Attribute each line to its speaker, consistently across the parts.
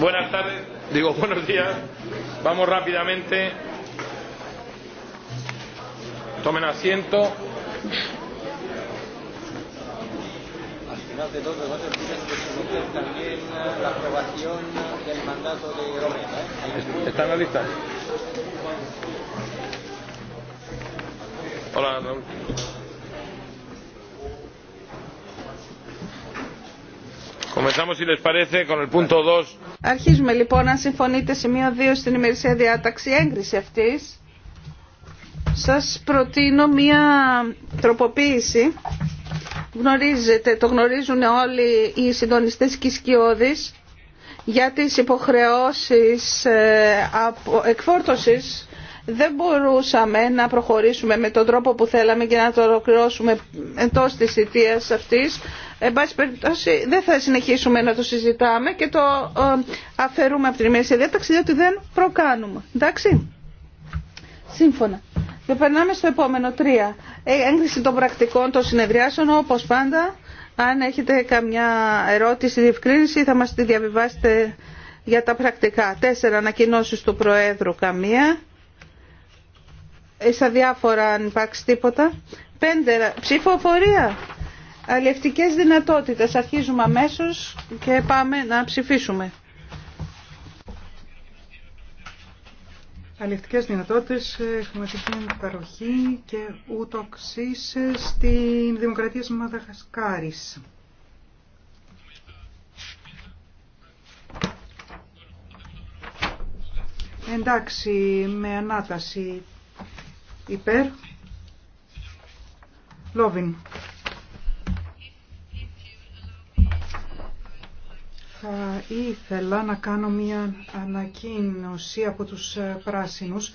Speaker 1: Buenas tardes, digo buenos días. Vamos rápidamente. Tomen asiento. Al final de todo, se también la aprobación del mandato de Romero. ¿Está en la lista? Hola, Raúl. Comenzamos, si les parece, con el punto 2
Speaker 2: Αρχίζουμε λοιπόν, αν συμφωνείτε, σημείο 2 στην ημερησία διάταξη έγκριση αυτής. Σας προτείνω μία τροποποίηση. Γνωρίζετε, το γνωρίζουν όλοι οι συντονιστές και οι σκιώδεις για τις υποχρεώσεις ε, εκφόρτωσης δεν μπορούσαμε να προχωρήσουμε με τον τρόπο που θέλαμε και να το ολοκληρώσουμε εντό τη θητεία αυτή. Εν πάση περιπτώσει, δεν θα συνεχίσουμε να το συζητάμε και το ε, αφαιρούμε από την ημερήσια διάταξη, διότι δεν προκάνουμε. Εντάξει. Σύμφωνα. Και περνάμε στο επόμενο τρία. Ε, έγκριση των πρακτικών των συνεδριάσεων, όπω πάντα. Αν έχετε καμιά ερώτηση, διευκρίνηση, θα μα τη διαβιβάσετε για τα πρακτικά. Τέσσερα ανακοινώσει του Προέδρου καμία. Ε, στα διάφορα αν υπάρξει τίποτα. Πέντε, ψηφοφορία. Αλληλευτικές δυνατότητες. Αρχίζουμε αμέσως και πάμε να ψηφίσουμε.
Speaker 3: Αλληλευτικές δυνατότητες, ε, χρηματική παροχή και ούτω ε, στην Δημοκρατία της Εντάξει, με ανάταση υπέρ Λόβιν. Θα ήθελα να κάνω μια ανακοίνωση από τους ε, πράσινους.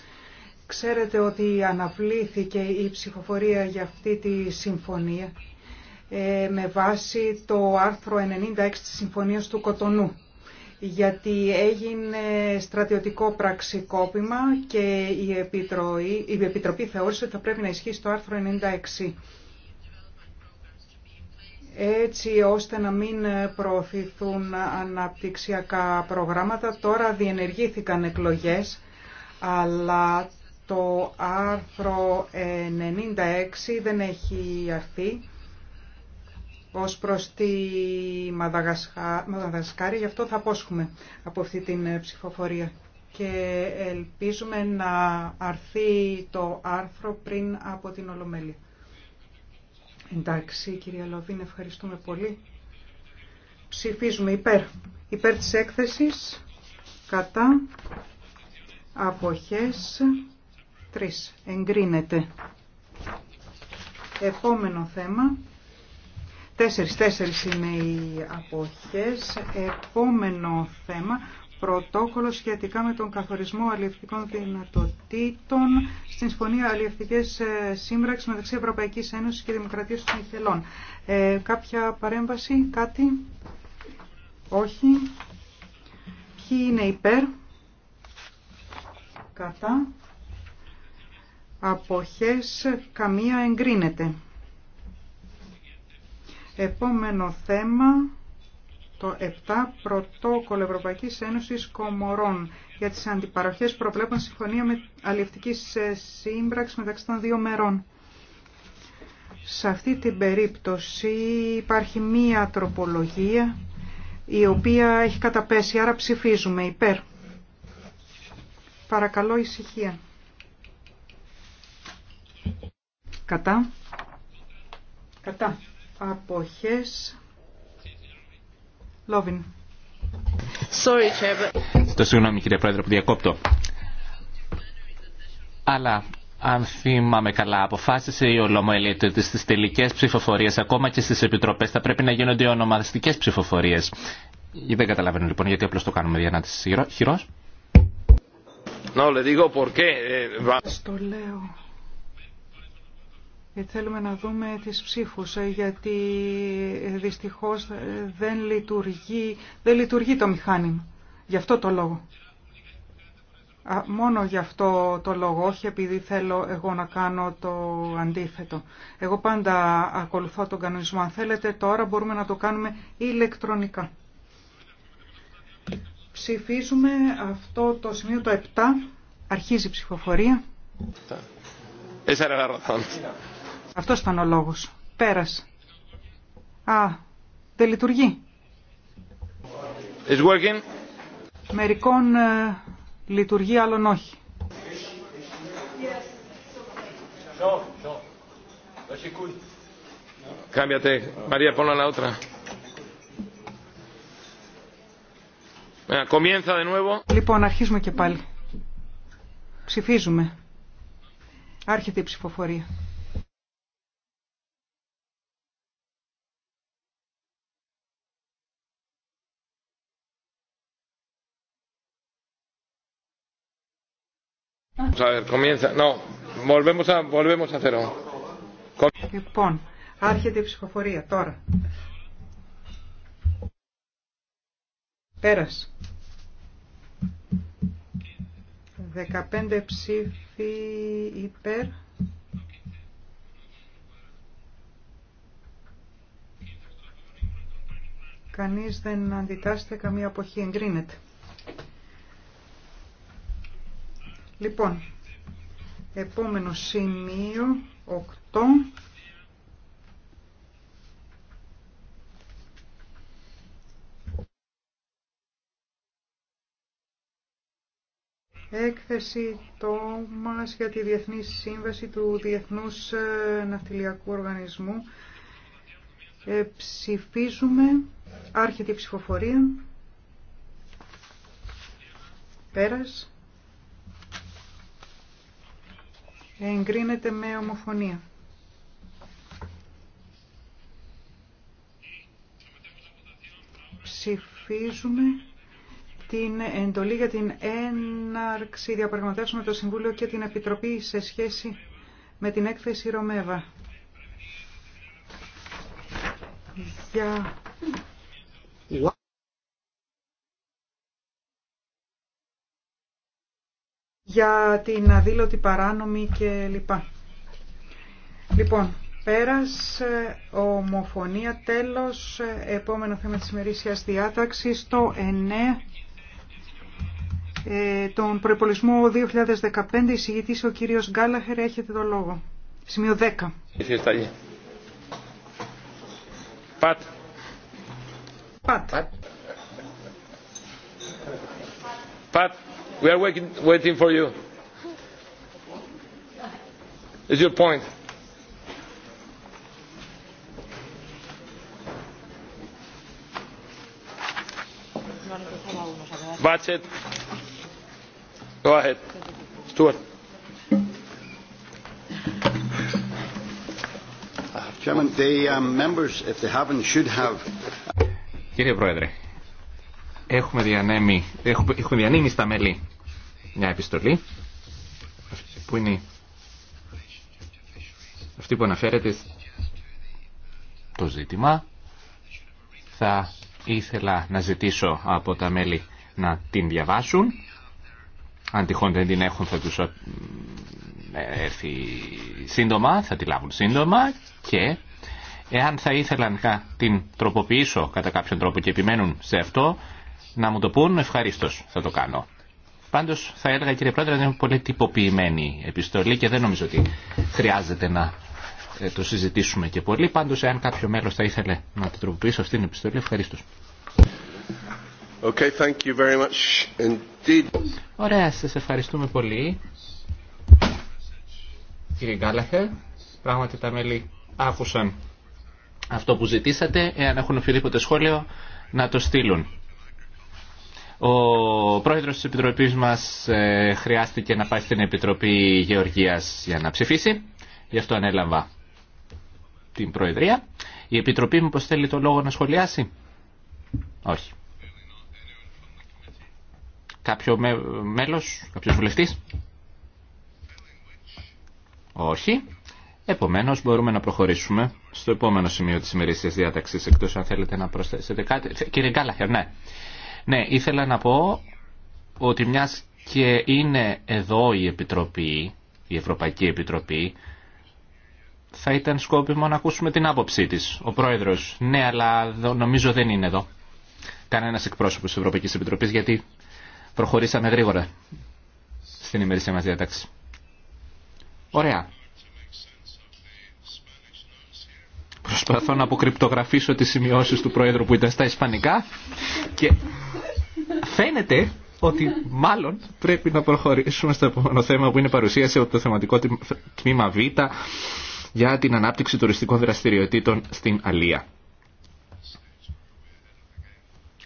Speaker 3: Ξέρετε ότι αναβλήθηκε η ψηφοφορία για αυτή τη συμφωνία ε, με βάση το άρθρο 96 της Συμφωνίας του Κοτονού γιατί έγινε στρατιωτικό πραξικόπημα και η Επιτροπή, η Επιτροπή θεώρησε ότι θα πρέπει να ισχύσει το άρθρο 96 έτσι ώστε να μην προωθηθούν αναπτυξιακά προγράμματα. Τώρα διενεργήθηκαν εκλογές, αλλά το άρθρο 96 δεν έχει αρθεί ως προς τη Μαδαγασκάρη, γι' αυτό θα απόσχουμε από αυτή την ε, ψηφοφορία. Και ελπίζουμε να αρθεί το άρθρο πριν από την Ολομέλεια. Εντάξει, κυρία Λοβίν, ευχαριστούμε πολύ. Ψηφίζουμε υπέρ. Υπέρ της έκθεσης, κατά, αποχές, 3. Εγκρίνεται. Επόμενο θέμα. Τέσσερις, τέσσερις είναι οι αποχές. Επόμενο θέμα, πρωτόκολλο σχετικά με τον καθορισμό αλληλευτικών δυνατοτήτων στην Συμφωνία Αλληλευτικές ε, Σύμπραξης μεταξύ Ευρωπαϊκής Ένωσης και Δημοκρατίας των Ιθελών. Ε, κάποια παρέμβαση, κάτι, όχι. Ποιοι είναι υπέρ, κατά, αποχές, καμία εγκρίνεται. Επόμενο θέμα, το 7, πρωτόκολλο Ευρωπαϊκή Ένωση Κομορών για τι αντιπαροχέ προβλέπων συμφωνία με αλληλευτική σύμπραξη μεταξύ των δύο μερών. Σε αυτή την περίπτωση υπάρχει μία τροπολογία η οποία έχει καταπέσει, άρα ψηφίζουμε υπέρ. Παρακαλώ ησυχία. Κατά. Κατά. Αποχές. Λόβιν.
Speaker 4: Το συγγνώμη κύριε Πρόεδρε που διακόπτω. Αλλά αν θυμάμαι καλά, αποφάσισε η Ολομέλεια ότι στι τελικέ ψηφοφορίε, ακόμα και στι επιτροπέ, θα πρέπει να γίνονται ονομαστικέ ψηφοφορίε. Δεν καταλαβαίνω λοιπόν γιατί απλώ το κάνουμε για να τι χειρό.
Speaker 1: No, eh,
Speaker 3: το λέω Θέλουμε να δούμε τις ψήφους, ε, γιατί ε, δυστυχώς ε, δεν λειτουργεί, δεν λειτουργεί το μηχάνημα. Γι' αυτό το λόγο. Μόνο γι' αυτό το λόγο, όχι επειδή θέλω εγώ να κάνω το αντίθετο. Εγώ πάντα ακολουθώ τον κανονισμό. Αν θέλετε τώρα μπορούμε να το κάνουμε ηλεκτρονικά. Ψηφίζουμε αυτό το σημείο το 7. Αρχίζει η ψηφοφορία. Esa αυτό ήταν ο λόγο. Πέρασε. Α, δεν λειτουργεί. working. Μερικών ε, λειτουργεί, άλλων όχι.
Speaker 1: Cámbiate, María, ε, comienza de
Speaker 3: Λοιπόν, αρχίζουμε και πάλι. Ψηφίζουμε. Άρχεται η ψηφοφορία. Λοιπόν, άρχεται η ψηφοφορία τώρα. Πέρας. 15 ψήφοι υπέρ. Κανείς δεν αντιτάσσεται καμία αποχή. Εγκρίνεται. Λοιπόν, επόμενο σημείο 8. Έκθεση Τόμας για τη Διεθνή Σύμβαση του Διεθνούς ε, Ναυτιλιακού Οργανισμού. Ε, ψηφίζουμε. Άρχεται η ψηφοφορία. Πέρας. Εγκρίνεται με ομοφωνία. Ψηφίζουμε την εντολή για την έναρξη διαπραγματεύσεων με το Συμβούλιο και την Επιτροπή σε σχέση με την έκθεση Ρωμέβα. για την αδήλωτη παράνομη και λοιπά. Λοιπόν, πέρας, ε, ομοφωνία, τέλος, ε, επόμενο θέμα της ημερήσιας διάταξης, το 9, ε, τον προπολισμό 2015, εισηγητής ο κύριος Γκάλαχερ, έχετε το λόγο. Σημείο 10.
Speaker 1: Πατ. Πατ. Πατ. We are waiting for you. Is your point? it. Go ahead. Stuart. Chairman, the members, if they haven't, should have.
Speaker 4: Κύριε Πρόεδρε, έχουμε διανέμει, έχουμε, έχουμε διανέμει στα μέλη μια επιστολή που είναι αυτή που αναφέρεται το ζήτημα. Θα ήθελα να ζητήσω από τα μέλη να την διαβάσουν. Αν τυχόν δεν την έχουν θα τους ε, έρθει σύντομα, θα τη λάβουν σύντομα και εάν θα ήθελαν να την τροποποιήσω κατά κάποιον τρόπο και επιμένουν σε αυτό, να μου το πούν ευχαρίστως θα το κάνω. Πάντω, θα έλεγα κύριε Πρόεδρε ότι είναι πολύ τυποποιημένη επιστολή και δεν νομίζω ότι χρειάζεται να ε, το συζητήσουμε και πολύ. Πάντως εάν κάποιο μέλο θα ήθελε να την τροποποιήσει αυτήν την επιστολή Ευχαριστώ. Okay, thank you very much indeed. Ωραία, σας ευχαριστούμε πολύ. Κύριε Γκάλαχερ, πράγματι τα μέλη άκουσαν αυτό που ζητήσατε. Εάν έχουν οποιοδήποτε σχόλιο, να το στείλουν. Ο πρόεδρος της Επιτροπής μας ε, χρειάστηκε να πάει στην Επιτροπή Γεωργίας για να ψηφίσει. Γι' αυτό ανέλαβα την Προεδρία. Η Επιτροπή μου πως θέλει το λόγο να σχολιάσει. Όχι. Κάποιο μέλος, κάποιος βουλευτής. Όχι. Επομένως μπορούμε να προχωρήσουμε στο επόμενο σημείο της ημερήσιας διάταξης εκτός αν θέλετε να προσθέσετε κάτι. Κύριε Γκάλαχερ, ναι. Ναι, ήθελα να πω ότι μιας και είναι εδώ η Επιτροπή, η Ευρωπαϊκή Επιτροπή, θα ήταν σκόπιμο να ακούσουμε την άποψή της. Ο Πρόεδρος, ναι, αλλά νομίζω δεν είναι εδώ. Κανένας εκπρόσωπος της Ευρωπαϊκής Επιτροπής, γιατί προχωρήσαμε γρήγορα στην ημερήσια μας διάταξη. Ωραία. προσπαθώ να αποκρυπτογραφήσω τις σημειώσεις του Πρόεδρου που ήταν στα Ισπανικά και φαίνεται ότι μάλλον πρέπει να προχωρήσουμε στο επόμενο θέμα που είναι παρουσίαση από το θεματικό τμήμα Β για την ανάπτυξη τουριστικών δραστηριοτήτων στην Αλία.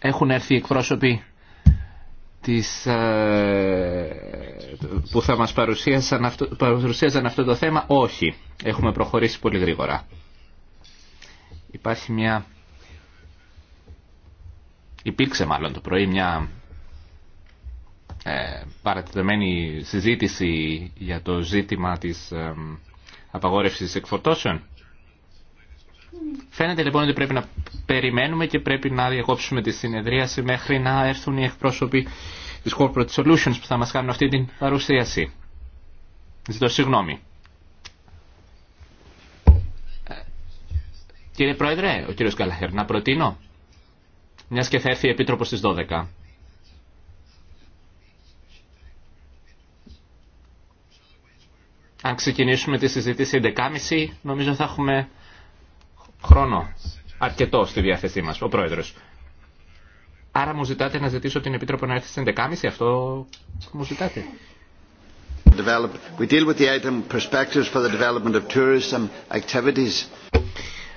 Speaker 4: Έχουν έρθει εκπρόσωποι της, ε, που θα μας παρουσίασαν αυτό, αυτό το θέμα. Όχι, έχουμε προχωρήσει πολύ γρήγορα. Υπάρχει μια... Υπήρξε μάλλον το πρωί μια ε, παρατηρημένη συζήτηση για το ζήτημα της ε, απαγόρευσης εκφορτώσεων. Φαίνεται λοιπόν ότι πρέπει να περιμένουμε και πρέπει να διακόψουμε τη συνεδρίαση μέχρι να έρθουν οι εκπρόσωποι της Corporate Solutions που θα μας κάνουν αυτή την παρουσίαση. Ζητώ συγγνώμη. Κύριε Πρόεδρε, ο κύριος Καλαχέρ, να προτείνω, μιας και θα έρθει η Επίτροπος στις 12. Αν ξεκινήσουμε τη συζήτηση 11.30, νομίζω θα έχουμε χρόνο αρκετό στη διάθεσή μας, ο Πρόεδρος. Άρα μου ζητάτε να ζητήσω την Επίτροπο να έρθει στις 11.30, αυτό μου ζητάτε.
Speaker 5: We deal with the item perspectives for the development of tourism activities.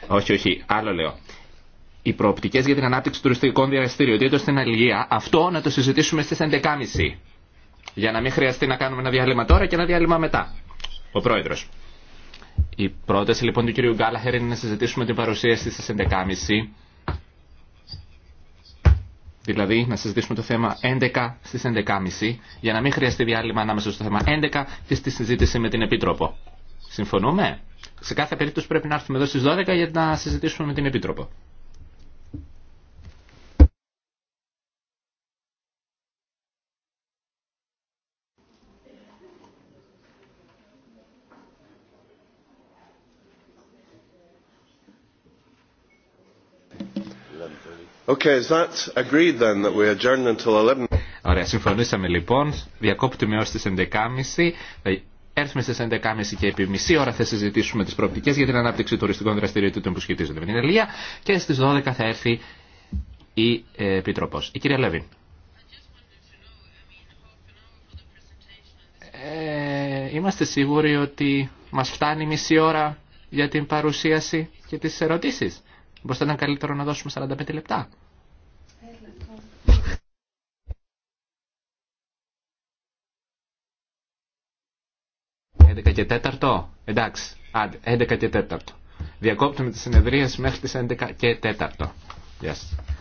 Speaker 4: Όχι, όχι, άλλο λέω. Οι προοπτικέ για την ανάπτυξη τουριστικών διαστηριοτήτων στην Αλγία, αυτό να το συζητήσουμε στι 11.30. Για να μην χρειαστεί να κάνουμε ένα διάλειμμα τώρα και ένα διάλειμμα μετά. Ο πρόεδρο. Η πρόταση λοιπόν του κυρίου Γκάλαχερ είναι να συζητήσουμε την παρουσίαση στι 11.30. Δηλαδή να συζητήσουμε το θέμα 11 στις 11.30 για να μην χρειαστεί διάλειμμα ανάμεσα στο θέμα 11 και στη συζήτηση με την Επίτροπο. Συμφωνούμε. Σε κάθε περίπτωση πρέπει να έρθουμε εδώ στις 12 για να συζητήσουμε με την Επίτροπο.
Speaker 5: Okay, is that agreed then that we
Speaker 4: adjourn until 11? Ωραία, συμφωνήσαμε λοιπόν. Διακόπτουμε έως τις 11.30 έρθουμε στι 11.30 και επί μισή ώρα θα συζητήσουμε τις προοπτικέ για την ανάπτυξη τουριστικών δραστηριοτήτων που σχετίζονται με την Ελία και στις 12 θα έρθει η ε, Επιτροπό, Η κυρία Λεβίν. Ε, είμαστε σίγουροι ότι μας φτάνει μισή ώρα για την παρουσίαση και τις ερωτήσεις. Μπορείτε να ήταν καλύτερο να δώσουμε 45 λεπτά. 11 και 4. Εντάξει. Άντε, 11 και 4. Διακόπτουμε τη συνεδρίαση μέχρι τι 11 και 4. Γεια σα.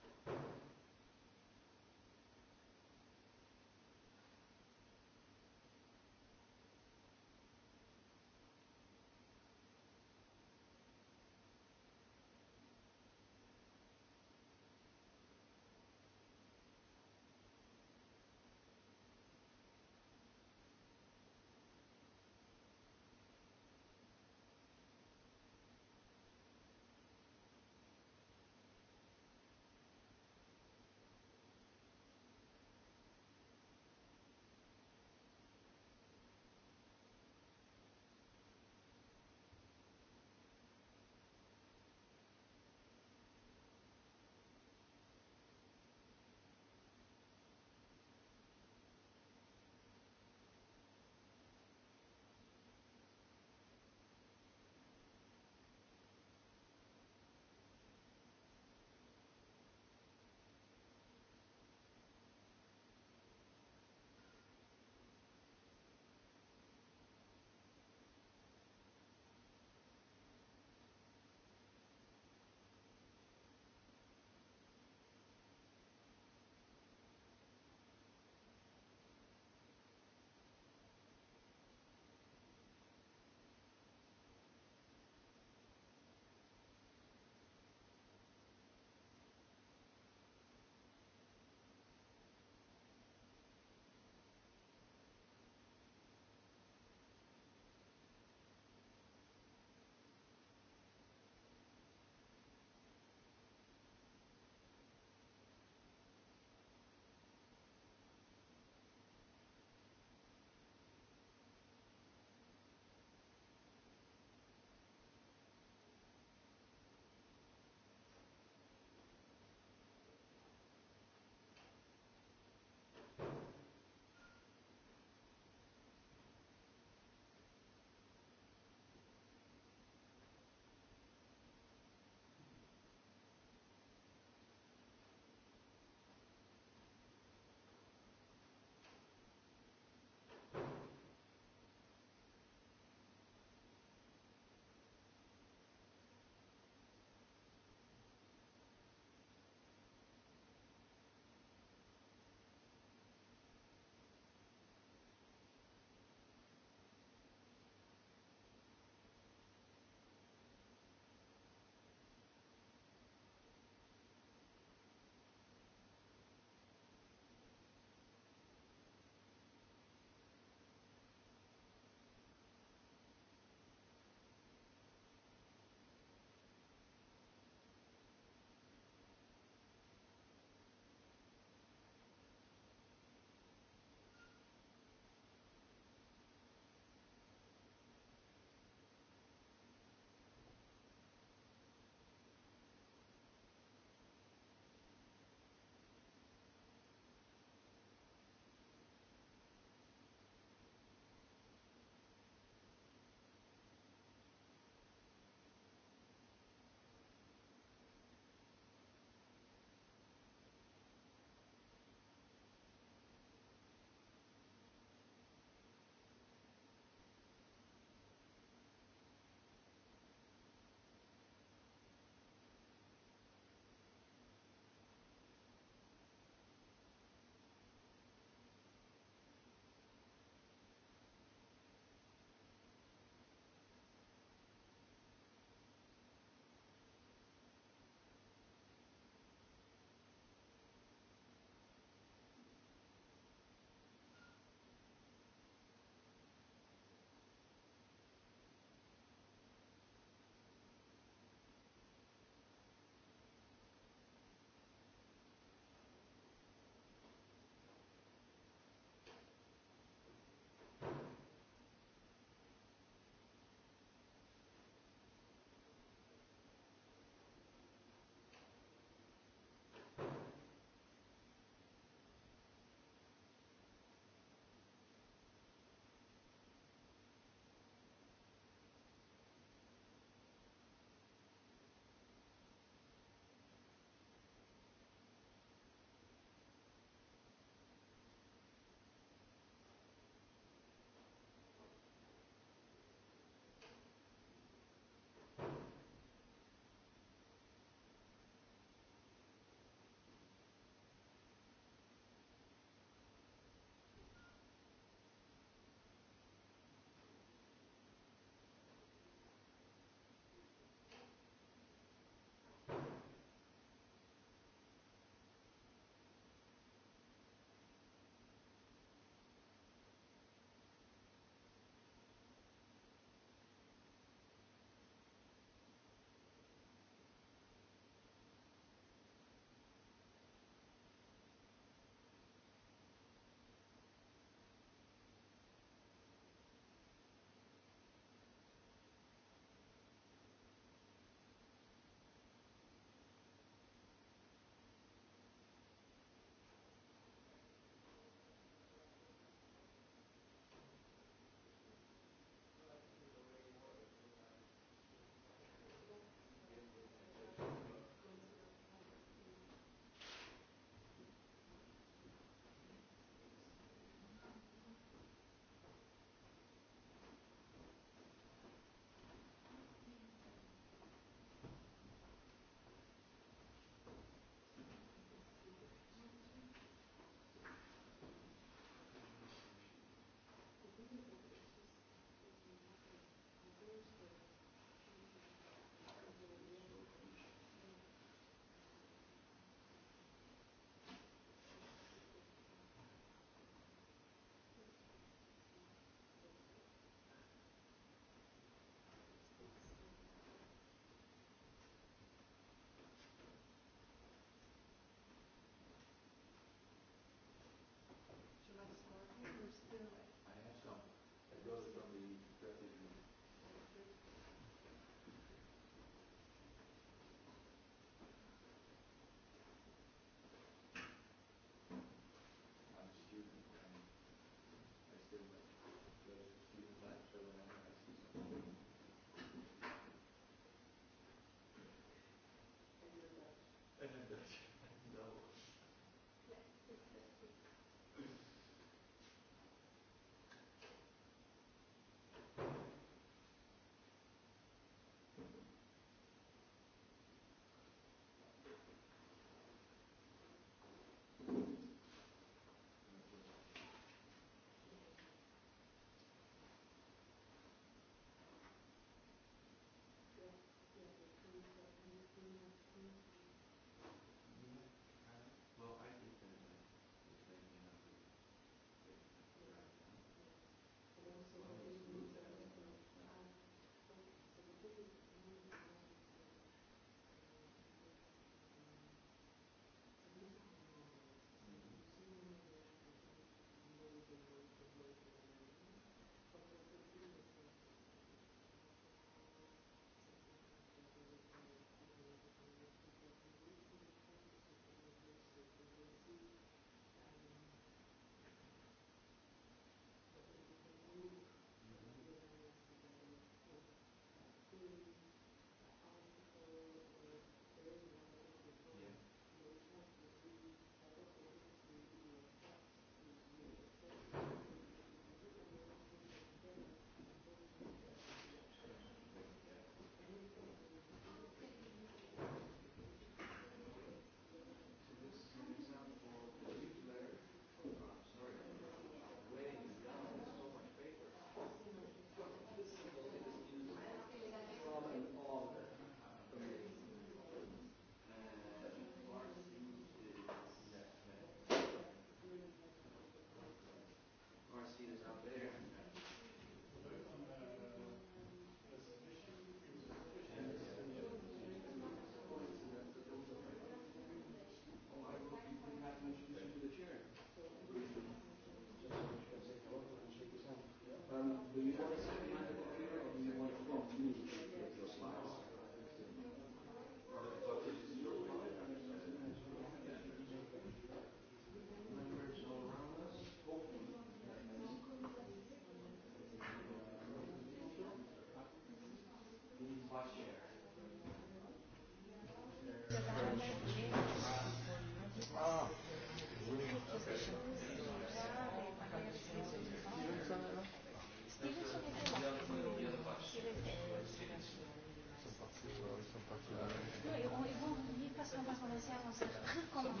Speaker 5: ¿Todo bien?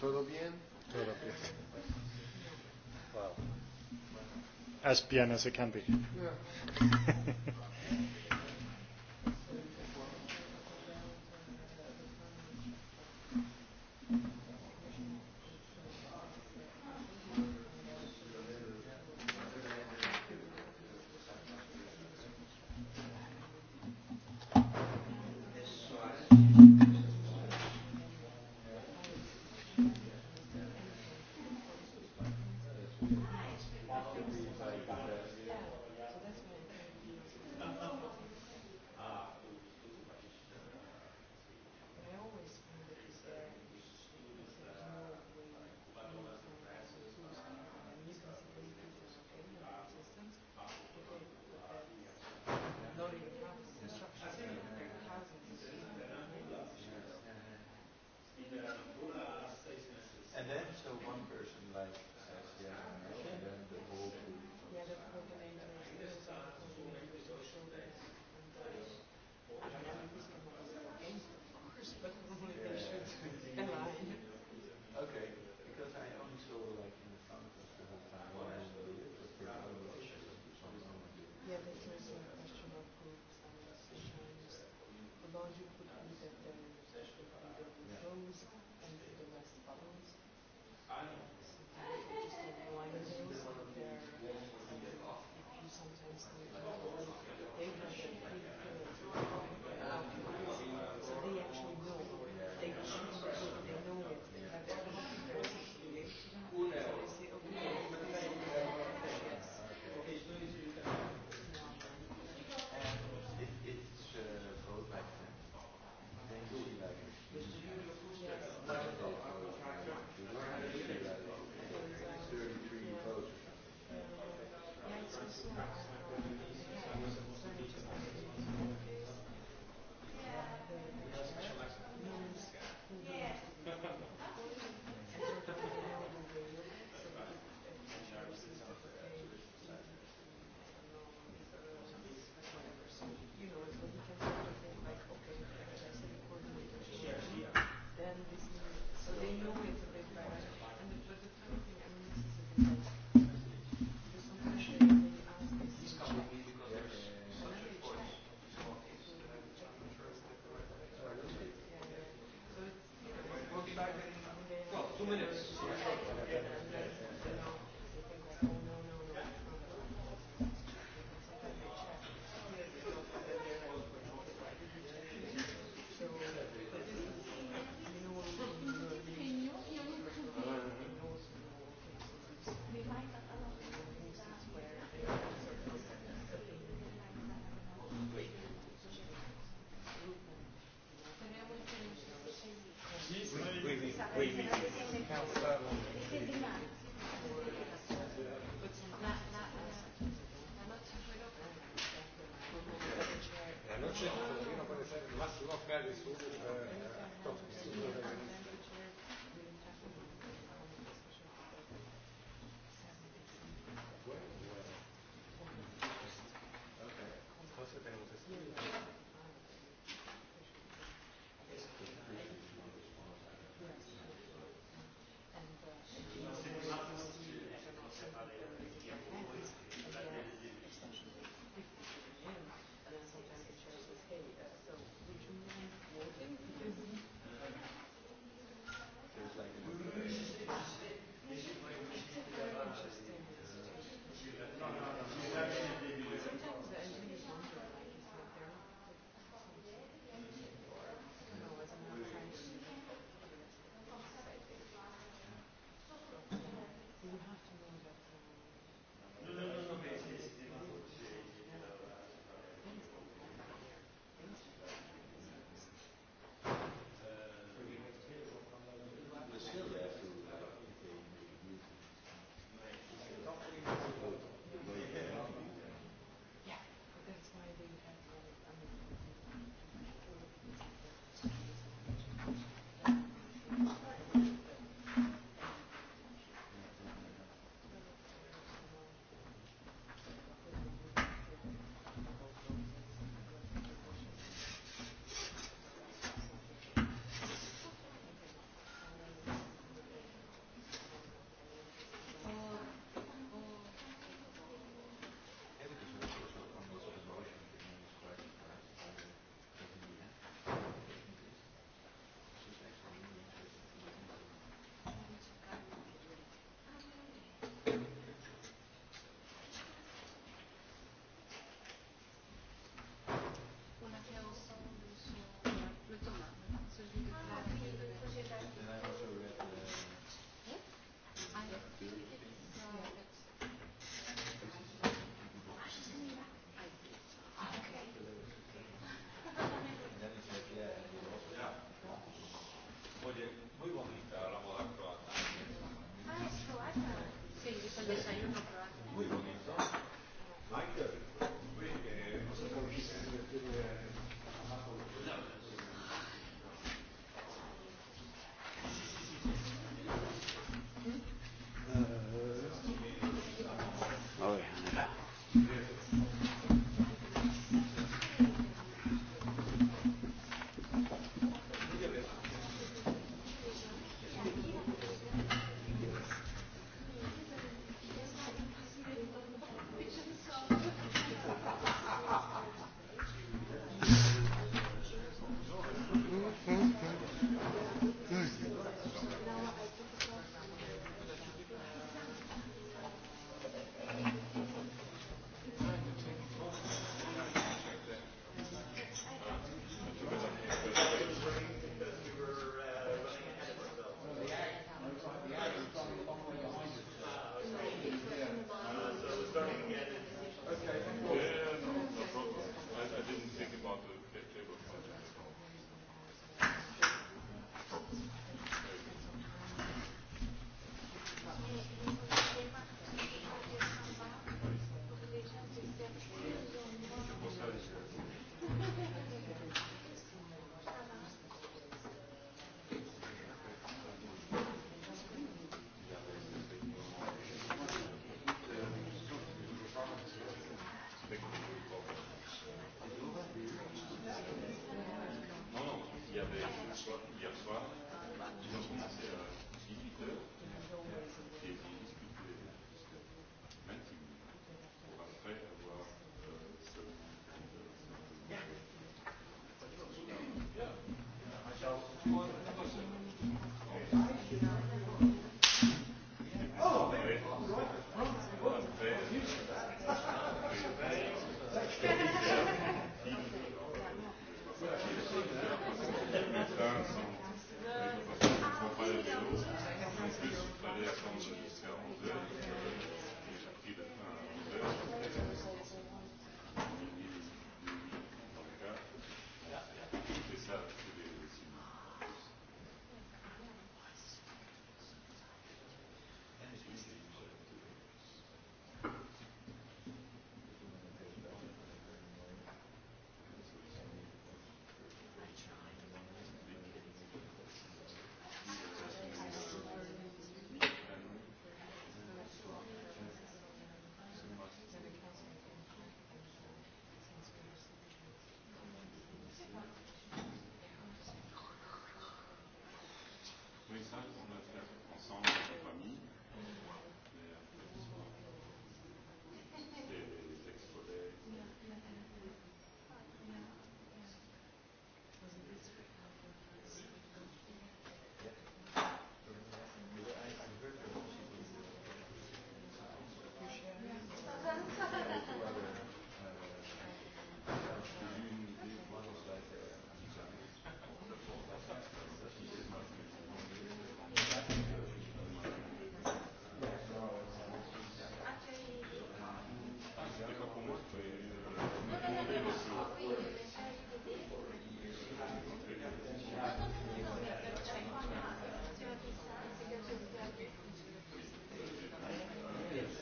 Speaker 1: Todo bien.
Speaker 5: Wow.
Speaker 2: As bien as it can be.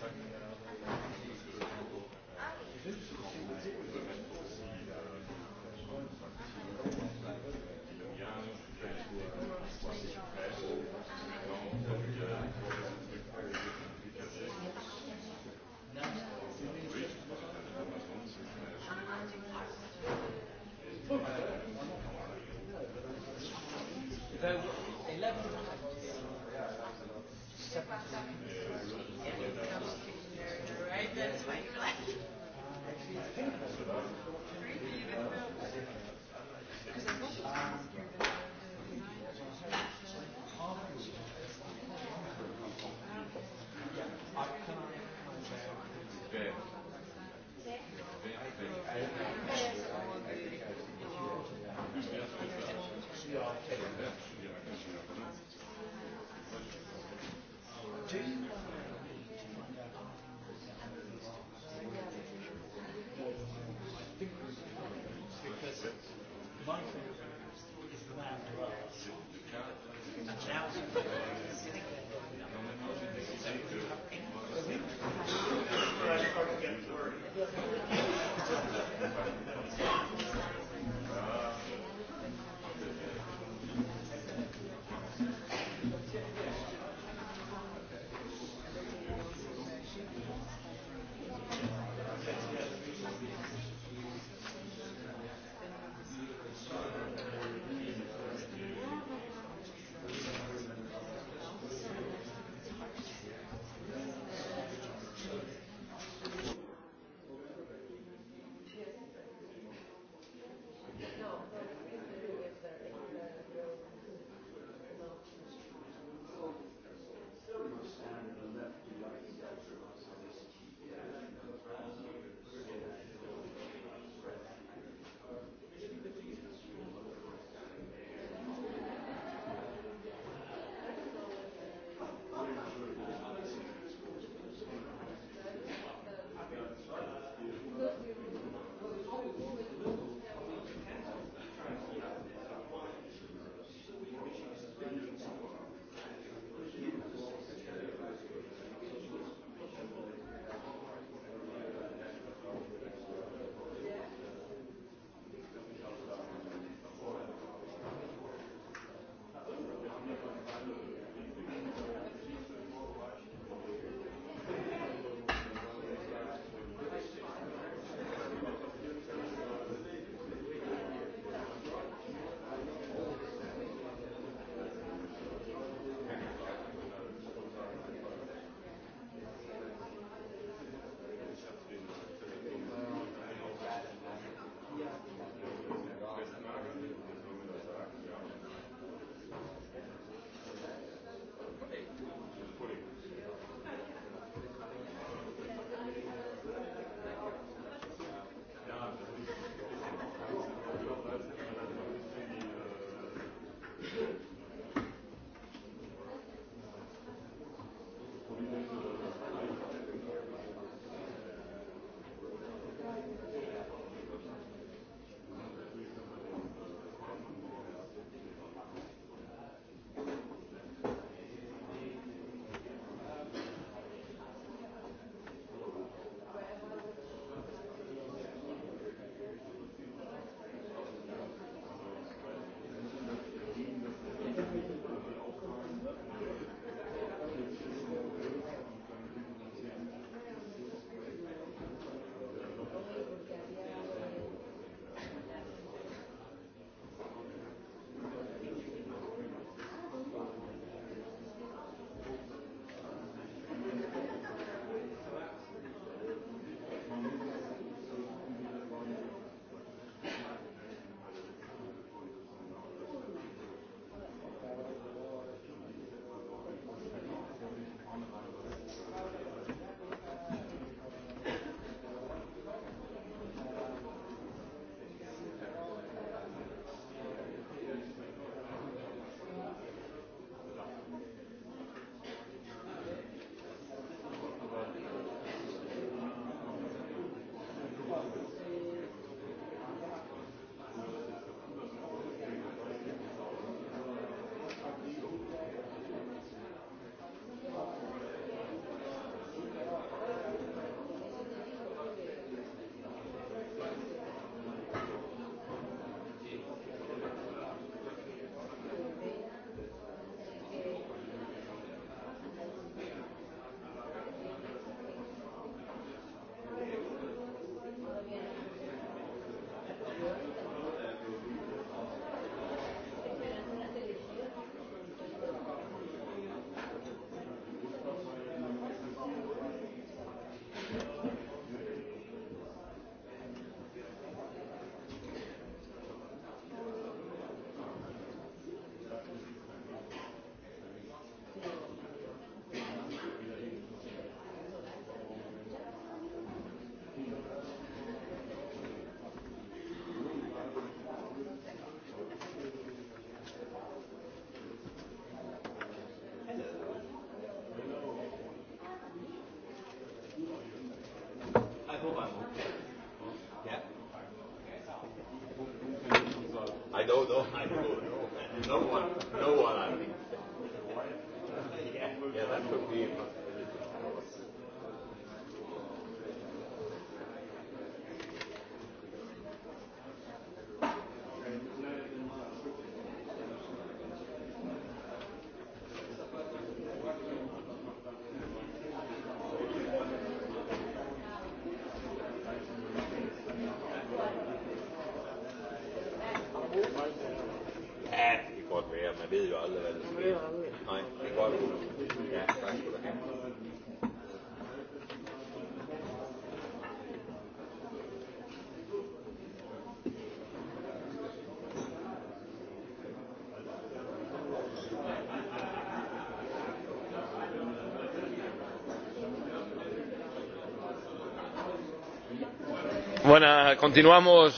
Speaker 5: Thank you.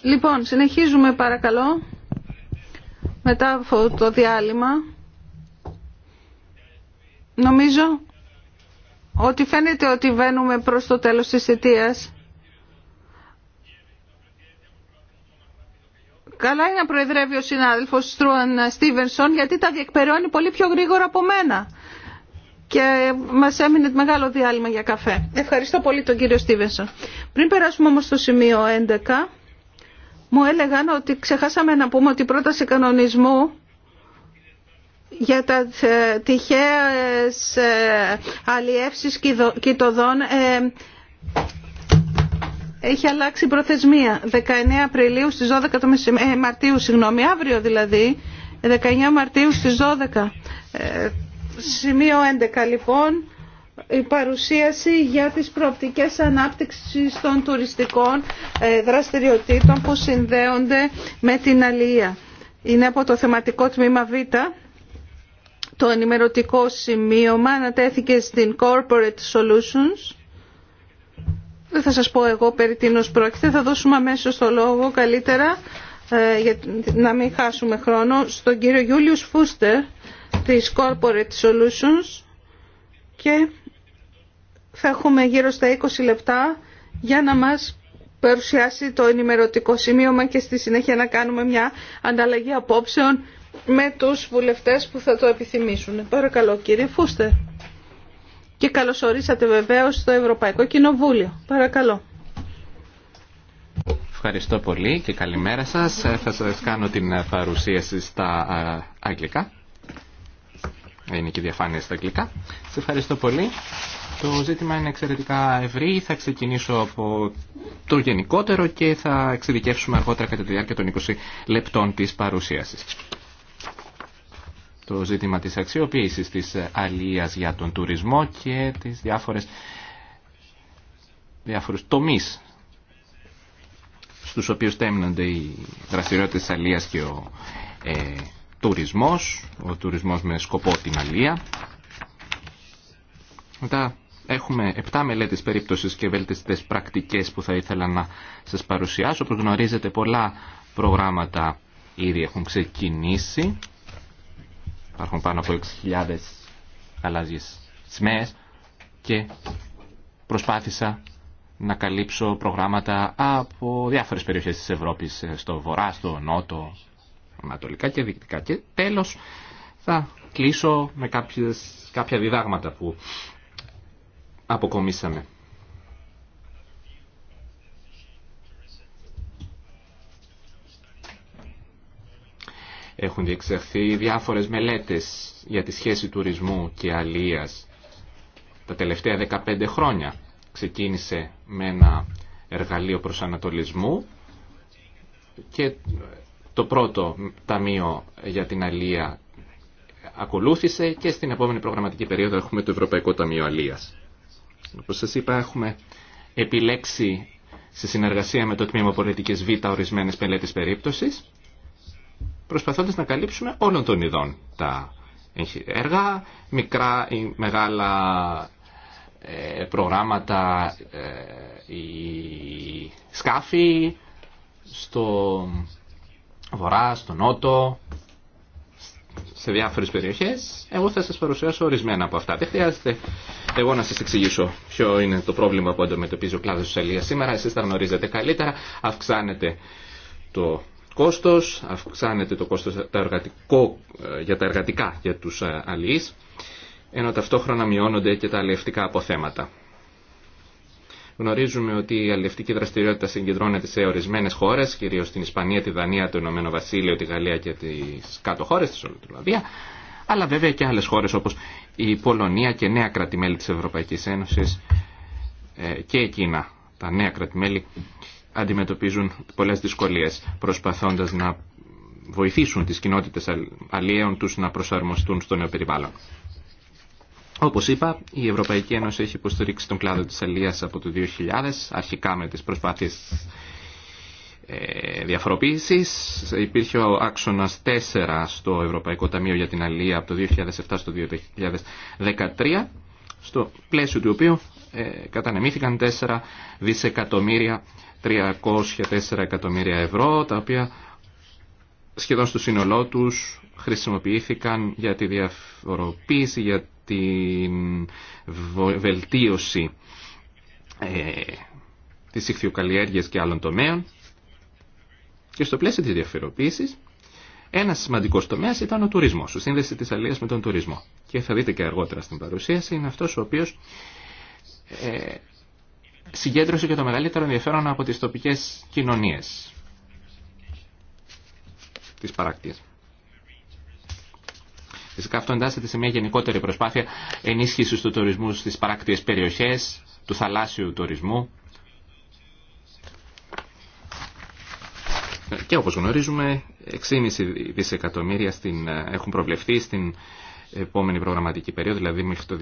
Speaker 1: Λοιπόν,
Speaker 2: συνεχίζουμε παρακαλώ μετά από το διάλειμμα. Νομίζω ότι φαίνεται ότι βαίνουμε προς το τέλος της θητείας. Καλά είναι να προεδρεύει ο συνάδελφος Στρούαν Στίβενσον γιατί τα διεκπεραιώνει πολύ πιο γρήγορα από μένα. Και μας έμεινε μεγάλο διάλειμμα για καφέ. Ευχαριστώ πολύ τον κύριο Στίβενσον. Πριν περάσουμε όμως στο σημείο 11, μου έλεγαν ότι ξεχάσαμε να πούμε ότι η πρόταση κανονισμού για τα ε, τυχαίες ε, αλλιεύσεις κοιτοδών ε, έχει αλλάξει προθεσμία. 19 Απριλίου στις 12 Μαρτίου, συγγνώμη, αύριο δηλαδή, 19 Μαρτίου στις 12. σημείο 11 λοιπόν, η παρουσίαση για τις προοπτικές ανάπτυξης των τουριστικών ε, δραστηριοτήτων που συνδέονται με την αλληλεία. Είναι από το θεματικό τμήμα Β. Το ενημερωτικό σημείωμα ανατέθηκε στην Corporate Solutions. Δεν θα σας πω εγώ περί τίνος πρόκειται. Θα δώσουμε αμέσω το λόγο καλύτερα ε, για να μην χάσουμε χρόνο στον κύριο Γιούλιους Φούστερ της Corporate Solutions και θα έχουμε γύρω στα 20 λεπτά για να μας παρουσιάσει το ενημερωτικό σημείωμα και στη συνέχεια να κάνουμε μια ανταλλαγή απόψεων με τους βουλευτές που θα το επιθυμήσουν. Παρακαλώ κύριε Φούστερ. Και καλωσορίσατε βεβαίως στο Ευρωπαϊκό Κοινοβούλιο. Παρακαλώ.
Speaker 4: Ευχαριστώ πολύ και καλημέρα σας. Ε, θα σας κάνω την ε, παρουσίαση στα ε, αγγλικά. Είναι και διαφάνεια στα αγγλικά. Σας ευχαριστώ πολύ. Το ζήτημα είναι εξαιρετικά ευρύ. Θα ξεκινήσω από το γενικότερο και θα εξειδικεύσουμε αργότερα κατά τη διάρκεια των 20 λεπτών της παρουσίασης. Το ζήτημα της αξιοποίησης της αλίας για τον τουρισμό και τις διάφορες διάφορους τομείς στους οποίους τέμνονται οι δραστηριότητες της αλίας και ο ε, τουρισμός, ο τουρισμός με σκοπό την αλία. Μετά Έχουμε 7 μελέτες περίπτωσης και βέλτιστες πρακτικές που θα ήθελα να σας παρουσιάσω. Όπως γνωρίζετε πολλά προγράμματα ήδη έχουν ξεκινήσει. Υπάρχουν πάνω από 6.000 γαλάζιες σημαίες και προσπάθησα να καλύψω προγράμματα από διάφορες περιοχές της Ευρώπης, στο βορρά, στο νότο, ανατολικά και δυτικά. Και τέλος θα κλείσω με κάποιες, κάποια διδάγματα που αποκομίσαμε. Έχουν διεξαχθεί διάφορες μελέτες για τη σχέση τουρισμού και αλίας τα τελευταία 15 χρόνια. Ξεκίνησε με ένα εργαλείο προσανατολισμού και το πρώτο ταμείο για την αλία ακολούθησε και στην επόμενη προγραμματική περίοδο έχουμε το Ευρωπαϊκό Ταμείο Αλίας. Όπως σας είπα, έχουμε επιλέξει σε συνεργασία με το Τμήμα Πολιτικής Β ορισμένες μελέτες περίπτωσης, προσπαθώντας να καλύψουμε όλων των ειδών τα έργα, μικρά ή μεγάλα ε, προγράμματα ή ε, σκάφη στο βορρά, στο νότο, σε διάφορες περιοχές. Εγώ θα σας παρουσιάσω ορισμένα από αυτά. Δεν χρειάζεται εγώ να σας εξηγήσω ποιο είναι το πρόβλημα που αντιμετωπίζει ο κλάδος της Αλίας σήμερα. Εσείς τα γνωρίζετε καλύτερα. Αυξάνεται το κόστος, αυξάνεται το κόστος το εργατικό, ε, για τα εργατικά για τους ε, αλληλείς, ενώ ταυτόχρονα μειώνονται και τα αλληλευτικά αποθέματα. Γνωρίζουμε ότι η αλληλευτική δραστηριότητα συγκεντρώνεται σε ορισμένε χώρε, κυρίω στην Ισπανία, τη Δανία, το Ηνωμένο Βασίλειο, τη Γαλλία και τι κάτω χώρε, τη Ολλανδία, αλλά βέβαια και άλλε χώρε όπω η Πολωνία και νέα κρατημέλη τη Ευρωπαϊκή Ένωση ε, και εκείνα τα νέα κρατημέλη αντιμετωπίζουν πολλέ δυσκολίε προσπαθώντα να βοηθήσουν τις κοινότητες αλλιέων τους να προσαρμοστούν στο νέο περιβάλλον. Όπως είπα, η Ευρωπαϊκή Ένωση έχει υποστηρίξει τον κλάδο της Αλίας από το 2000, αρχικά με τις προσπάθειες ε, διαφοροποίησης. Υπήρχε ο άξονας 4 στο Ευρωπαϊκό Ταμείο για την Αλία από το 2007 στο 2013, στο πλαίσιο του οποίου ε, κατανεμήθηκαν 4 δισεκατομμύρια 304 εκατομμύρια ευρώ, τα οποία σχεδόν στο σύνολό τους χρησιμοποιήθηκαν για τη διαφοροποίηση, για την βελτίωση ε, της ηχθειοκαλλιέργειας και άλλων τομέων. Και στο πλαίσιο της διαφοροποίησης, ένας σημαντικός τομέας ήταν ο τουρισμός, η σύνδεση της Αλίας με τον τουρισμό. Και θα δείτε και αργότερα στην παρουσίαση, είναι αυτός ο οποίος ε, συγκέντρωσε και το μεγαλύτερο ενδιαφέρον από τις τοπικές κοινωνίες της παράκτειας. Φυσικά αυτό εντάσσεται σε μια γενικότερη προσπάθεια ενίσχυσης του τουρισμού στις παράκτιες περιοχές, του θαλάσσιου τουρισμού. Και όπως γνωρίζουμε, 6,5 δισεκατομμύρια στην, έχουν προβλεφθεί στην επόμενη προγραμματική περίοδο, δηλαδή μέχρι το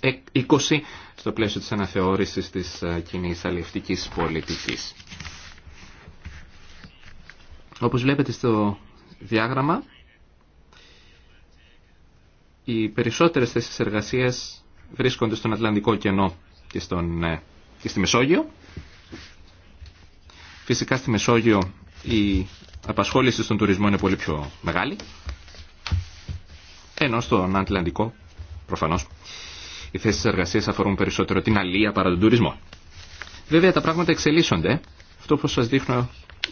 Speaker 4: 2020, στο πλαίσιο της αναθεώρησης της ε, κοινή αλληλευτικής πολιτικής. Όπως βλέπετε στο διάγραμμα, οι περισσότερες θέσεις εργασίας βρίσκονται στον Ατλαντικό κενό και, στον, ε, και στη Μεσόγειο. Φυσικά στη Μεσόγειο η απασχόληση στον τουρισμό είναι πολύ πιο μεγάλη, ενώ στον Ατλαντικό προφανώς οι θέσεις εργασίας αφορούν περισσότερο την αλία παρά τον τουρισμό. Βέβαια τα πράγματα εξελίσσονται. Αυτό που σας δείχνω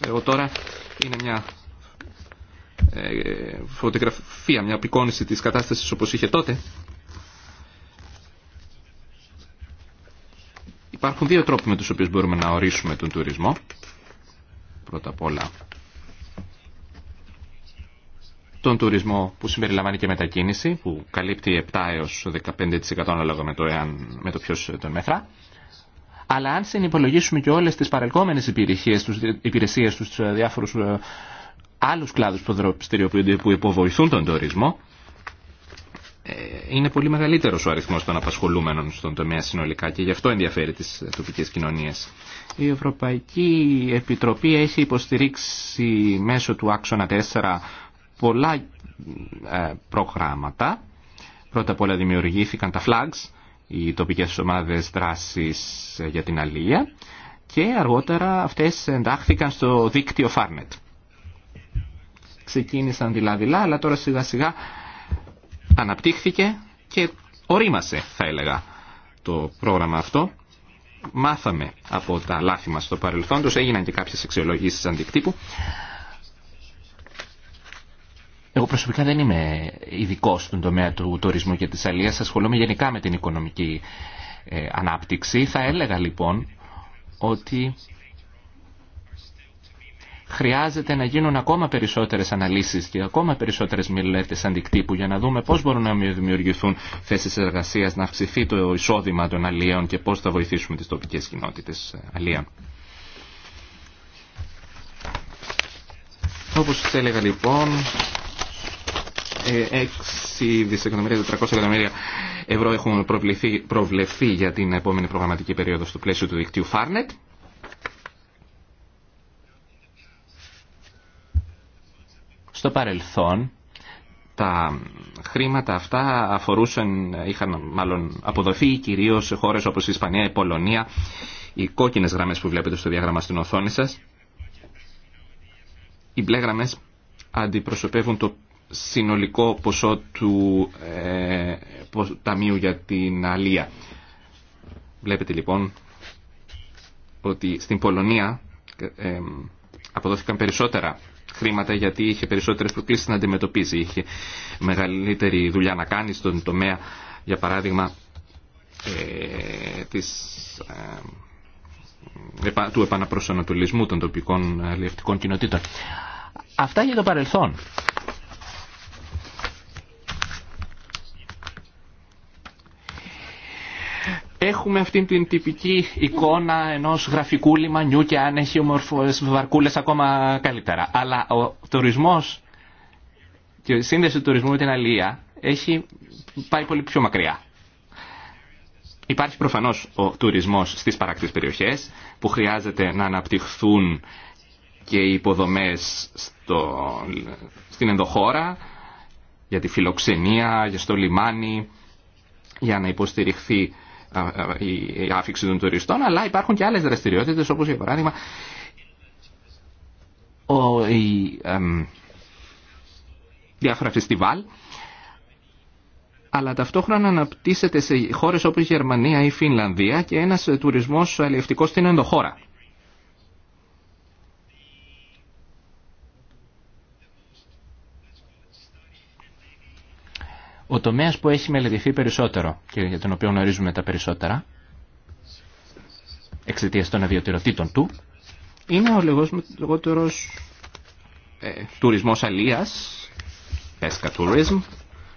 Speaker 4: εγώ τώρα είναι μια ε, φωτογραφία, μια απεικόνηση της κατάστασης όπως είχε τότε. Υπάρχουν δύο τρόποι με τους οποίους μπορούμε να ορίσουμε τον τουρισμό. Πρώτα απ' όλα τον τουρισμό που συμπεριλαμβάνει και μετακίνηση, που καλύπτει 7 έως 15% ανάλογα με το, εάν, με το ποιος τον μέθρα. Αλλά αν συνυπολογίσουμε και όλες τις παρελκόμενες υπηρεσίες, τους, υπηρεσίες τους ε, διάφορους ε, άλλους κλάδους που δραστηριοποιούνται που υποβοηθούν τον τουρισμό, ε, είναι πολύ μεγαλύτερος ο αριθμός των απασχολούμενων στον τομέα συνολικά και γι' αυτό ενδιαφέρει τις τοπικές κοινωνίες. Η Ευρωπαϊκή Επιτροπή έχει υποστηρίξει μέσω του άξονα 4 πολλά ε, προγράμματα. Πρώτα απ' όλα δημιουργήθηκαν τα flags, οι τοπικές ομάδες δράσης ε, για την αλία και αργότερα αυτές εντάχθηκαν στο δίκτυο Farnet ξεκίνησαν δειλά-δειλά, αλλά τώρα σιγά-σιγά αναπτύχθηκε και ορίμασε, θα έλεγα, το πρόγραμμα αυτό. Μάθαμε από τα λάθη μας στο παρελθόν, τους έγιναν και κάποιες αξιολογήσεις αντικτύπου. Εγώ προσωπικά δεν είμαι ειδικό στον τομέα του τουρισμού και της αλίας, ασχολούμαι γενικά με την οικονομική ε, ανάπτυξη. Θα έλεγα λοιπόν ότι χρειάζεται να γίνουν ακόμα περισσότερες αναλύσεις και ακόμα περισσότερες μελέτες αντικτύπου για να δούμε πώς μπορούν να δημιουργηθούν θέσεις εργασίας, να αυξηθεί το εισόδημα των αλλιών και πώς θα βοηθήσουμε τις τοπικές κοινότητες ε, αλλιέων. Όπως σας έλεγα λοιπόν, 6 ε, δισεκατομμύρια, 400 εκατομμύρια ευρώ έχουν προβλεφθεί για την επόμενη προγραμματική περίοδο στο πλαίσιο του δικτύου Farnet. Στο παρελθόν τα χρήματα αυτά αφορούσαν, είχαν μάλλον αποδοθεί κυρίως σε χώρες όπως η Ισπανία, η Πολωνία, οι κόκκινες γραμμές που βλέπετε στο διάγραμμα στην οθόνη σας. Οι μπλε γραμμές αντιπροσωπεύουν το συνολικό ποσό του ε, Ταμείου για την Αλία. Βλέπετε λοιπόν ότι στην Πολωνία ε, ε, αποδόθηκαν περισσότερα χρήματα γιατί είχε περισσότερες προκλήσεις να αντιμετωπίσει. Είχε μεγαλύτερη δουλειά να κάνει στον τομέα, για παράδειγμα, ε, της, ε, του επαναπροσανατολισμού των τοπικών αλληλευτικών κοινοτήτων. Αυτά για το παρελθόν. έχουμε αυτή την τυπική εικόνα ενός γραφικού λιμανιού και αν έχει ομορφές βαρκούλες ακόμα καλύτερα. Αλλά ο τουρισμός και η σύνδεση του τουρισμού με την αλληλεία έχει πάει πολύ πιο μακριά. Υπάρχει προφανώς ο τουρισμός στις παράκτης περιοχές που χρειάζεται να αναπτυχθούν και οι υποδομές στην ενδοχώρα για τη φιλοξενία, για στο λιμάνι, για να υποστηριχθεί η άφηξη των τουριστών, αλλά υπάρχουν και άλλες δραστηριότητες όπως για παράδειγμα ο, η, διάφορα φεστιβάλ αλλά ταυτόχρονα αναπτύσσεται σε χώρες όπως η Γερμανία ή η Φινλανδία και ένας τουρισμός αλληλευτικός στην ενδοχώρα. Ο τομέα που έχει μελετηθεί περισσότερο και για τον οποίο γνωρίζουμε τα περισσότερα εξαιτία των αδιωτηρωτήτων του είναι ο λεγότερος ε, τουρισμός αλίας, pesca tourism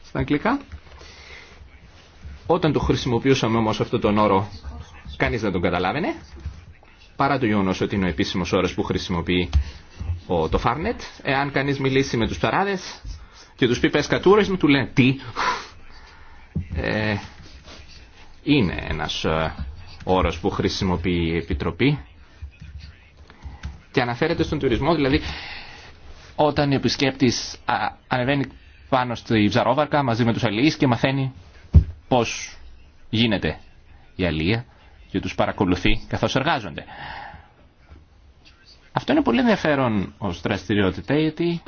Speaker 4: στα αγγλικά. Όταν το χρησιμοποιούσαμε όμω αυτό τον όρο κανείς δεν τον καταλάβαινε παρά το γεγονό ότι είναι ο επίσημος όρο που χρησιμοποιεί το Farnet. Εάν κανεί μιλήσει με του ταράδε, και τους πει πες μου του λένε τι ε, είναι ένας ε, όρος που χρησιμοποιεί η Επιτροπή και αναφέρεται στον τουρισμό δηλαδή όταν ο επισκέπτης ανεβαίνει πάνω στη Ψαρόβαρκα μαζί με τους αλληλείς και μαθαίνει πώς γίνεται η αλληλεία και τους παρακολουθεί καθώς εργάζονται. Αυτό είναι πολύ ενδιαφέρον ως δραστηριότητα γιατί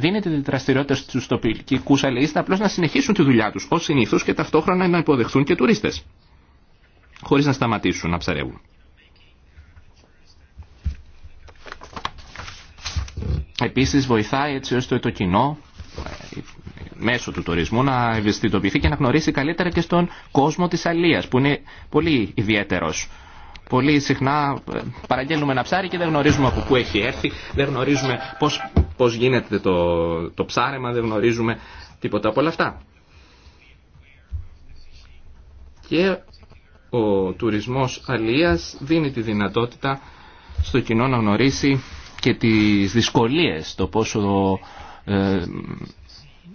Speaker 4: δίνεται τη δραστηριότητα στου τοπικού αλληλεί απλώ να συνεχίσουν τη δουλειά του ω συνήθω και ταυτόχρονα να υποδεχθούν και τουρίστε, χωρί να σταματήσουν να ψαρεύουν. Επίση, βοηθάει έτσι ώστε το κοινό ε, μέσω του τουρισμού να ευαισθητοποιηθεί και να γνωρίσει καλύτερα και στον κόσμο της αλίας που είναι πολύ ιδιαίτερος. Πολύ συχνά ε, παραγγέλνουμε ένα ψάρι και δεν γνωρίζουμε από πού έχει έρθει, δεν γνωρίζουμε πώς πώς γίνεται το, το ψάρεμα, δεν γνωρίζουμε τίποτα από όλα αυτά. Και ο τουρισμός αλίας δίνει τη δυνατότητα στο κοινό να γνωρίσει και τις δυσκολίες, το πόσο ε,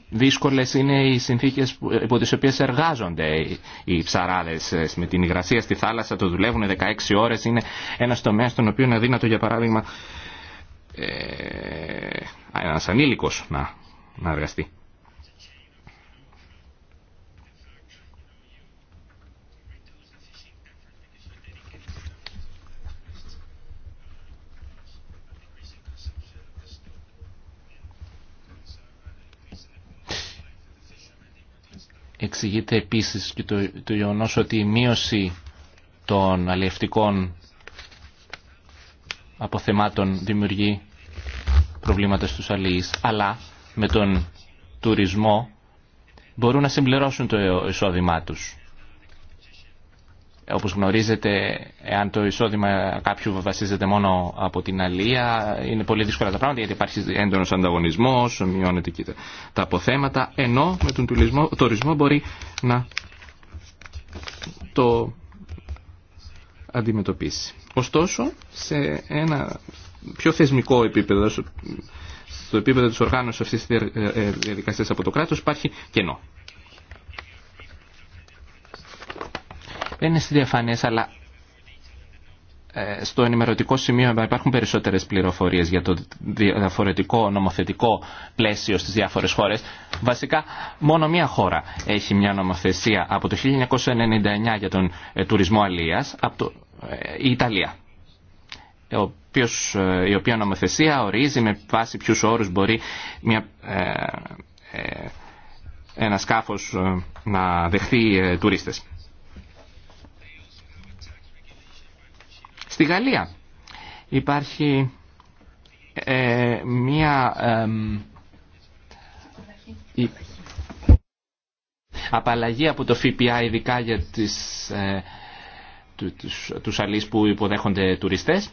Speaker 4: δύσκολες είναι οι συνθήκες υπό τις οποίες εργάζονται οι ψαράδες ε, με την υγρασία στη θάλασσα, το δουλεύουν 16 ώρες, είναι ένας τομέας στον οποίο είναι αδύνατο για παράδειγμα ε, ένας ανήλικος να, να εργαστεί. Εξηγείται επίσης και το, το γεγονό ότι η μείωση των αλλιευτικών αποθεμάτων δημιουργεί προβλήματα στους αλληλείς, αλλά με τον τουρισμό μπορούν να συμπληρώσουν το εισόδημά τους. Όπως γνωρίζετε, εάν το εισόδημα κάποιου βασίζεται μόνο από την αλληλεία είναι πολύ δύσκολα τα πράγματα γιατί υπάρχει έντονος ανταγωνισμός, μειώνεται τα αποθέματα, ενώ με τον τουρισμό, τουρισμό μπορεί να το αντιμετωπίσει. Ωστόσο, σε ένα πιο θεσμικό επίπεδο, στο επίπεδο της οργάνωσης αυτής της διαδικασίας από το κράτος, υπάρχει κενό. Δεν είναι διαφανές, αλλά ε, στο ενημερωτικό σημείο υπάρχουν περισσότερες πληροφορίες για το διαφορετικό νομοθετικό πλαίσιο στις διάφορες χώρες. Βασικά μόνο μία χώρα έχει μια νομοθεσία από το 1999 για τον ε, τουρισμό αλίας, η Ιταλία, ε, η οποία νομοθεσία ορίζει με βάση ποιους όρους μπορεί μια, ε, ε, ένα σκάφος να δεχθεί τουρίστες. Στη Γαλλία υπάρχει μία απαλλαγή από το ΦΠΑ ειδικά για τις τους, αλείς που υποδέχονται τουριστές.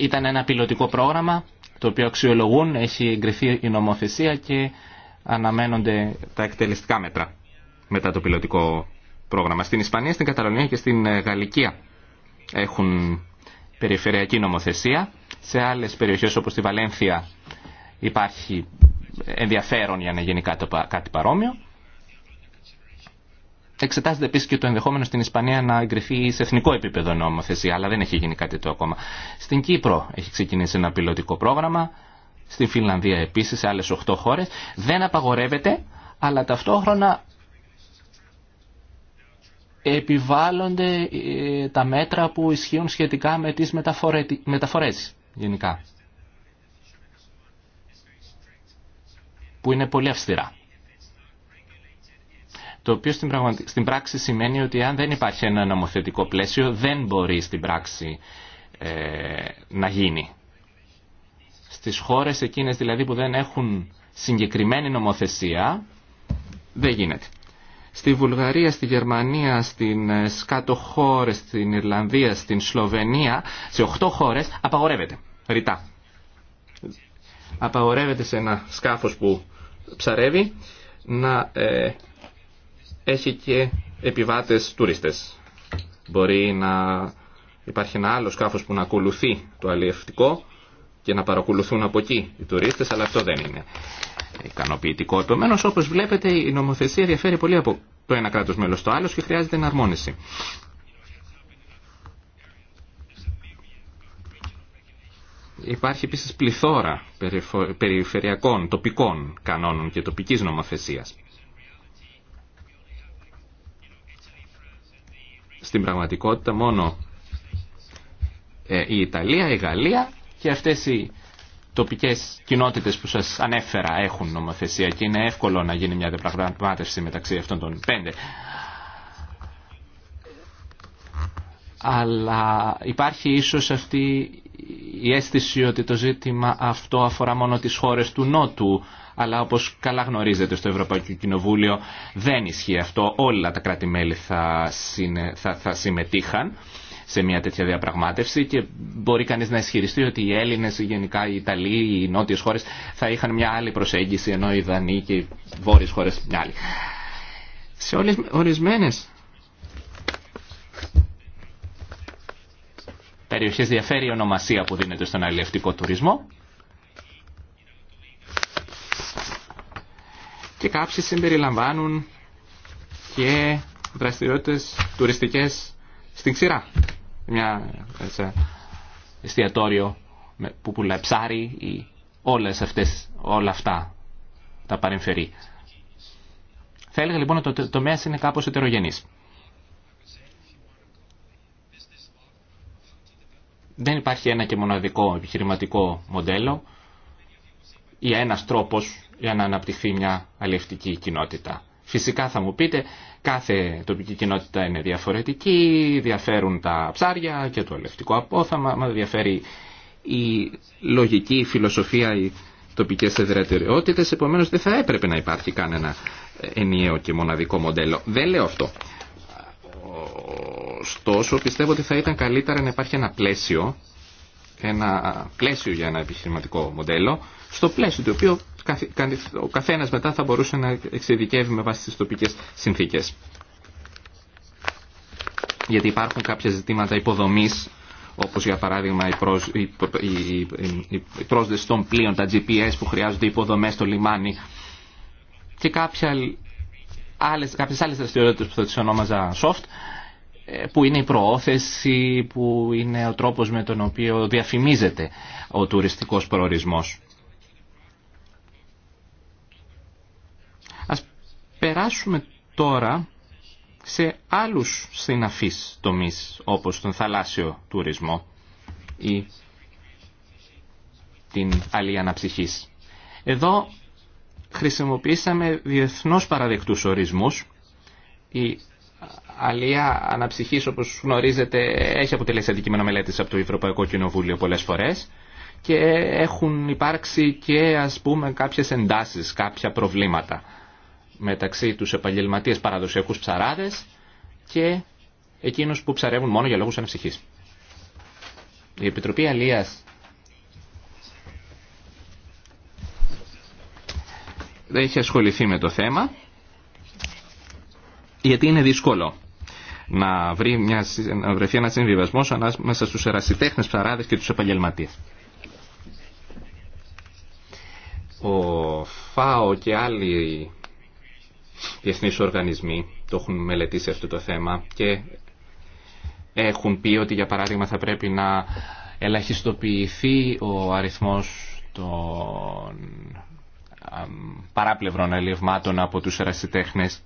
Speaker 4: Ήταν ένα πιλωτικό πρόγραμμα το οποίο αξιολογούν, έχει εγκριθεί η νομοθεσία και αναμένονται τα εκτελεστικά μέτρα μετά το πιλωτικό πρόγραμμα. Στην Ισπανία, στην Καταλωνία και στην ε, Γαλλικία έχουν περιφερειακή νομοθεσία. Σε άλλες περιοχές όπως τη Βαλένθια υπάρχει ενδιαφέρον για να γίνει κάτι παρόμοιο. Εξετάζεται επίση και το ενδεχόμενο στην Ισπανία να εγκριθεί σε εθνικό επίπεδο νομοθεσία, αλλά δεν έχει γίνει κάτι το ακόμα. Στην Κύπρο έχει ξεκινήσει ένα πιλωτικό πρόγραμμα, στην Φιλανδία επίση, σε άλλε 8 χώρε. Δεν απαγορεύεται, αλλά ταυτόχρονα επιβάλλονται ε, τα μέτρα που ισχύουν σχετικά με τις μεταφορές γενικά. Που είναι πολύ αυστηρά το οποίο στην, στην πράξη σημαίνει ότι αν δεν υπάρχει ένα νομοθετικό πλαίσιο δεν μπορεί στην πράξη ε, να γίνει. Στις χώρες εκείνες δηλαδή που δεν έχουν συγκεκριμένη νομοθεσία δεν γίνεται. Στη Βουλγαρία, στη Γερμανία, στην ε, κάτω χώρες, στην Ιρλανδία, στην Σλοβενία, σε 8 χώρες απαγορεύεται. Ρητά. Απαγορεύεται σε ένα σκάφος που ψαρεύει να ε, έχει και επιβάτες τουρίστες. Μπορεί να υπάρχει ένα άλλο σκάφος που να ακολουθεί το αλλιευτικό και να παρακολουθούν από εκεί οι τουρίστες, αλλά αυτό δεν είναι ικανοποιητικό. Επομένω, όπως βλέπετε, η νομοθεσία διαφέρει πολύ από το ένα κράτος μέλος στο άλλο και χρειάζεται εναρμόνιση. Υπάρχει επίσης πληθώρα περιφερειακών, τοπικών κανόνων και τοπικής νομοθεσίας. Στην πραγματικότητα μόνο ε, η Ιταλία, η Γαλλία και αυτές οι τοπικές κοινότητες που σας ανέφερα έχουν νομοθεσία και είναι εύκολο να γίνει μια διαπραγμάτευση μεταξύ αυτών των πέντε. Αλλά υπάρχει ίσως αυτή η αίσθηση ότι το ζήτημα αυτό αφορά μόνο τις χώρες του Νότου αλλά όπως καλά γνωρίζετε στο Ευρωπαϊκό Κοινοβούλιο δεν ισχύει αυτό. Όλα τα κράτη-μέλη θα, θα, θα συμμετείχαν σε μια τέτοια διαπραγμάτευση και μπορεί κανείς να ισχυριστεί ότι οι Έλληνες, γενικά οι Ιταλοί, οι νότιες χώρες θα είχαν μια άλλη προσέγγιση ενώ οι Δανείοι και οι βόρειες χώρες μια άλλη. Σε όλες, ορισμένες περιοχές διαφέρει η ονομασία που δίνεται στον αλληλευτικό τουρισμό και κάποιοι συμπεριλαμβάνουν και δραστηριότητες τουριστικές στην ξηρά. Μια έτσι, εστιατόριο που πουλάει ψάρι ή όλες αυτές, όλα αυτά τα παρεμφερεί. Θα έλεγα λοιπόν ότι το τομέα είναι κάπως ετερογενής. Δεν υπάρχει ένα και μοναδικό επιχειρηματικό μοντέλο ή ένας τρόπος για να αναπτυχθεί μια αλληλευτική κοινότητα. Φυσικά θα μου πείτε, κάθε τοπική κοινότητα είναι διαφορετική, διαφέρουν τα ψάρια και το αλληλευτικό απόθαμα, μα διαφέρει η λογική, η φιλοσοφία, οι τοπικές εδρατεραιότητες, επομένως δεν θα έπρεπε να υπάρχει κανένα ενιαίο και μοναδικό μοντέλο. Δεν λέω αυτό. Ωστόσο, πιστεύω ότι θα ήταν καλύτερα να υπάρχει ένα πλαίσιο ένα πλαίσιο για ένα επιχειρηματικό μοντέλο, στο πλαίσιο του οποίου ο καθένας μετά θα μπορούσε να εξειδικεύει με βάση τις τοπικές συνθήκες. Γιατί υπάρχουν κάποια ζητήματα υποδομής, όπως για παράδειγμα η πρόσδεση των πλοίων, τα GPS που χρειάζονται υποδομές στο λιμάνι και κάποια άλλες, κάποιες άλλες δραστηριότητες που θα τις ονόμαζα soft, που είναι η προώθηση, που είναι ο τρόπος με τον οποίο διαφημίζεται ο τουριστικός προορισμός. Ας περάσουμε τώρα σε άλλους συναφείς τομείς, όπως τον θαλάσσιο τουρισμό ή την άλλη αναψυχής. Εδώ χρησιμοποίησαμε διεθνώς παραδεκτούς ορισμούς. Η αλία αναψυχή όπως γνωρίζετε έχει αποτελέσει αντικείμενο μελέτη από το Ευρωπαϊκό Κοινοβούλιο πολλές φορές και έχουν υπάρξει και ας πούμε κάποιες εντάσεις, κάποια προβλήματα μεταξύ τους επαγγελματίες παραδοσιακούς ψαράδες και εκείνους που ψαρεύουν μόνο για λόγους αναψυχής. Η Επιτροπή Αλίας δεν έχει ασχοληθεί με το θέμα γιατί είναι δύσκολο να, βρει μια, να βρεθεί ένα συμβιβασμό ανάμεσα στου ερασιτέχνε ψαράδε και του επαγγελματίε. Ο ΦΑΟ και άλλοι διεθνεί οργανισμοί το έχουν μελετήσει αυτό το θέμα και έχουν πει ότι για παράδειγμα θα πρέπει να ελαχιστοποιηθεί ο αριθμός των παράπλευρων ελευμάτων από τους ερασιτέχνες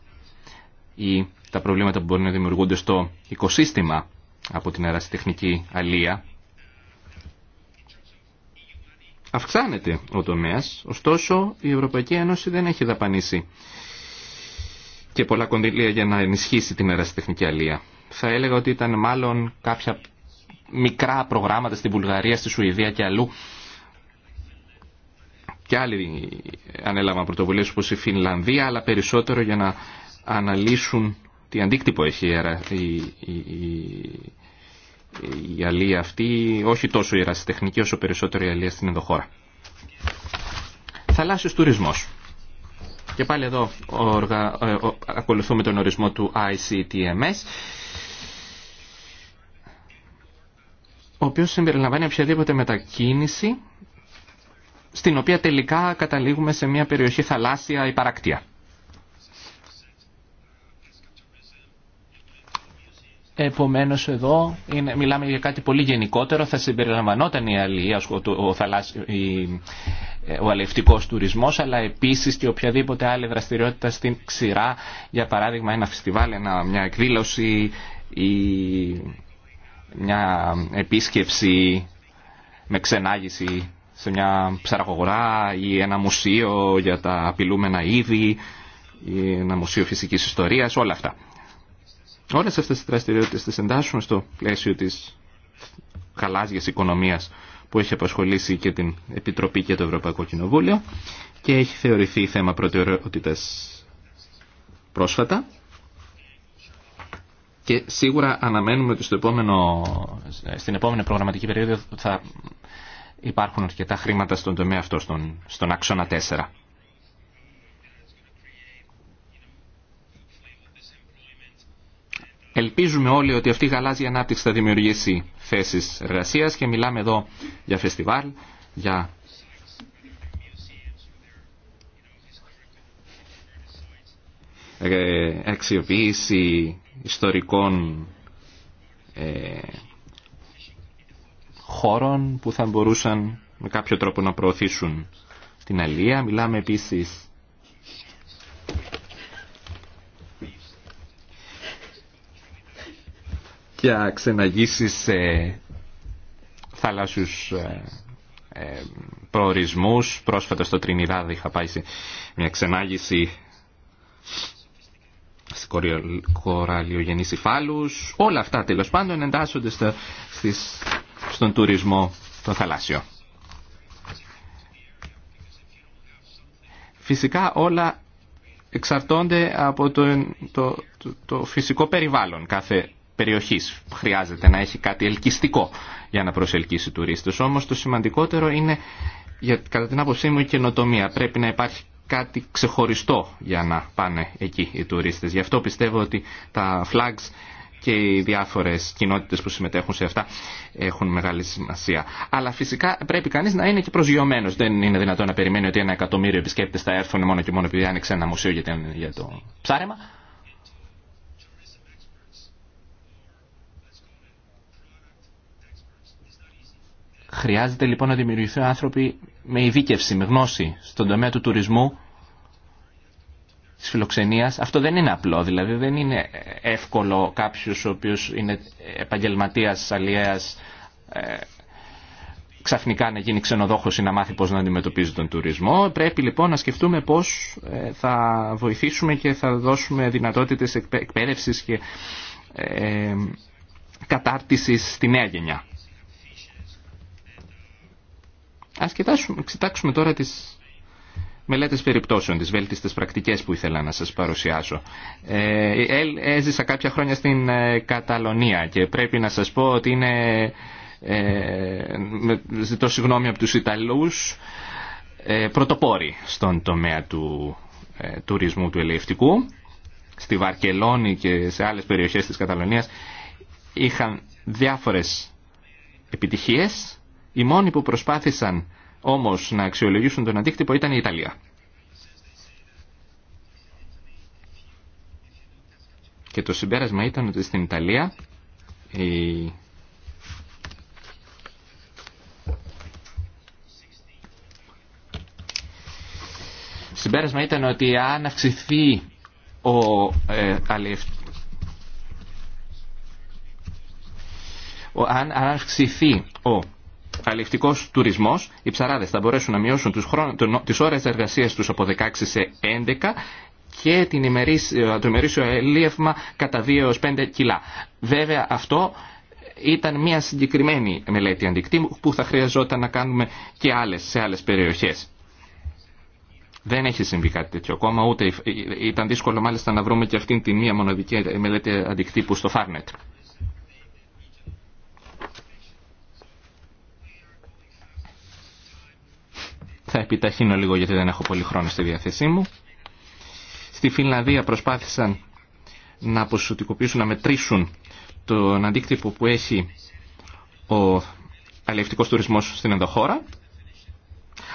Speaker 4: ή τα προβλήματα που μπορεί να δημιουργούνται στο οικοσύστημα από την αερασιτεχνική αλία. Αυξάνεται ο τομέας, ωστόσο η Ευρωπαϊκή Ένωση δεν έχει δαπανίσει και πολλά κονδυλία για να ενισχύσει την αερασιτεχνική αλία. Θα έλεγα ότι ήταν μάλλον κάποια μικρά προγράμματα στην Βουλγαρία, στη Σουηδία και αλλού και άλλοι ανέλαβαν πρωτοβουλίες όπως η Φινλανδία, αλλά περισσότερο για να αναλύσουν τι αντίκτυπο έχει η, η, η, η αλία αυτή, όχι τόσο η ερασιτεχνική όσο περισσότερο η αλία στην ενδοχώρα. Θαλάσσιος τουρισμός. Και πάλι εδώ οργα, ε, ακολουθούμε τον ορισμό του ICTMS, ο οποίος συμπεριλαμβάνει οποιαδήποτε μετακίνηση, στην οποία τελικά καταλήγουμε σε μια περιοχή θαλάσσια ή παράκτια. Επομένως εδώ είναι, μιλάμε για κάτι πολύ γενικότερο, θα συμπεριλαμβανόταν η αλληλεία, ο, ο, ο τουρισμός, αλλά επίσης και οποιαδήποτε άλλη δραστηριότητα στην ξηρά, για παράδειγμα ένα φεστιβάλ, ένα, μια εκδήλωση ή μια επίσκεψη με ξενάγηση σε μια ψαραγωγορά ή ένα μουσείο για τα απειλούμενα είδη ή ένα μουσείο φυσικής ιστορίας, όλα αυτά. Όλες αυτές τις δραστηριότητες τις εντάσσουν στο πλαίσιο της χαλάζιας οικονομίας που έχει απασχολήσει και την Επιτροπή και το Ευρωπαϊκό Κοινοβούλιο και έχει θεωρηθεί θέμα προτεραιότητας πρόσφατα και σίγουρα αναμένουμε ότι στο επόμενο, στην επόμενη προγραμματική περίοδο θα υπάρχουν αρκετά χρήματα στον τομέα αυτό, στον, στον άξονα 4. Ελπίζουμε όλοι ότι αυτή η γαλάζια ανάπτυξη θα δημιουργήσει θέσεις εργασίας και μιλάμε εδώ για φεστιβάλ, για ε, αξιοποίηση ιστορικών ε, χώρων που θα μπορούσαν με κάποιο τρόπο να προωθήσουν την αλία. Μιλάμε επίσης για ξεναγήσει σε θαλάσσιους ε, ε, προορισμού. Πρόσφατα στο Τρινιδάδι είχα πάει σε μια ξενάγηση κοραλιογενείς υφάλους. Όλα αυτά τέλο πάντων εντάσσονται στον τουρισμό το θαλάσσιο. Φυσικά όλα εξαρτώνται από το, το, το φυσικό περιβάλλον κάθε περιοχής. Χρειάζεται να έχει κάτι ελκυστικό για να προσελκύσει τουρίστες. Όμως το σημαντικότερο είναι, για, κατά την άποψή μου, η καινοτομία. Πρέπει να υπάρχει κάτι ξεχωριστό για να πάνε εκεί οι τουρίστες. Γι' αυτό πιστεύω ότι τα flags και οι διάφορες κοινότητες που συμμετέχουν σε αυτά έχουν μεγάλη σημασία. Αλλά φυσικά πρέπει κανείς να είναι και προσγειωμένος. Δεν είναι δυνατόν να περιμένει ότι ένα εκατομμύριο επισκέπτες θα έρθουν μόνο και μόνο επειδή άνοιξε ένα μουσείο για το ψάρεμα. Χρειάζεται λοιπόν να δημιουργηθούν άνθρωποι με ειδίκευση, με γνώση στον τομέα του τουρισμού, της φιλοξενίας. Αυτό δεν είναι απλό, δηλαδή δεν είναι εύκολο κάποιο ο οποίο είναι επαγγελματίας, αλλιέας, ε, ξαφνικά να γίνει ξενοδόχος ή να μάθει πώ να αντιμετωπίζει τον τουρισμό. Πρέπει λοιπόν να σκεφτούμε πώς ε, θα βοηθήσουμε και θα δώσουμε δυνατότητες εκπαίδευση και ε, κατάρτισης στη νέα γενιά. Ας κοιτάξουμε, κοιτάξουμε τώρα τις μελέτες περιπτώσεων, τις βέλτιστες πρακτικές που ήθελα να σας παρουσιάσω. Ε, έζησα κάποια χρόνια στην ε, Καταλωνία και πρέπει να σας πω ότι είναι... Ε, ζητώ συγγνώμη από τους Ιταλούς ε, πρωτοπόροι στον τομέα του ε, τουρισμού του ελευτικού στη Βαρκελόνη και σε άλλες περιοχές της Καταλωνίας είχαν διάφορες επιτυχίες οι μόνοι που προσπάθησαν όμως να αξιολογήσουν τον αντίκτυπο ήταν η Ιταλία. Και το συμπέρασμα ήταν ότι στην Ιταλία η... Συμπέρασμα ήταν ότι αν αυξηθεί ο ε, ο, αν, αν αυξηθεί ο αλληλευτικό τουρισμό, οι ψαράδε θα μπορέσουν να μειώσουν τι ώρε εργασία του από 16 σε 11 και την ε, το ημερήσιο ελίευμα κατά 2 έω 5 κιλά. Βέβαια αυτό ήταν μια συγκεκριμένη μελέτη αντικτύπου που θα χρειαζόταν να κάνουμε και άλλες, σε άλλες περιοχές. Δεν έχει συμβεί κάτι τέτοιο ακόμα, ούτε ήταν δύσκολο μάλιστα να βρούμε και αυτήν την μία μοναδική μελέτη αντικτύπου στο Φάρνετ. Θα επιταχύνω λίγο γιατί δεν έχω πολύ χρόνο στη διάθεσή μου. Στη Φιλανδία προσπάθησαν να αποσωτικοποιήσουν, να μετρήσουν τον αντίκτυπο που έχει ο αλληλευτικός τουρισμός στην ενδοχώρα.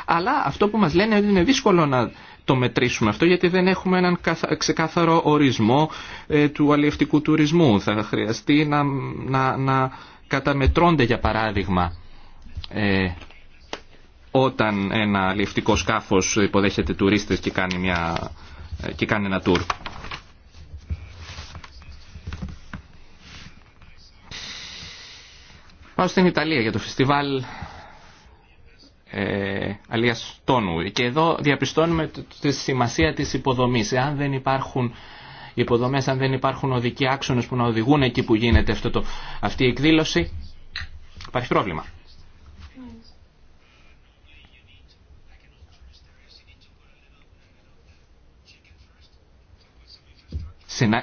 Speaker 4: Αλλά αυτό που μας λένε είναι δύσκολο να το μετρήσουμε αυτό γιατί δεν έχουμε έναν ξεκάθαρο ορισμό ε, του αλληλευτικού τουρισμού. Θα χρειαστεί να, να, να καταμετρώνται για παράδειγμα ε, όταν ένα λιευτικό σκάφος υποδέχεται τουρίστες και κάνει, μια, και κάνει ένα τουρ. Πάω στην Ιταλία για το φεστιβάλ ε, Αλίας Τόνου. Και εδώ διαπιστώνουμε τη σημασία της υποδομής. Αν δεν υπάρχουν υποδομές, αν δεν υπάρχουν οδικοί άξονες που να οδηγούν εκεί που γίνεται το, αυτή η εκδήλωση, υπάρχει πρόβλημα.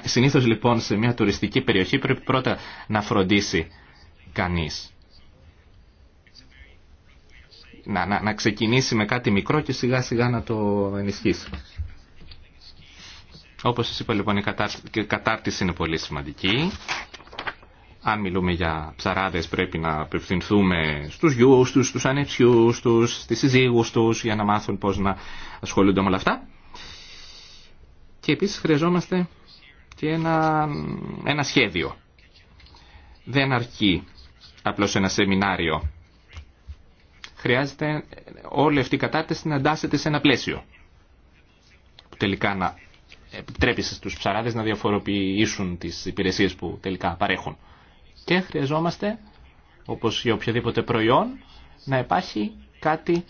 Speaker 4: Συνήθως λοιπόν σε μια τουριστική περιοχή πρέπει πρώτα να φροντίσει κανείς. Να, να, να ξεκινήσει με κάτι μικρό και σιγά σιγά να το ενισχύσει. Όπως σας είπα λοιπόν η κατάρτιση είναι πολύ σημαντική. Αν μιλούμε για ψαράδες πρέπει να απευθυνθούμε στους γιους τους, στους ανεψιούς τους, στις συζύγους τους για να μάθουν πώς να ασχολούνται με όλα αυτά. Και επίσης χρειαζόμαστε και ένα, ένα σχέδιο. Δεν αρκεί απλώς ένα σεμινάριο. Χρειάζεται όλη αυτή η κατάρτιση να εντάσσεται σε ένα πλαίσιο. Που τελικά να επιτρέπει στους ψαράδες να διαφοροποιήσουν τις υπηρεσίες που τελικά παρέχουν. Και χρειαζόμαστε, όπως για οποιοδήποτε προϊόν, να υπάρχει κάτι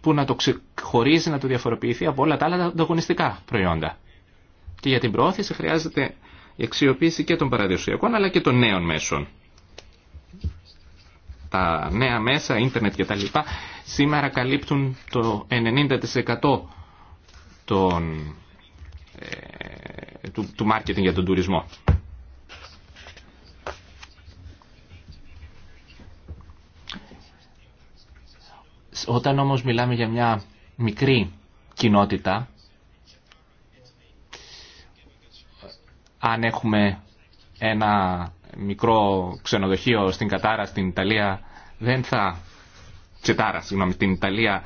Speaker 4: που να το ξεχωρίζει, να το διαφοροποιηθεί από όλα τα άλλα ανταγωνιστικά προϊόντα. Και για την προώθηση χρειάζεται η αξιοποίηση και των παραδοσιακών αλλά και των νέων μέσων. Τα νέα μέσα, ίντερνετ λοιπά, σήμερα καλύπτουν το 90% των, ε, του, του marketing για τον τουρισμό. Όταν όμως μιλάμε για μια μικρή κοινότητα αν έχουμε ένα μικρό ξενοδοχείο στην Κατάρα, στην Ιταλία, δεν θα... Τσετάρα, συγγνώμη, στην Ιταλία,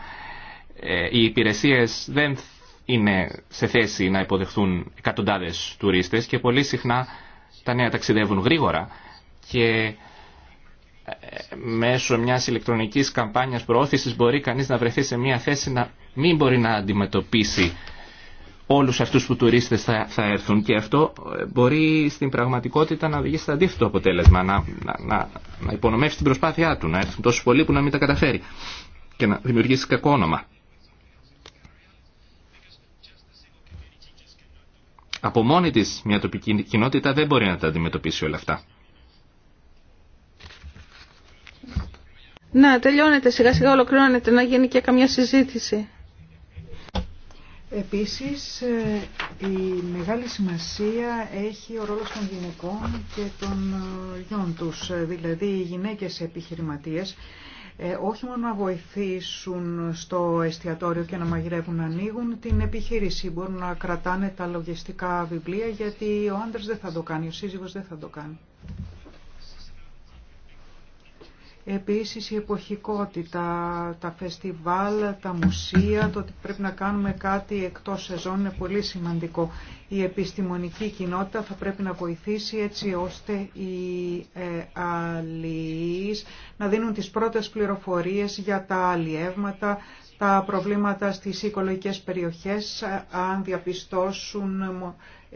Speaker 4: ε, οι υπηρεσίες δεν είναι σε θέση να υποδεχθούν εκατοντάδες τουρίστες και πολύ συχνά τα νέα ταξιδεύουν γρήγορα και ε, μέσω μιας ηλεκτρονικής καμπάνιας προώθησης μπορεί κανείς να βρεθεί σε μια θέση να μην μπορεί να αντιμετωπίσει όλους αυτούς που τουρίστες θα, θα έρθουν και αυτό ε, μπορεί στην πραγματικότητα να οδηγήσει σε αντίθετο αποτέλεσμα, να, να, να, υπονομεύσει την προσπάθειά του, να έρθουν τόσο πολλοί που να μην τα καταφέρει και να δημιουργήσει κακό όνομα. Από μόνη της μια τοπική κοινότητα δεν μπορεί να τα αντιμετωπίσει όλα αυτά.
Speaker 2: Να, τελειώνεται σιγά σιγά, ολοκληρώνεται, να γίνει και καμιά συζήτηση.
Speaker 3: Επίσης, ε, η μεγάλη σημασία έχει ο ρόλος των γυναικών και των ε, γιών τους. Ε, δηλαδή, οι γυναίκες επιχειρηματίες όχι μόνο να βοηθήσουν στο εστιατόριο και να μαγειρεύουν να ανοίγουν την επιχείρηση. Μπορούν να κρατάνε τα λογιστικά βιβλία γιατί ο άντρας δεν θα το κάνει, ο σύζυγος δεν θα το κάνει. Επίσης η εποχικότητα, τα φεστιβάλ, τα μουσεία, το ότι πρέπει να κάνουμε κάτι εκτός σεζόν είναι πολύ σημαντικό. Η επιστημονική κοινότητα θα πρέπει να βοηθήσει έτσι ώστε οι ε, αλληλείς να δίνουν τις πρώτες πληροφορίες για τα αλλιεύματα, τα προβλήματα στις οικολογικές περιοχές, ε, αν διαπιστώσουν ε,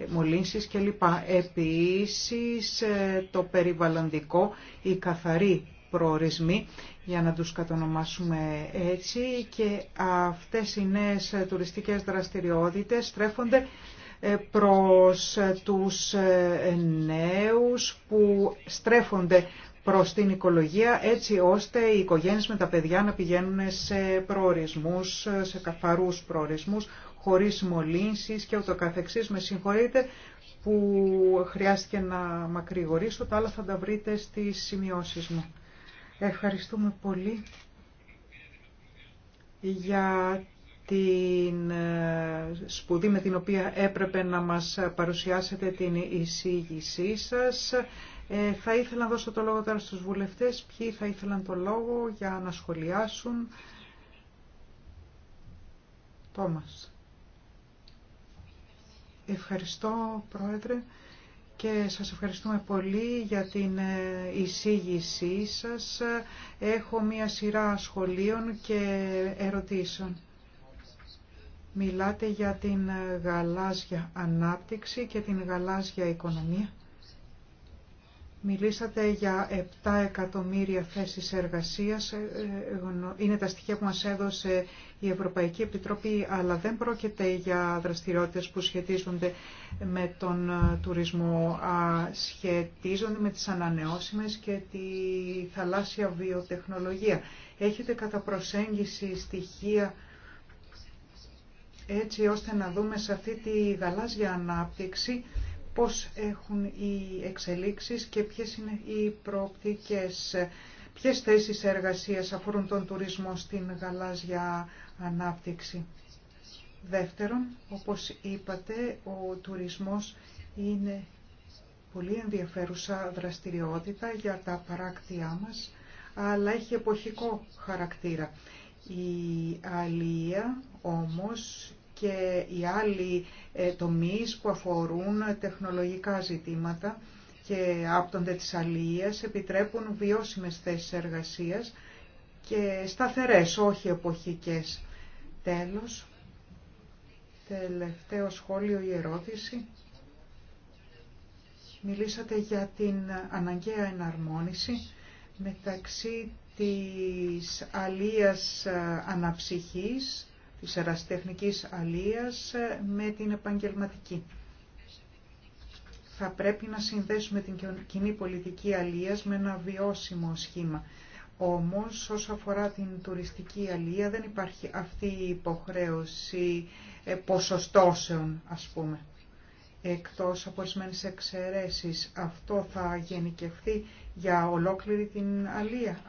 Speaker 3: μολύνσεις κλπ. Επίσης το περιβαλλοντικό, η καθαρή προορισμοί, για να τους κατονομάσουμε έτσι, και αυτές οι νέες τουριστικές δραστηριότητες στρέφονται ε, προς ε, τους ε, νέους που στρέφονται προς την οικολογία έτσι ώστε οι οικογένειες με τα παιδιά να πηγαίνουν σε προορισμούς, σε καθαρούς προορισμούς, χωρίς μολύνσεις και ούτω καθεξής. Με συγχωρείτε που χρειάστηκε να μακρηγορήσω, τα άλλα θα τα βρείτε στις σημειώσεις μου. Ευχαριστούμε πολύ για την ε, σπουδή με την οποία έπρεπε να μας παρουσιάσετε την εισήγησή σας. Ε, θα ήθελα να δώσω το λόγο τώρα στους βουλευτές, ποιοι θα ήθελαν το λόγο για να σχολιάσουν. Τόμας. Ευχαριστώ, Πρόεδρε και σας ευχαριστούμε πολύ για την ε, εισήγησή σας. Έχω μία σειρά σχολείων και ερωτήσεων. Μιλάτε για την γαλάζια ανάπτυξη και την γαλάζια οικονομία. Μιλήσατε για 7 εκατομμύρια θέσεις εργασίας, ε, ε, είναι τα στοιχεία που μας έδωσε η Ευρωπαϊκή Επιτροπή, αλλά δεν πρόκειται για δραστηριότητες που σχετίζονται με τον ε, τουρισμό, σχετίζονται με τις ανανεώσιμες και τη θαλάσσια βιοτεχνολογία. Έχετε κατά προσέγγιση στοιχεία έτσι ώστε να δούμε σε αυτή τη γαλάζια ανάπτυξη πώς έχουν οι εξελίξεις και ποιες είναι οι προοπτικές, ποιες θέσεις εργασίας αφορούν τον τουρισμό στην γαλάζια ανάπτυξη. Δεύτερον, όπως είπατε, ο τουρισμός είναι πολύ ενδιαφέρουσα δραστηριότητα για τα παράκτια μας, αλλά έχει εποχικό χαρακτήρα. Η αλία όμως και οι άλλοι ε, τομείς που αφορούν τεχνολογικά ζητήματα και άπτονται της αλληλείας επιτρέπουν βιώσιμες θέσεις εργασίας και σταθερές, όχι εποχικές. Τέλος, τελευταίο σχόλιο ή ερώτηση. Μιλήσατε για την αναγκαία εναρμόνιση μεταξύ της αλίας ε, αναψυχής της εραστεχνικής αλίας ε, με την επαγγελματική. Θα πρέπει να συνδέσουμε την κοινή πολιτική αλίας με ένα βιώσιμο σχήμα. Όμως, όσο αφορά την τουριστική αλία, δεν υπάρχει αυτή η υποχρέωση ε, ποσοστώσεων, ας πούμε. Εκτός από ορισμένε εξαιρέσεις, αυτό θα γενικευθεί για ολόκληρη την αλία.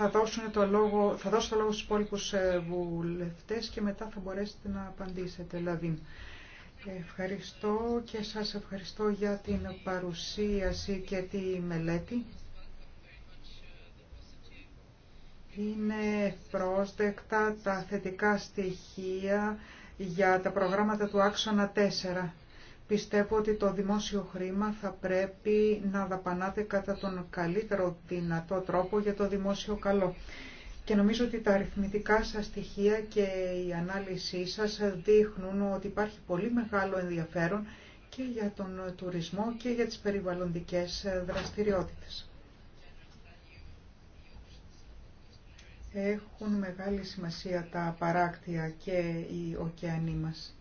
Speaker 3: Θα, δώσουν το λόγο, θα δώσω το λόγο στους υπόλοιπους ε, βουλευτές και μετά θα μπορέσετε να απαντήσετε. Λαβίν. Ευχαριστώ και σας ευχαριστώ για την παρουσίαση και τη μελέτη. Είναι πρόσδεκτα τα θετικά στοιχεία για τα προγράμματα του άξονα 4 Πιστεύω ότι το δημόσιο χρήμα θα πρέπει να δαπανάται κατά τον καλύτερο δυνατό τρόπο για το δημόσιο καλό. Και νομίζω ότι τα αριθμητικά σας στοιχεία και η ανάλυση σας δείχνουν ότι υπάρχει πολύ μεγάλο ενδιαφέρον και για τον τουρισμό και για τις περιβαλλοντικές δραστηριότητες. Έχουν μεγάλη σημασία τα παράκτια και οι ωκεανοί μας.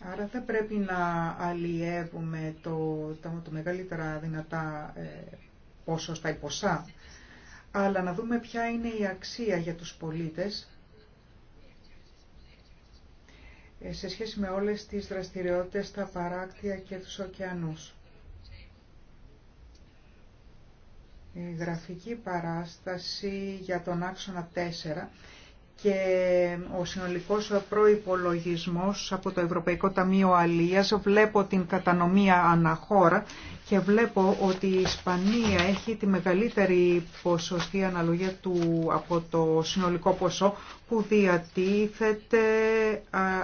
Speaker 3: Άρα δεν πρέπει να αλλιεύουμε το, το, το μεγαλύτερα δυνατά ε, πόσο στα υποσά, αλλά να δούμε ποια είναι η αξία για τους πολίτες ε, σε σχέση με όλες τις δραστηριότητες, τα παράκτια και τους ωκεανούς. Η γραφική παράσταση για τον άξονα 4 και ο συνολικός προϋπολογισμός από το Ευρωπαϊκό Ταμείο Αλίας βλέπω την κατανομία αναχώρα και βλέπω ότι η Ισπανία έχει τη μεγαλύτερη ποσοστή αναλογία του από το συνολικό ποσό που διατίθεται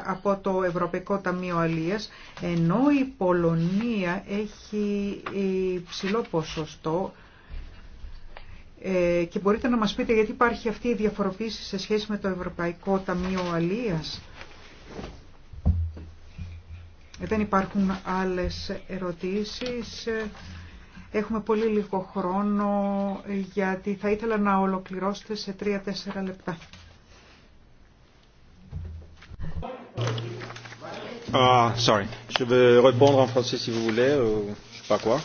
Speaker 3: από το Ευρωπαϊκό Ταμείο Αλίας ενώ η Πολωνία έχει υψηλό ποσοστό ε, και μπορείτε να μας πείτε γιατί υπάρχει αυτή η διαφοροποίηση σε σχέση με το Ευρωπαϊκό Ταμείο Αλίας. Ε, δεν υπάρχουν άλλες ερωτήσεις. Έχουμε πολύ λίγο χρόνο γιατί θα ήθελα να ολοκληρώσετε σε 3-4 λεπτά.
Speaker 5: Ah, sorry. Je vais répondre en français si vous voulez, je sais pas quoi.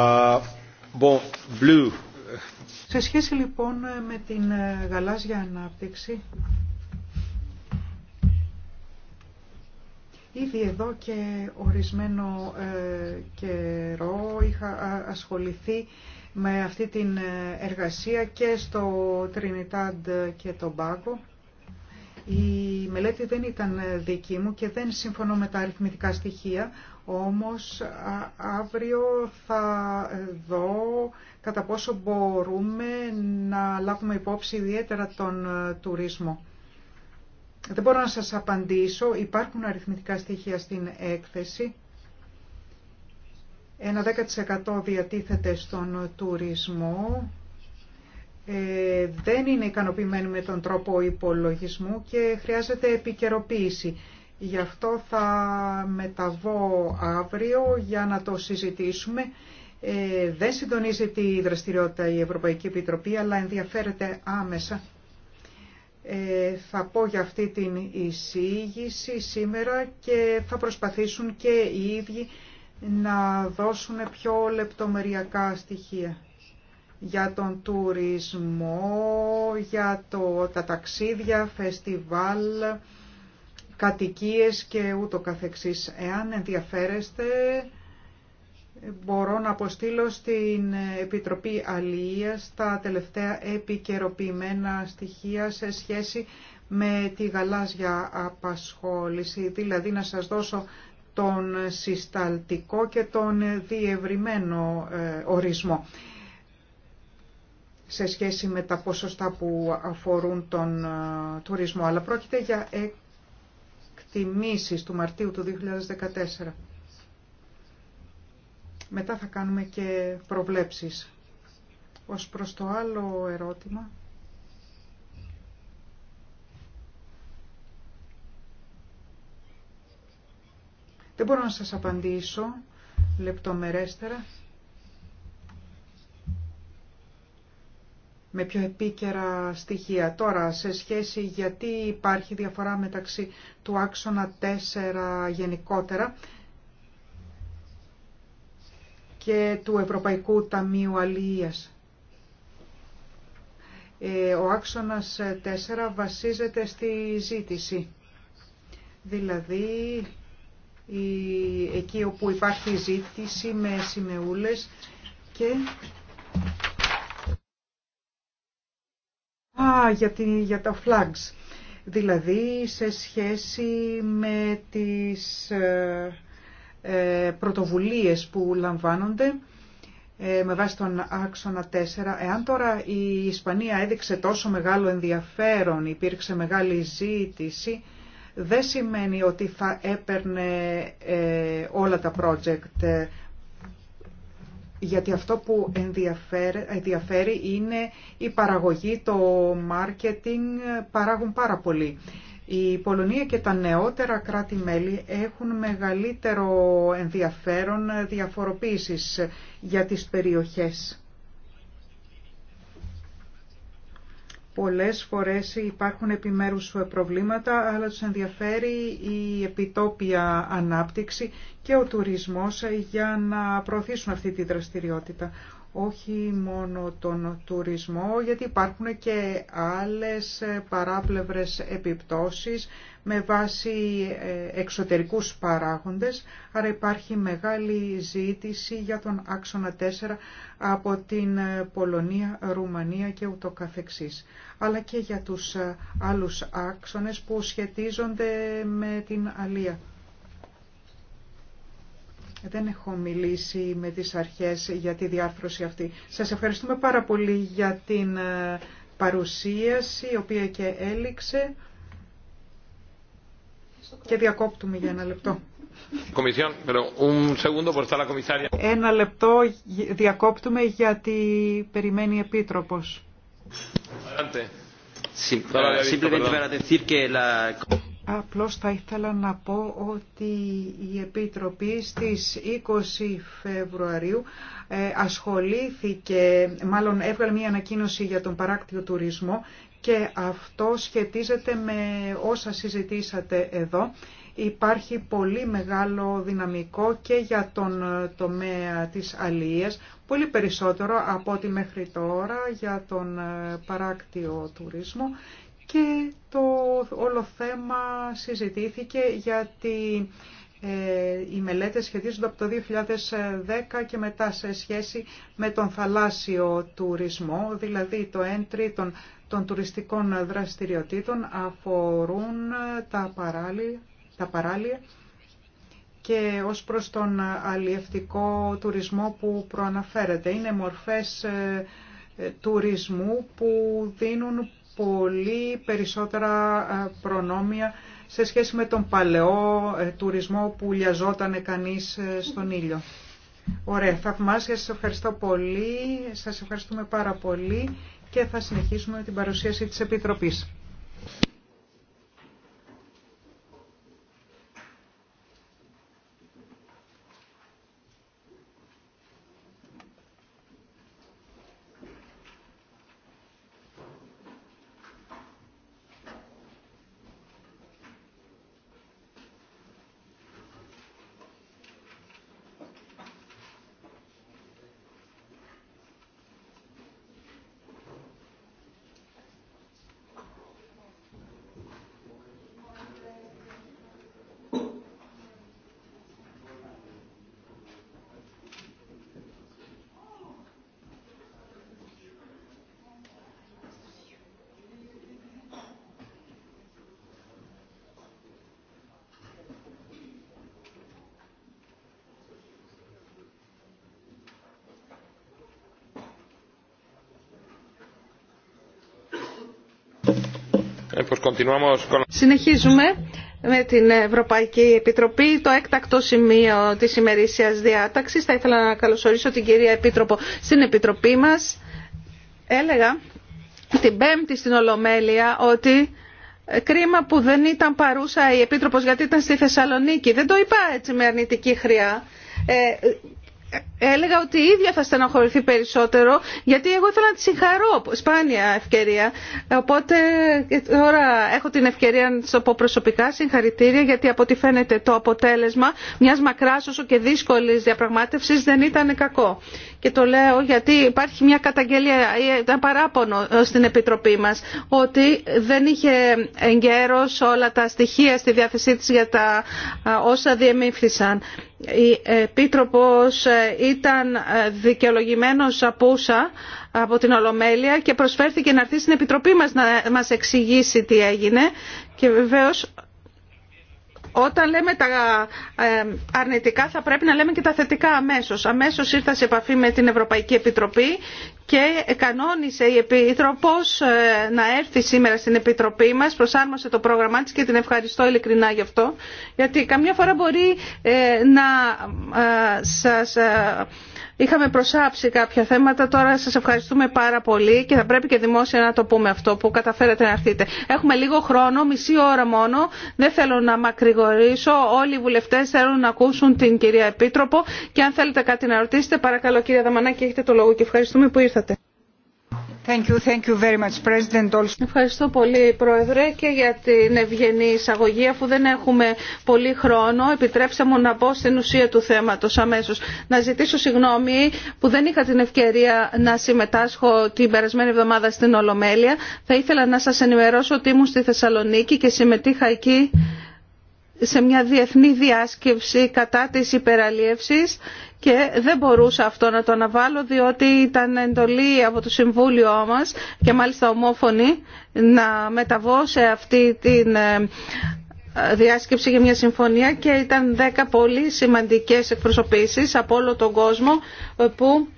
Speaker 5: Ah, bon, blue. Σε
Speaker 3: σχέση λοιπόν με την ε, γαλάζια ανάπτυξη, Ήδη εδώ και ορισμένο ε, καιρό είχα ασχοληθεί με αυτή την ε, εργασία και στο Τρινιτάντ και τον Πάκο. Η μελέτη δεν ήταν δική μου και δεν συμφωνώ με τα αριθμητικά στοιχεία, όμως αύριο θα δω κατά πόσο μπορούμε να λάβουμε υπόψη ιδιαίτερα τον ε, τουρισμό. Δεν μπορώ να σας απαντήσω. Υπάρχουν αριθμητικά στοιχεία στην έκθεση. Ένα 10% διατίθεται στον τουρισμό. Ε, δεν είναι ικανοποιημένοι με τον τρόπο υπολογισμού και χρειάζεται επικαιροποίηση. Γι' αυτό θα μεταβώ αύριο για να το συζητήσουμε ε, δεν συντονίζει τη δραστηριότητα η Ευρωπαϊκή Επιτροπή, αλλά ενδιαφέρεται άμεσα. Ε, θα πω για αυτή την εισήγηση σήμερα και θα προσπαθήσουν και οι ίδιοι να δώσουν πιο λεπτομεριακά στοιχεία για τον τουρισμό, για το, τα ταξίδια, φεστιβάλ, κατοικίες και ούτω καθεξής. Εάν ενδιαφέρεστε, μπορώ να αποστείλω στην Επιτροπή Αλίας τα τελευταία επικαιροποιημένα στοιχεία σε σχέση με τη γαλάζια απασχόληση, δηλαδή να σας δώσω τον συσταλτικό και τον διευρυμένο ε, ορισμό σε σχέση με τα ποσοστά που αφορούν τον ε, τουρισμό. Αλλά πρόκειται για εκτιμήσεις του Μαρτίου του 2014. Μετά θα κάνουμε και προβλέψεις. Ως προς το άλλο ερώτημα... Δεν μπορώ να σας απαντήσω λεπτομερέστερα. με πιο επίκαιρα στοιχεία. Τώρα, σε σχέση γιατί υπάρχει διαφορά μεταξύ του άξονα 4 γενικότερα και του Ευρωπαϊκού Ταμείου Αλληλείας. Ε, ο άξονας 4 βασίζεται στη ζήτηση, δηλαδή εκεί όπου υπάρχει ζήτηση με σημεούλες και... Α, για, για τα flags, δηλαδή σε σχέση με τις... Ε, ε, πρωτοβουλίες που λαμβάνονται ε, με βάση τον άξονα 4. Εάν τώρα η Ισπανία έδειξε τόσο μεγάλο ενδιαφέρον, υπήρξε μεγάλη ζήτηση, δεν σημαίνει ότι θα έπαιρνε ε, όλα τα project γιατί αυτό που ενδιαφέρει είναι η παραγωγή, το marketing παράγουν πάρα πολύ. Η Πολωνία και τα νεότερα κράτη-μέλη έχουν μεγαλύτερο ενδιαφέρον διαφοροποίησης για τις περιοχές. Πολλές φορές υπάρχουν επιμέρους προβλήματα, αλλά τους ενδιαφέρει η επιτόπια ανάπτυξη και ο τουρισμός για να προωθήσουν αυτή τη δραστηριότητα όχι μόνο τον τουρισμό, γιατί υπάρχουν και άλλες παράπλευρες επιπτώσεις με βάση ε, εξωτερικούς παράγοντες, άρα υπάρχει μεγάλη ζήτηση για τον άξονα 4 από την ε, Πολωνία, Ρουμανία και ούτω καθεξής, αλλά και για τους ε, άλλους άξονες που σχετίζονται με την Αλία. Ε, δεν έχω μιλήσει με τις αρχές για τη διάρθρωση αυτή. Σας ευχαριστούμε πάρα πολύ για την ε, παρουσίαση, η οποία και έληξε. Και διακόπτουμε για ένα λεπτό. Ένα λεπτό διακόπτουμε γιατί περιμένει η Επίτροπος. Απλώς θα ήθελα να πω ότι η Επιτροπή στις 20 Φεβρουαρίου ε, ασχολήθηκε, μάλλον έβγαλε μία ανακοίνωση για τον παράκτιο τουρισμό και αυτό σχετίζεται με όσα συζητήσατε εδώ. Υπάρχει πολύ μεγάλο δυναμικό και για τον τομέα της αλίας, πολύ περισσότερο από ό,τι μέχρι τώρα για τον ε, παράκτιο τουρισμό και το όλο θέμα συζητήθηκε γιατί ε, οι μελέτες σχετίζονται από το 2010 και μετά σε σχέση με τον θαλάσσιο τουρισμό, δηλαδή το έντρι των τουριστικών δραστηριοτήτων αφορούν τα παράλια, τα και ως προς τον αλλιευτικό τουρισμό που προαναφέρεται. Είναι μορφές ε, τουρισμού που δίνουν πολύ περισσότερα ε, προνόμια σε σχέση με τον παλαιό ε, τουρισμό που λιαζόταν κανείς ε, στον ήλιο. Ωραία, θαυμάσια, σας ευχαριστώ πολύ, σας ευχαριστούμε πάρα πολύ και θα συνεχίσουμε την παρουσίαση της Επιτροπής.
Speaker 2: Συνεχίζουμε με την Ευρωπαϊκή Επιτροπή. Το έκτακτο σημείο της ημερήσία διάταξης. Θα ήθελα να καλωσορίσω την κυρία Επίτροπο στην Επιτροπή μας. Έλεγα την Πέμπτη στην Ολομέλεια ότι κρίμα που δεν ήταν παρούσα η Επίτροπος γιατί ήταν στη Θεσσαλονίκη. Δεν το είπα έτσι με αρνητική χρειά. Ε, έλεγα ότι η ίδια θα στενοχωρηθεί περισσότερο, γιατί εγώ ήθελα να τη συγχαρώ, σπάνια ευκαιρία. Οπότε τώρα έχω την ευκαιρία να τη το πω προσωπικά, συγχαρητήρια, γιατί από ό,τι φαίνεται το αποτέλεσμα μιας μακράς όσο και δύσκολης διαπραγμάτευσης δεν ήταν κακό. Και το λέω γιατί υπάρχει μια καταγγελία, ένα παράπονο στην Επιτροπή μας, ότι δεν είχε εγκαίρως όλα τα στοιχεία στη διάθεσή της για τα ε, όσα διεμήφθησαν η Επίτροπος ήταν δικαιολογημένος απούσα από την Ολομέλεια και προσφέρθηκε να έρθει στην Επιτροπή μας να μας εξηγήσει τι έγινε και βεβαίως όταν λέμε τα ε, αρνητικά θα πρέπει να λέμε και τα θετικά αμέσως. Αμέσως ήρθα σε επαφή με την Ευρωπαϊκή Επιτροπή και κανόνισε η Επίτροπος ε, να έρθει σήμερα στην Επιτροπή μας, προσάρμοσε το πρόγραμμά της και την ευχαριστώ ειλικρινά γι' αυτό, γιατί καμιά φορά μπορεί ε, να σας Είχαμε προσάψει κάποια θέματα, τώρα σας ευχαριστούμε πάρα πολύ και θα πρέπει και δημόσια να το πούμε αυτό που καταφέρατε να έρθετε. Έχουμε λίγο χρόνο, μισή ώρα μόνο, δεν θέλω να μακρηγορήσω, όλοι οι βουλευτές θέλουν να ακούσουν την κυρία Επίτροπο και αν θέλετε κάτι να ρωτήσετε, παρακαλώ κυρία Δαμανάκη, έχετε το λόγο και ευχαριστούμε που ήρθατε. Ευχαριστώ πολύ, Πρόεδρε, και για την ευγενή εισαγωγή. Αφού δεν έχουμε πολύ χρόνο, επιτρέψτε μου να πω στην ουσία του θέματος αμέσως. Να ζητήσω συγγνώμη που δεν είχα την ευκαιρία να συμμετάσχω την περασμένη εβδομάδα στην Ολομέλεια. Θα ήθελα να σας ενημερώσω ότι ήμουν στη Θεσσαλονίκη και συμμετείχα εκεί σε μια διεθνή διάσκεψη κατά της υπεραλίευσης και δεν μπορούσα αυτό να το αναβάλω διότι ήταν εντολή από το Συμβούλιο μας και μάλιστα ομόφωνη να μεταβώ σε αυτή τη ε, διάσκεψη για μια συμφωνία και ήταν δέκα πολύ σημαντικές εκπροσωπήσεις από όλο τον κόσμο που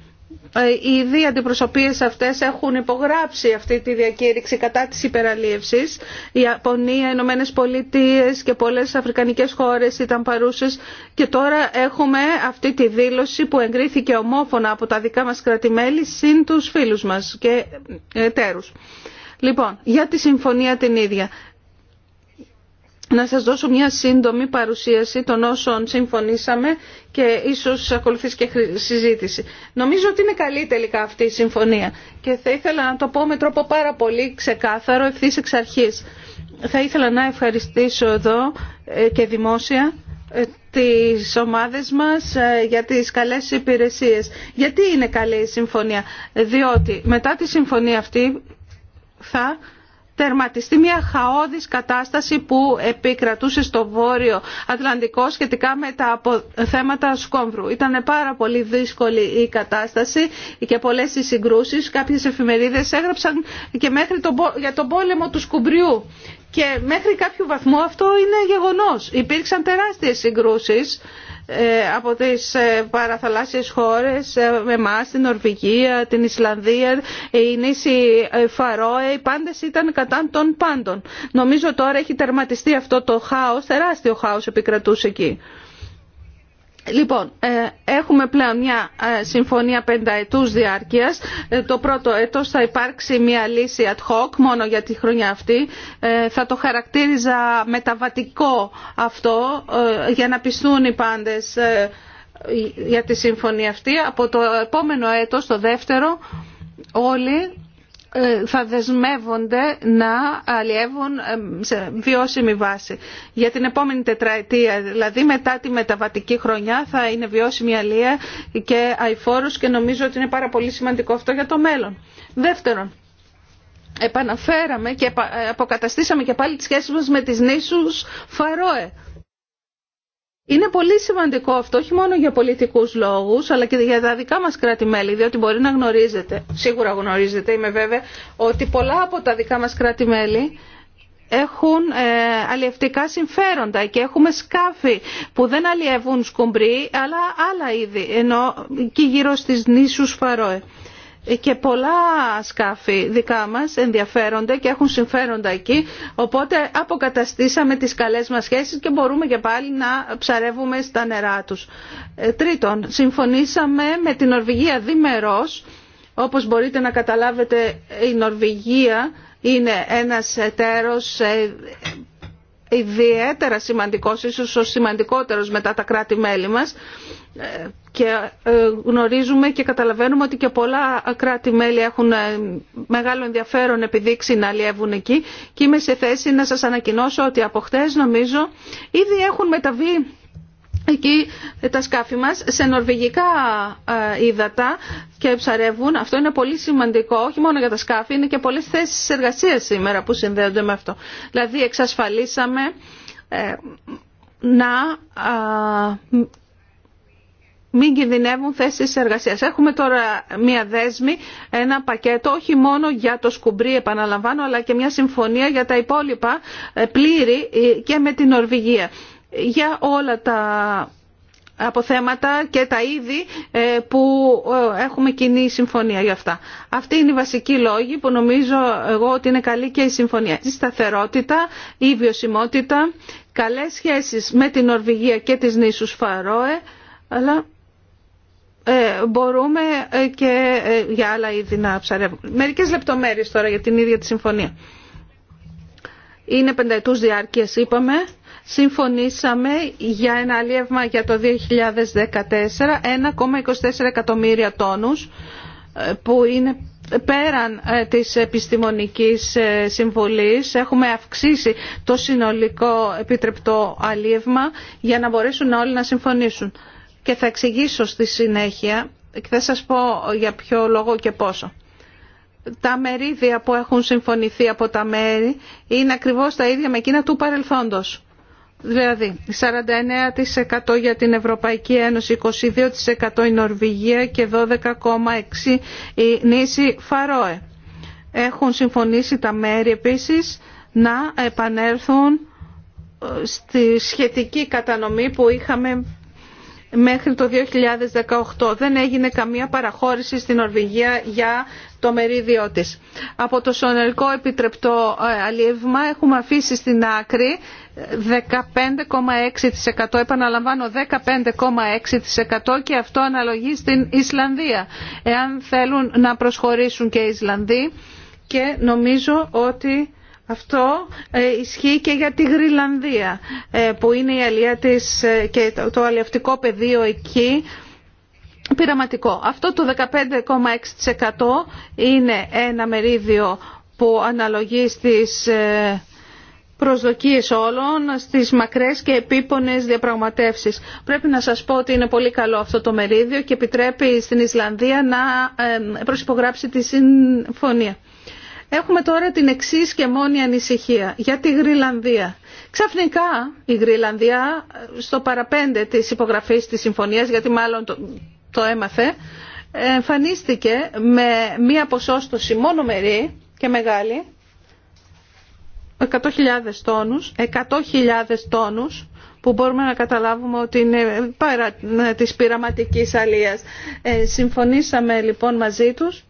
Speaker 2: ε, οι δύο αντιπροσωπείες αυτές έχουν υπογράψει αυτή τη διακήρυξη κατά της υπεραλίευσης. Η Ιαπωνία, οι Ηνωμένε Πολιτείε και πολλές αφρικανικές χώρες ήταν παρούσες και τώρα έχουμε αυτή τη δήλωση που εγκρίθηκε ομόφωνα από τα δικά μας κρατημέλη συν τους φίλους μας και εταίρους. Λοιπόν, για τη συμφωνία την ίδια να σας δώσω μια σύντομη παρουσίαση των όσων συμφωνήσαμε και ίσως ακολουθήσει και συζήτηση. Νομίζω ότι είναι καλή τελικά αυτή η συμφωνία και θα ήθελα να το πω με τρόπο πάρα πολύ ξεκάθαρο ευθύ εξ αρχής. Θα ήθελα να ευχαριστήσω εδώ ε, και δημόσια ε, τις ομάδες μας ε, για τις καλές υπηρεσίες. Γιατί είναι καλή η συμφωνία. Διότι μετά τη συμφωνία αυτή θα τερματιστεί μια χαόδης κατάσταση που επικρατούσε στο Βόρειο Ατλαντικό σχετικά με τα θέματα σκόμβρου. Ήταν πάρα πολύ δύσκολη η κατάσταση και πολλές οι συγκρούσεις. Κάποιες εφημερίδες έγραψαν και μέχρι για τον πόλεμο του σκουμπριού. Και μέχρι κάποιο βαθμό αυτό είναι γεγονός. Υπήρξαν τεράστιες συγκρούσεις ε, από τις ε, παραθαλάσσιες χώρες ε, με εμά, την Νορβηγία, την Ισλανδία, η νήσι Φαρόε, οι πάντες ήταν κατά των πάντων. Νομίζω τώρα έχει τερματιστεί αυτό το χάος, τεράστιο χάος επικρατούσε εκεί. Λοιπόν, ε, έχουμε πλέον μια ε, συμφωνία πενταετούς διάρκειας. Ε, το πρώτο έτος θα υπάρξει μια λύση ad hoc μόνο για τη χρονιά αυτή. Θα το χαρακτήριζα μεταβατικό αυτό για να πιστούν οι πάντες για τη συμφωνία αυτή. Από το επόμενο έτος, το δεύτερο, όλοι ε, θα δεσμεύονται να αλλιεύουν ε, σε βιώσιμη βάση. Για την επόμενη τετραετία, δηλαδή μετά τη μεταβατική χρονιά, θα είναι βιώσιμη αλλία και αϊφόρος και νομίζω ότι είναι πάρα πολύ σημαντικό αυτό για το μέλλον. Δεύτερον, επαναφέραμε και αποκαταστήσαμε και πάλι τις σχέσεις μας με τις νήσους Φαρόε είναι πολύ σημαντικό αυτό, όχι μόνο για πολιτικού λόγου, αλλά και για τα δικά μα κράτη-μέλη, διότι μπορεί να γνωρίζετε, σίγουρα γνωρίζετε, είμαι βέβαια, ότι πολλά από τα δικά μα κράτη-μέλη έχουν ε, αλλιευτικά συμφέροντα και έχουμε σκάφη που δεν αλλιεύουν σκουμπρί, αλλά άλλα είδη, ενώ και γύρω στις νήσους Φαρόε και πολλά σκάφη δικά μας ενδιαφέρονται και έχουν συμφέροντα εκεί οπότε αποκαταστήσαμε τις καλές μας σχέσεις και μπορούμε και πάλι να ψαρεύουμε στα νερά τους. Ε, τρίτον, συμφωνήσαμε με την Νορβηγία διμερός όπως μπορείτε να καταλάβετε η Νορβηγία είναι ένας εταίρος ε, ιδιαίτερα σημαντικός, ίσως ο σημαντικότερος μετά τα κράτη-μέλη μας ε, και ε, γνωρίζουμε και καταλαβαίνουμε ότι και πολλά κράτη-μέλη έχουν ε, μεγάλο ενδιαφέρον επιδείξει να αλλιεύουν εκεί και είμαι σε θέση να σας ανακοινώσω ότι από χτες νομίζω ήδη έχουν μεταβεί εκεί τα σκάφη μας σε νορβηγικά ε, ύδατα και ψαρεύουν. Αυτό είναι πολύ σημαντικό, όχι μόνο για τα σκάφη, είναι και πολλές θέσεις εργασίας σήμερα που συνδέονται με αυτό. Δηλαδή εξασφαλίσαμε να μην κινδυνεύουν θέσεις εργασίας. Έχουμε τώρα μία δέσμη, ένα πακέτο, όχι μόνο για το σκουμπρί επαναλαμβάνω, αλλά και μια συμφωνία για τα υπόλοιπα ε, πλήρη ε, και με την Νορβηγία. Για όλα τα αποθέματα και τα είδη ε, που έχουμε κοινή συμφωνία για αυτά. Αυτή είναι η βασική λόγη που νομίζω εγώ ότι είναι καλή και η συμφωνία. Η σταθερότητα, η βιωσιμότητα, καλές σχέσεις με την Νορβηγία και τις νήσους Φαρόε, αλλά ε, μπορούμε ε, και ε, για άλλα είδη να ψαρεύουμε. Μερικές λεπτομέρειες τώρα για την ίδια τη συμφωνία. Είναι πενταετούς διάρκειες, είπαμε. Συμφωνήσαμε για ένα αλλιεύμα για το 2014 1,24 εκατομμύρια τόνους που είναι πέραν της επιστημονικής συμβολής έχουμε αυξήσει το συνολικό επιτρεπτό αλλιεύμα για να μπορέσουν όλοι να συμφωνήσουν και θα εξηγήσω στη συνέχεια και θα σας πω για ποιο λόγο και πόσο. Τα μερίδια που έχουν συμφωνηθεί από τα μέρη είναι ακριβώς τα ίδια με εκείνα του παρελθόντος. Δηλαδή 49% για την Ευρωπαϊκή Ένωση, 22% η Νορβηγία και 12,6% η νήσι Φαρόε. Έχουν συμφωνήσει τα μέρη επίσης να επανέλθουν στη σχετική κατανομή που είχαμε μέχρι το 2018. Δεν έγινε καμία παραχώρηση στην Ορβηγία για το μερίδιό της. Από το σονελικό επιτρεπτό ε, αλίευμα έχουμε αφήσει στην άκρη 15,6% επαναλαμβάνω 15,6% και αυτό αναλογεί στην Ισλανδία εάν θέλουν να προσχωρήσουν και οι Ισλανδοί και νομίζω ότι αυτό ε, ισχύει και για τη Γρυλανδία ε, που είναι η αλία της ε, και το αλλιευτικό πεδίο εκεί πειραματικό. Αυτό το 15,6% είναι ένα μερίδιο που αναλογεί στις προσδοκίες όλων, στις μακρές και επίπονες διαπραγματεύσεις. Πρέπει να σας πω ότι είναι πολύ καλό αυτό το μερίδιο και επιτρέπει στην Ισλανδία να προσυπογράψει τη συμφωνία. Έχουμε τώρα την εξή και μόνη ανησυχία για τη Γρυλανδία. Ξαφνικά η Γρυλανδία στο παραπέντε της υπογραφής της συμφωνίας, γιατί μάλλον το, έμαθε, εμφανίστηκε με μία ποσόστοση μόνο μερή και μεγάλη, 100.000 τόνους, 100.000 τόνους, που μπορούμε να καταλάβουμε ότι είναι παρά ε, της πειραματικής αλίας. Ε, συμφωνήσαμε λοιπόν μαζί τους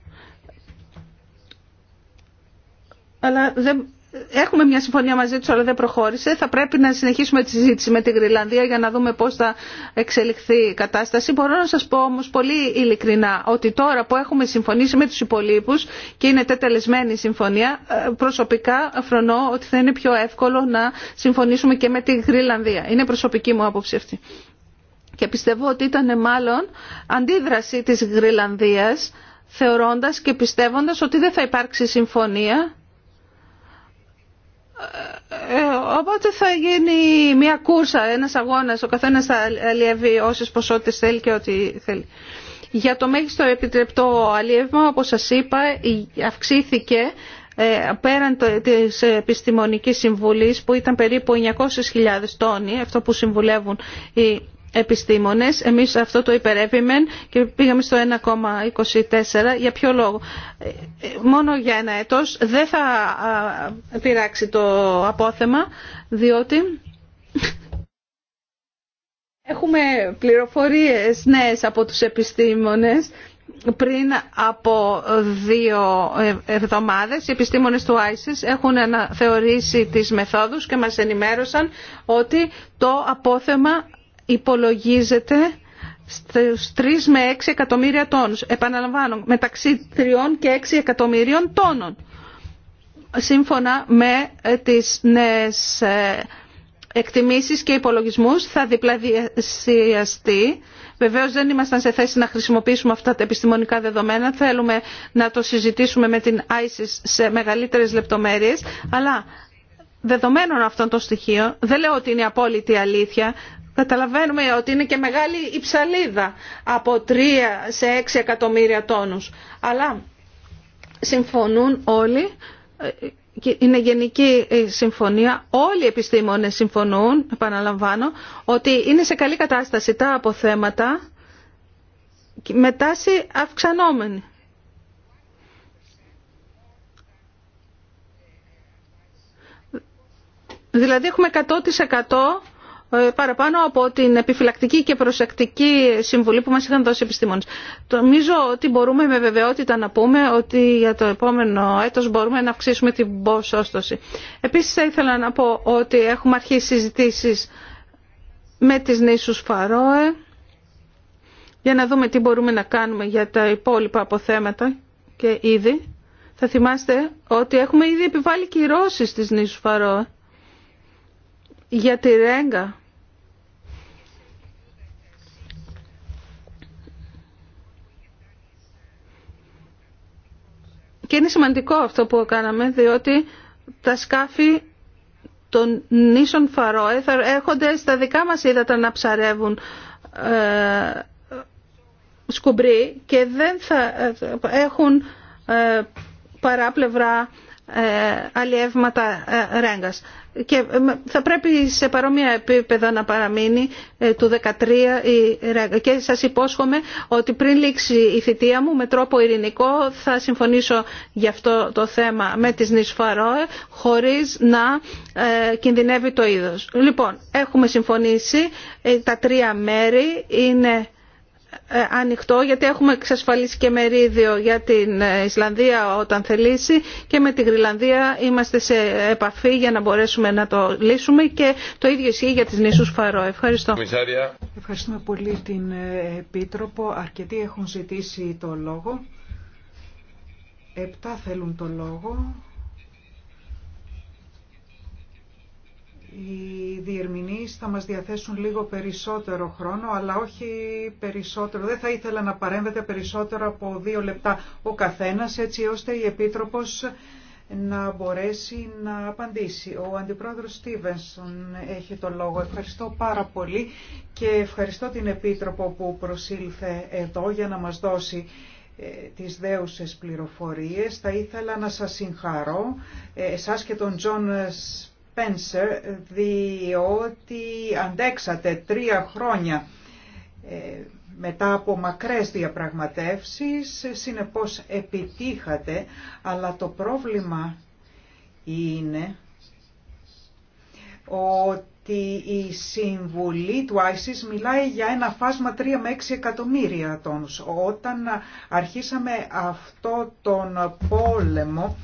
Speaker 2: αλλά δεν... Έχουμε μια συμφωνία μαζί του, αλλά δεν προχώρησε. Θα πρέπει να συνεχίσουμε τη συζήτηση με τη Γρυλανδία για να δούμε πώ θα εξελιχθεί η κατάσταση. Μπορώ να σα πω όμω πολύ ειλικρινά ότι τώρα που έχουμε συμφωνήσει με του υπολείπου και είναι τετελεσμένη η συμφωνία, ε, προσωπικά φρονώ ότι θα είναι πιο εύκολο να συμφωνήσουμε και με τη Γρυλανδία. Είναι προσωπική μου άποψη αυτή. Και πιστεύω ότι ήταν μάλλον αντίδραση τη Γρυλανδία θεωρώντας και πιστεύοντας ότι δεν θα υπάρξει συμφωνία ε, ε, οπότε θα γίνει μια κούρσα, ένας αγώνας, ο καθένας θα αλλιεύει όσες ποσότητες θέλει και ό,τι θέλει. Για το μέγιστο επιτρεπτό αλλιεύμα, όπως σας είπα, αυξήθηκε ε, πέραν της επιστημονικής συμβουλής που ήταν περίπου 900.000 τόνοι, αυτό που συμβουλεύουν οι επιστήμονες. Εμείς αυτό το υπερεύημεν και πήγαμε στο 1,24. Για ποιο λόγο. Μόνο για ένα έτος δεν θα πειράξει το απόθεμα, διότι... Έχουμε πληροφορίες νέες από τους επιστήμονες πριν από δύο εβδομάδες οι επιστήμονες του ISIS έχουν αναθεωρήσει τις μεθόδους και μας ενημέρωσαν ότι το απόθεμα υπολογίζεται στους 3 με 6 εκατομμύρια τόνους. Επαναλαμβάνω, μεταξύ 3 και 6 εκατομμυρίων τόνων. Σύμφωνα με ε, τις νέες ε, εκτιμήσεις και υπολογισμούς θα διπλαδιασιαστεί. Βεβαίως δεν ήμασταν σε θέση να χρησιμοποιήσουμε αυτά τα επιστημονικά δεδομένα. Θέλουμε να το συζητήσουμε με την ISIS σε μεγαλύτερες λεπτομέρειες. Αλλά δεδομένων αυτών των στοιχείων, δεν λέω ότι είναι απόλυτη αλήθεια, Καταλαβαίνουμε ότι είναι και μεγάλη η ψαλίδα από 3 σε 6 εκατομμύρια τόνους. Αλλά συμφωνούν όλοι, ε, είναι γενική συμφωνία, όλοι οι επιστήμονες συμφωνούν, επαναλαμβάνω, ότι είναι σε καλή κατάσταση τα αποθέματα με τάση αυξανόμενη. Δηλαδή έχουμε 100% παραπάνω από την επιφυλακτική και προσεκτική συμβουλή που μας είχαν δώσει οι επιστήμονες. Νομίζω ότι μπορούμε με βεβαιότητα να πούμε ότι για το επόμενο έτος μπορούμε να αυξήσουμε την ποσόστοση. Επίσης θα ήθελα να πω ότι έχουμε αρχίσει συζητήσεις με τις νήσους Φαρόε για να δούμε τι μπορούμε να κάνουμε για τα υπόλοιπα αποθέματα και ήδη. Θα θυμάστε ότι έχουμε ήδη επιβάλει κυρώσεις στις νήσους Φαρόε για τη Ρέγκα Και είναι σημαντικό αυτό που κάναμε, διότι τα σκάφη των νήσων Φαρόε θα έρχονται στα δικά μας ύδατα να ψαρεύουν ε, σκουμπρί και δεν θα ε, έχουν ε, παράπλευρα ε, αλλιεύματα ε, ρέγγας. Και ε, θα πρέπει σε παρόμοια επίπεδα να παραμείνει του 13 η ρέγγα. Και σας υπόσχομαι ότι πριν λήξει η θητεία μου με τρόπο ειρηνικό θα συμφωνήσω για αυτό το θέμα με τις Νησφαρόε χωρίς να κινδυνεύει το είδος. Λοιπόν, έχουμε συμφωνήσει, τα τρία μέρη είναι ε, ανοιχτό γιατί έχουμε εξασφαλίσει και μερίδιο για την ε, Ισλανδία όταν θελήσει και με τη Γρυλανδία είμαστε σε επαφή για να μπορέσουμε να το λύσουμε και το ίδιο ισχύει για τις νήσους Φαρό. Ευχαριστώ. Ευχαριστούμε πολύ
Speaker 3: την ε, Επίτροπο. Αρκετοί έχουν ζητήσει το λόγο. Επτά θέλουν το λόγο. οι διερμηνείς θα μας διαθέσουν λίγο περισσότερο χρόνο, αλλά όχι περισσότερο. Δεν θα ήθελα να παρέμβετε περισσότερο από δύο λεπτά ο καθένας, έτσι ώστε η Επίτροπος να μπορέσει να απαντήσει. Ο Αντιπρόεδρος Στίβενσον έχει το λόγο. Ευχαριστώ πάρα πολύ και ευχαριστώ την Επίτροπο που προσήλθε εδώ για να μας δώσει ε, τις δέουσες πληροφορίες. Θα ήθελα να σας συγχαρώ, ε, εσάς και τον Τζον Spencer διότι αντέξατε τρία χρόνια ε, μετά από μακρές διαπραγματεύσεις, συνεπώς επιτύχατε, αλλά το πρόβλημα είναι ότι η συμβουλή του ISIS μιλάει για ένα φάσμα 3 με 6 εκατομμύρια τόνους. Όταν αρχίσαμε αυτό τον πόλεμο,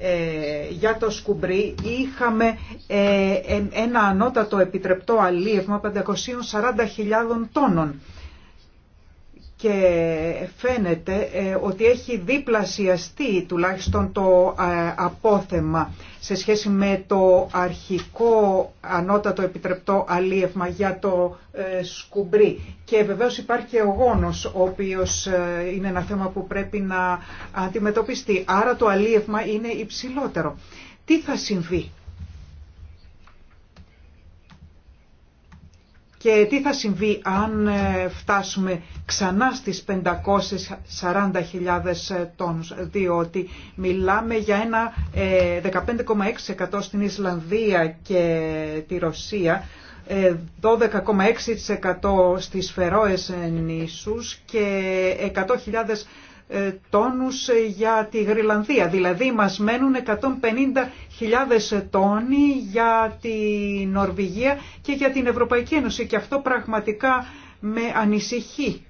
Speaker 3: ε, για το σκουμπρί είχαμε ε, ένα ανώτατο επιτρεπτό αλίευμα 540.000 τόνων και φαίνεται ε, ότι έχει διπλασιαστεί τουλάχιστον το ε, απόθεμα σε σχέση με το αρχικό ανώτατο επιτρεπτό αλίευμα για το ε, σκουμπρί. Και βεβαίως υπάρχει και ο γόνος, ο οποίος είναι ένα θέμα που πρέπει να αντιμετωπιστεί. Άρα το αλίευμα είναι υψηλότερο. Τι θα συμβεί και τι θα συμβεί αν ε, φτάσουμε ξανά στις 540.000 ε, τόνους, διότι μιλάμε για ένα 15,6% ε, στην Ισλανδία και τη Ρωσία, 12,6% στις Φερόες νήσους και 100.000 ε, τόνους ε, για τη Γρυλανδία. Δηλαδή μας μένουν 150.000 τόνοι για τη Νορβηγία και για την Ευρωπαϊκή Ένωση και αυτό πραγματικά με ανησυχεί.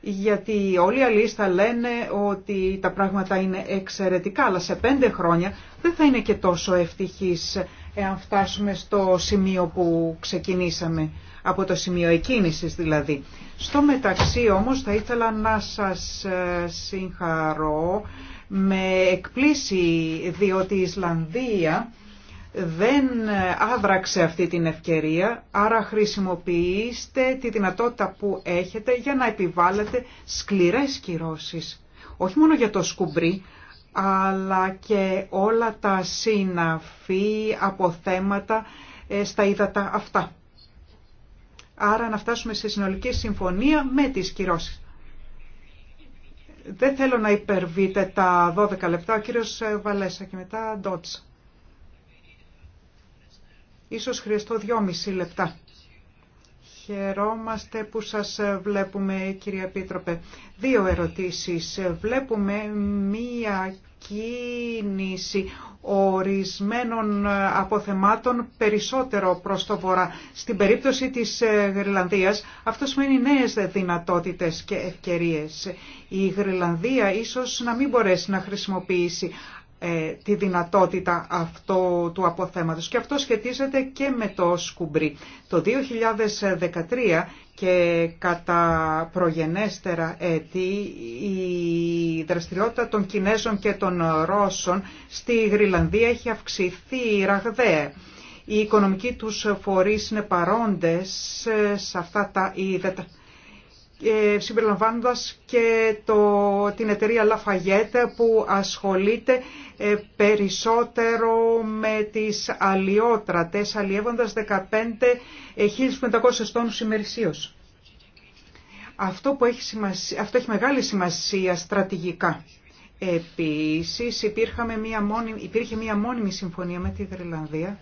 Speaker 3: Γιατί όλοι οι αλλοί θα λένε ότι τα πράγματα είναι εξαιρετικά, αλλά σε πέντε χρόνια δεν θα είναι και τόσο ευτυχής εάν φτάσουμε στο σημείο που ξεκινήσαμε από το σημείο εκκίνησης δηλαδή. Στο μεταξύ όμως θα ήθελα να σας ε, συγχαρώ με εκπληση διότι η Ισλανδία δεν ε, άδραξε αυτή την ευκαιρία, άρα χρησιμοποιήστε τη δυνατότητα που έχετε για να επιβάλλετε σκληρές κυρώσεις. Όχι μόνο για το σκουμπρί, αλλά και όλα τα συναφή αποθέματα ε, στα ύδατα αυτά. Άρα να φτάσουμε σε συνολική συμφωνία με τις κυρώσεις. Δεν θέλω να υπερβείτε τα 12 λεπτά, ο κύριος ε, Βαλέσα και μετά Ντότσα. Ίσως χρειαστώ 2,5 λεπτά. Χαιρόμαστε που σας βλέπουμε κυρία πίτροπε. Δύο ερωτήσεις. Βλέπουμε μία κίνηση ορισμένων αποθεμάτων περισσότερο προς το βορρά. Στην περίπτωση της Γρυλανδίας αυτό σημαίνει νέες δυνατότητες και ευκαιρίες. Η Γρυλανδία ίσως να μην μπορέσει να χρησιμοποιήσει ε, τη δυνατότητα αυτό του αποθέματος. Και αυτό σχετίζεται και με το σκουμπρί. Το 2013 και κατά προγενέστερα έτη η δραστηριότητα των Κινέζων και των Ρώσων στη Γρυλανδία έχει αυξηθεί ραγδαία. Οι οικονομικοί τους φορείς είναι παρόντες σε αυτά τα ε, συμπεριλαμβάνοντας και το, την εταιρεία Lafayette που ασχολείται ε, περισσότερο με τις αλλιότρατες, αλλιεύοντας 15.500 ε, τόνους ημερησίως. Αυτό, που έχει σημασία, αυτό έχει μεγάλη σημασία στρατηγικά. Επίσης μία μόνιμη, υπήρχε μία μόνιμη συμφωνία με τη Γρυλανδία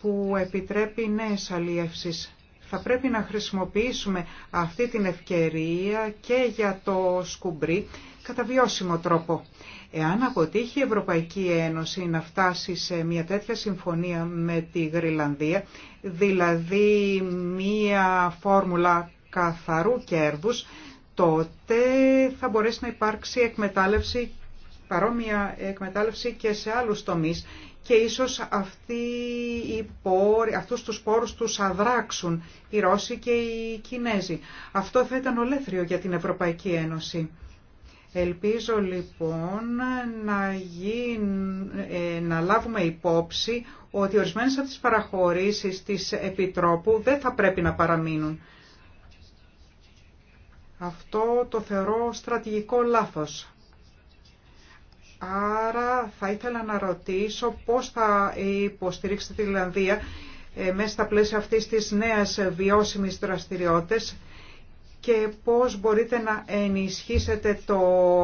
Speaker 3: που επιτρέπει νέες αλλιεύσεις θα πρέπει να χρησιμοποιήσουμε αυτή την ευκαιρία και για το σκουμπρί κατά βιώσιμο τρόπο. Εάν αποτύχει η Ευρωπαϊκή Ένωση να φτάσει σε μια τέτοια συμφωνία με τη Γρυλανδία, δηλαδή μια φόρμουλα καθαρού κέρδους, τότε θα μπορέσει να υπάρξει εκμετάλλευση παρόμοια εκμετάλλευση και σε άλλους τομείς και ίσως αυτοί οι πόροι, αυτούς τους πόρους τους αδράξουν οι Ρώσοι και οι Κινέζοι. Αυτό θα ήταν ολέθριο για την Ευρωπαϊκή Ένωση. Ελπίζω λοιπόν να, γίν, ε, να λάβουμε υπόψη ότι ορισμένες από τις παραχωρήσεις της Επιτρόπου δεν θα πρέπει να παραμείνουν. Αυτό το θεωρώ στρατηγικό λάθος. Άρα θα ήθελα να ρωτήσω πώς θα υποστηρίξετε τη ε, μέσα στα πλαίσια αυτής της νέας βιώσιμης δραστηριότητας και πώς μπορείτε να ενισχύσετε το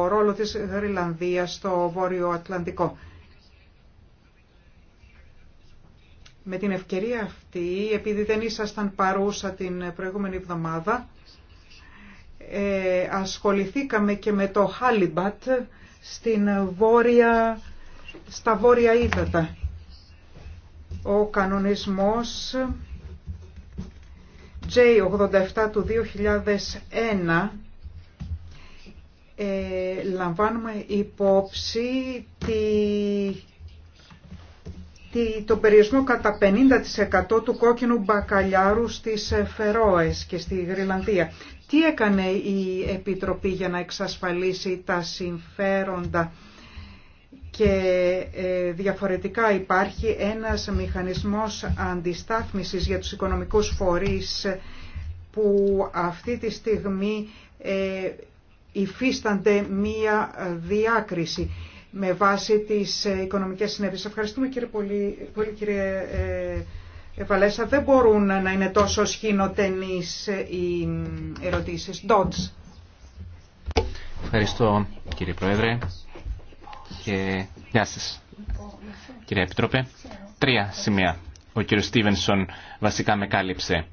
Speaker 3: ρόλο της Γρυλανδίας στο Βόρειο Ατλαντικό. Με την ευκαιρία αυτή, επειδή δεν ήσασταν παρούσα την προηγούμενη εβδομάδα, ε, ασχοληθήκαμε και με το Χάλιμπατ, στην βόρεια, στα βόρεια ύδατα. Ο κανονισμός J87 του 2001 ε, λαμβάνουμε υπόψη τη, το περιορισμό κατά 50% του κόκκινου μπακαλιάρου στις ε, Φερόες και στη Γρυλανδία. Τι έκανε η Επιτροπή για να εξασφαλίσει τα συμφέροντα και ε, διαφορετικά υπάρχει ένας μηχανισμός αντιστάθμισης για τους οικονομικούς φορείς που αυτή τη στιγμή ε, υφίστανται μία διάκριση με βάση τις ε, οικονομικές συνέπειες. Ευχαριστούμε κύριε πολύ, πολύ κύριε ε, Βαλέσα δεν μπορούν να είναι τόσο σχηνοτενείς ε, οι ερωτήσεις. Dodge.
Speaker 4: Ευχαριστώ κύριε Πρόεδρε και γεια σας κύριε Επιτρόπε. Τρία σημεία. Ο κύριος Στίβενσον βασικά με κάλυψε.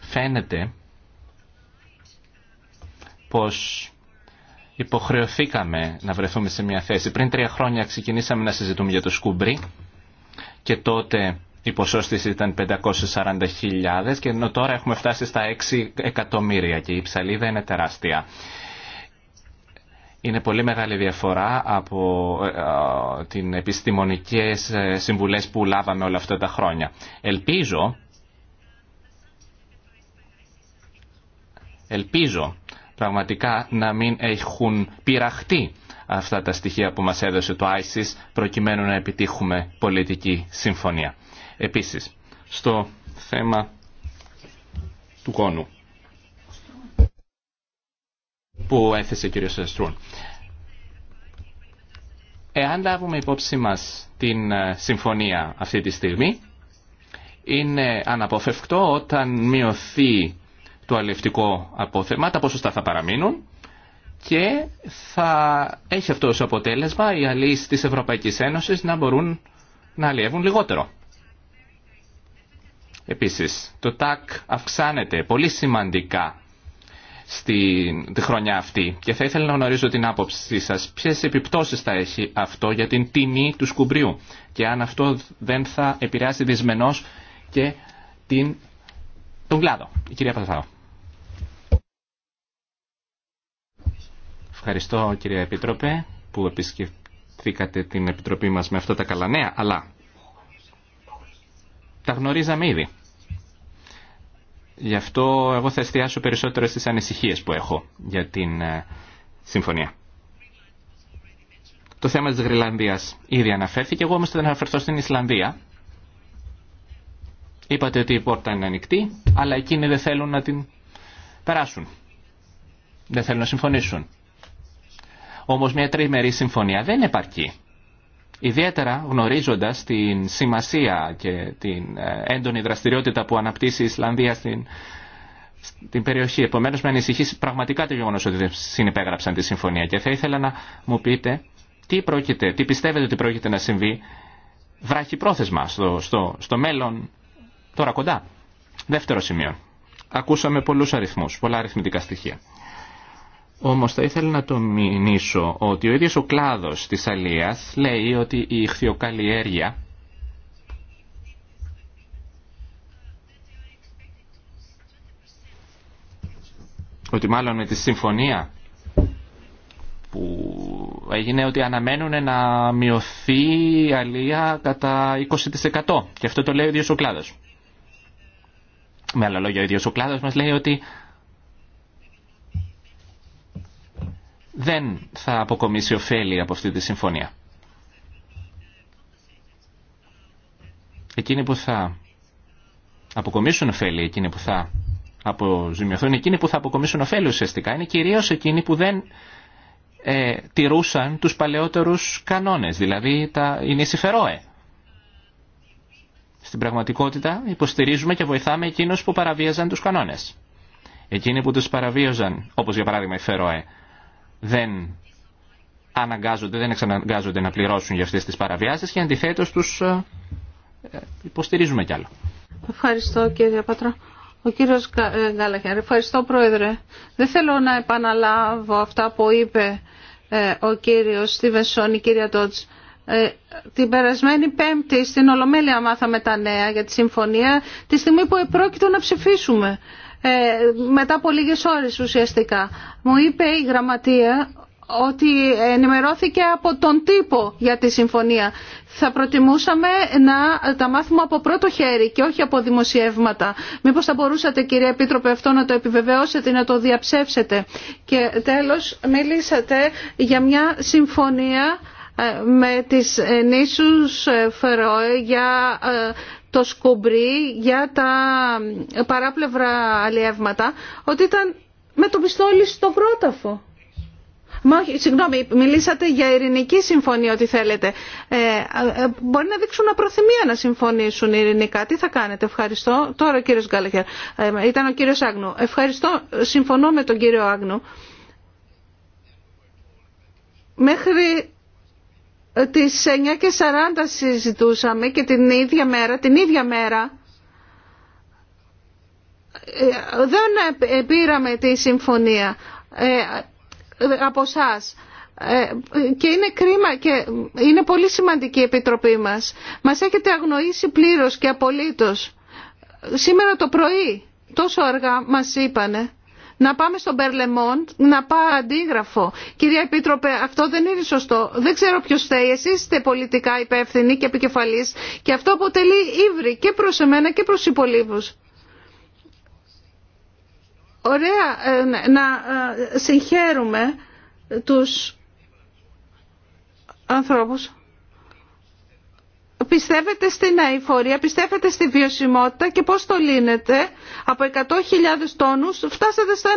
Speaker 4: Φαίνεται πως υποχρεωθήκαμε να βρεθούμε σε μια θέση. Πριν τρία χρόνια ξεκινήσαμε να συζητούμε για το σκούμπρι και τότε η ποσόστηση ήταν 540.000 και τώρα έχουμε φτάσει στα 6 εκατομμύρια και η ψαλίδα είναι τεράστια. Είναι πολύ μεγάλη διαφορά από ε, ε την επιστημονικές ε, συμβουλές που λάβαμε όλα αυτά τα χρόνια. Ελπίζω, ελπίζω πραγματικά να μην έχουν πειραχτεί αυτά τα στοιχεία που μας έδωσε το ISIS προκειμένου να επιτύχουμε πολιτική συμφωνία. Επίσης, στο θέμα του κόνου που έθεσε ο κ. Στρούν. Εάν λάβουμε υπόψη μας την ε, συμφωνία αυτή τη στιγμή, είναι αναποφευκτό όταν μειωθεί το αλληλευτικό απόθεμα, τα ποσοστά θα παραμείνουν και θα έχει αυτό ως αποτέλεσμα οι αλληλείς της Ευρωπαϊκής Ένωσης να μπορούν να αλλιεύουν λιγότερο. Επίσης, το ΤΑΚ αυξάνεται πολύ σημαντικά στη τη χρονιά αυτή και θα ήθελα να γνωρίζω την άποψή σας ποιες επιπτώσεις θα έχει αυτό για την τιμή του σκουμπριού και αν αυτό δεν θα επηρεάσει δυσμενώς και την, τον κλάδο. Η κυρία Παθαθάου. Ευχαριστώ κυρία Επίτροπε που επισκεφθήκατε την Επιτροπή μας με αυτά τα καλά νέα, αλλά τα γνωρίζαμε ήδη. Γι' αυτό εγώ θα εστιάσω περισσότερο στις ανησυχίες που έχω για την ε, συμφωνία. Το θέμα της Γρυλανδίας ήδη αναφέρθηκε, εγώ όμως θα αναφερθώ στην Ισλανδία. Είπατε ότι η πόρτα είναι ανοιχτή, αλλά εκείνοι δεν θέλουν να την περάσουν. Δεν θέλουν να συμφωνήσουν. Όμως μια τριμερή συμφωνία δεν επαρκεί Ιδιαίτερα γνωρίζοντας την σημασία και την ε, έντονη δραστηριότητα που αναπτύσσει η Ισλανδία στην, περιοχή. Επομένως με ανησυχεί πραγματικά το γεγονός ότι δεν συνυπέγραψαν τη συμφωνία και θα ήθελα να μου πείτε τι, πρόκειται, τι πιστεύετε ότι πρόκειται να συμβεί βράχη πρόθεσμα στο, στο, στο μέλλον τώρα κοντά. Δεύτερο σημείο. Ακούσαμε πολλούς αριθμούς, πολλά αριθμητικά στοιχεία. Όμως θα ήθελα να το μηνύσω ότι ο ίδιος ο κλάδος της αλίας λέει ότι η ηχθειοκαλλιέργεια ότι μάλλον με τη συμφωνία που έγινε ότι αναμένουν να μειωθεί η αλία κατά 20% και αυτό το λέει ο ίδιος ο κλάδος. Με άλλα λόγια ο ίδιος ο κλάδος μας λέει ότι δεν θα αποκομίσει ωφέλη από αυτή τη συμφωνία. Εκείνοι που θα αποκομίσουν ωφέλη, εκείνοι που θα αποζημιωθούν, εκείνοι που θα αποκομίσουν ωφέλη ουσιαστικά είναι κυρίως εκείνοι που δεν ε, τηρούσαν τους παλαιότερους κανόνες, δηλαδή τα είναι Στην πραγματικότητα υποστηρίζουμε και βοηθάμε εκείνους που παραβίαζαν τους κανόνες. Εκείνοι που τους παραβίαζαν, όπως για παράδειγμα η Φερόε, δεν αναγκάζονται, δεν εξαναγκάζονται να πληρώσουν για αυτές τις παραβιάσεις και αντιθέτως τους ε, υποστηρίζουμε κι άλλο.
Speaker 2: Ευχαριστώ κύριε Πατρά. Ο κύριος ε, Γκάλαχερ, ευχαριστώ πρόεδρε. Δεν θέλω να επαναλάβω αυτά που είπε ε, ο κύριος Στίβενσον, η κυρία Τότς. την περασμένη Πέμπτη στην Ολομέλεια μάθαμε τα νέα για τη συμφωνία, τη στιγμή που επρόκειτο να ψηφίσουμε. Ε, μετά από λίγες ώρες ουσιαστικά. Μου είπε η γραμματεία ότι ενημερώθηκε από τον τύπο για τη συμφωνία. Θα προτιμούσαμε να τα μάθουμε από πρώτο χέρι και όχι από δημοσιεύματα. Μήπως θα μπορούσατε κύριε Επίτροπε αυτό να το επιβεβαιώσετε, να το διαψεύσετε. Και τέλος μιλήσατε για μια συμφωνία ε, με τις νήσους ε, Φερόε για το σκουμπρί για τα παράπλευρα αλλιεύματα ότι ήταν με το πιστόλι στο πρόταφο. Μα όχι, συγγνώμη, μιλήσατε για ειρηνική συμφωνία ότι θέλετε. Ε, ε μπορεί να δείξουν απροθυμία να συμφωνήσουν ειρηνικά. Τι θα κάνετε, ευχαριστώ. Τώρα ο κύριος Γκάλεχερ, ε, ήταν ο κύριος Άγνου. Ευχαριστώ, συμφωνώ με τον κύριο Άγνου. Μέχρι τις 9 και 40 συζητούσαμε και την ίδια μέρα, την ίδια μέρα ε, δεν πήραμε τη συμφωνία ε, από εσά. Ε, και είναι κρίμα και είναι πολύ σημαντική η Επιτροπή μας. Μας έχετε αγνοήσει πλήρως και απολύτως. Σήμερα το πρωί τόσο αργά μας είπανε να πάμε στον Περλεμόντ να πάω αντίγραφο. Κυρία Επίτροπε, αυτό δεν είναι σωστό. Δεν ξέρω ποιο θέλει. Εσεί είστε πολιτικά υπεύθυνοι και επικεφαλή και αυτό αποτελεί ύβρι και προ εμένα και προ υπολείπου. Ωραία ε, να ε, συγχαίρουμε τους ανθρώπους πιστεύετε στην αηφορία, πιστεύετε στη βιωσιμότητα και πώς το λύνετε από 100.000 τόνους φτάσατε στα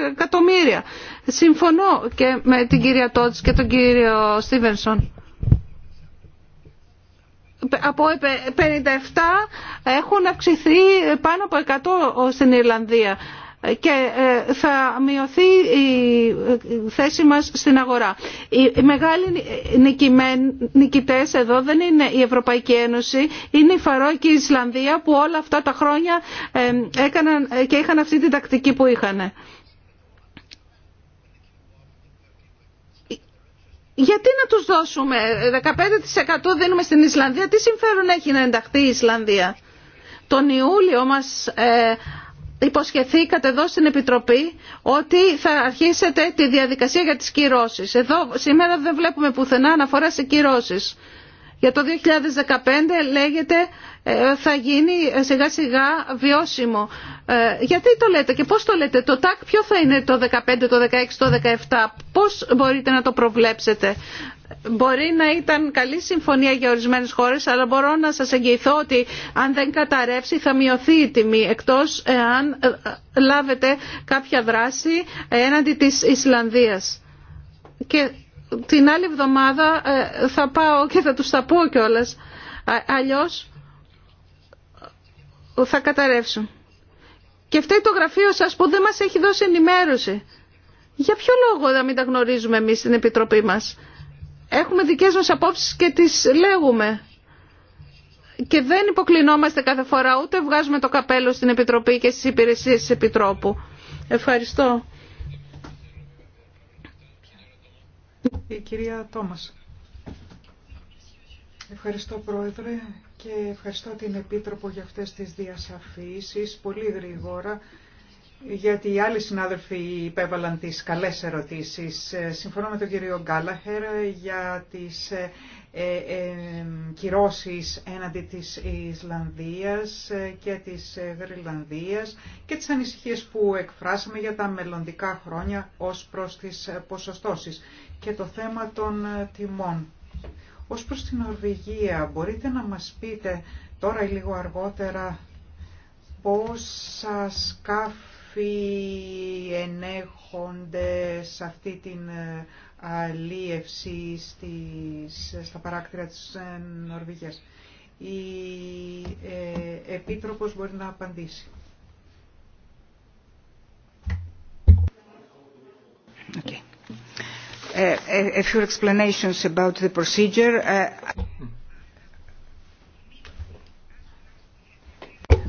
Speaker 2: 1,24 εκατομμύρια. Συμφωνώ και με την κυρία Τότς και τον κύριο Στίβενσον. Από 57 έχουν αυξηθεί πάνω από 100 στην Ιρλανδία και ε, θα μειωθεί η ε, θέση μας στην αγορά. Οι μεγάλοι νικητές εδώ δεν είναι η Ευρωπαϊκή Ένωση, είναι η Φαρό και η Ισλανδία που όλα αυτά τα χρόνια ε, έκαναν και είχαν αυτή την τακτική που είχαν. Γιατί να τους δώσουμε 15% δίνουμε στην Ισλανδία, τι συμφέρον έχει να ενταχθεί η Ισλανδία. Τον Ιούλιο μας υποσχεθήκατε εδώ στην Επιτροπή ότι θα αρχίσετε τη διαδικασία για τις κυρώσεις. Εδώ σήμερα δεν βλέπουμε πουθενά αναφορά σε κυρώσεις. Για το 2015 λέγεται ε, θα γίνει σιγά σιγά βιώσιμο. Ε, γιατί το λέτε και πώς το λέτε, το ΤΑΚ ποιο θα είναι το 15, το 16, το 17, πώς μπορείτε να το προβλέψετε. Μπορεί να ήταν καλή συμφωνία για ορισμένες χώρες, αλλά μπορώ να σας εγγυηθώ ότι αν δεν καταρρεύσει θα μειωθεί η τιμή, εκτός εάν ε, λάβετε κάποια δράση έναντι της Ισλανδίας. Και την άλλη εβδομάδα θα πάω και θα τους τα πω κιόλας. Αλλιώς θα καταρρεύσουν. Και φταίει το γραφείο σας που δεν μας έχει δώσει ενημέρωση. Για ποιο λόγο να μην τα γνωρίζουμε εμείς στην Επιτροπή μας. Έχουμε δικές μας απόψεις και τις λέγουμε. Και δεν υποκλεινόμαστε κάθε φορά, ούτε βγάζουμε το καπέλο στην Επιτροπή και στις υπηρεσίες της Επιτρόπου. Ευχαριστώ. Η κυρία Τόμας.
Speaker 3: Ευχαριστώ Πρόεδρε και ευχαριστώ την Επίτροπο για αυτές τις διασαφήσεις πολύ γρήγορα γιατί οι άλλοι συνάδελφοι υπέβαλαν τις καλές ερωτήσεις. Ε, συμφωνώ με τον κύριο Γκάλαχερ για τις ε, ε, ε κυρώσεις έναντι της Ισλανδίας και της Γρυλανδίας και τις ανησυχίες που εκφράσαμε για τα μελλοντικά χρόνια ως προς τις ποσοστώσεις και το θέμα των τιμών. Ως προς την Νορβηγία, μπορείτε να μας πείτε τώρα ή λίγο αργότερα πόσα σκάφη ενέχονται σε αυτή την ε, αλίευση στα παράκτηρα της ε, Νορβηγίας. Η ε, Επίτροπος μπορεί να απαντήσει a few explanations about the procedure. Uh,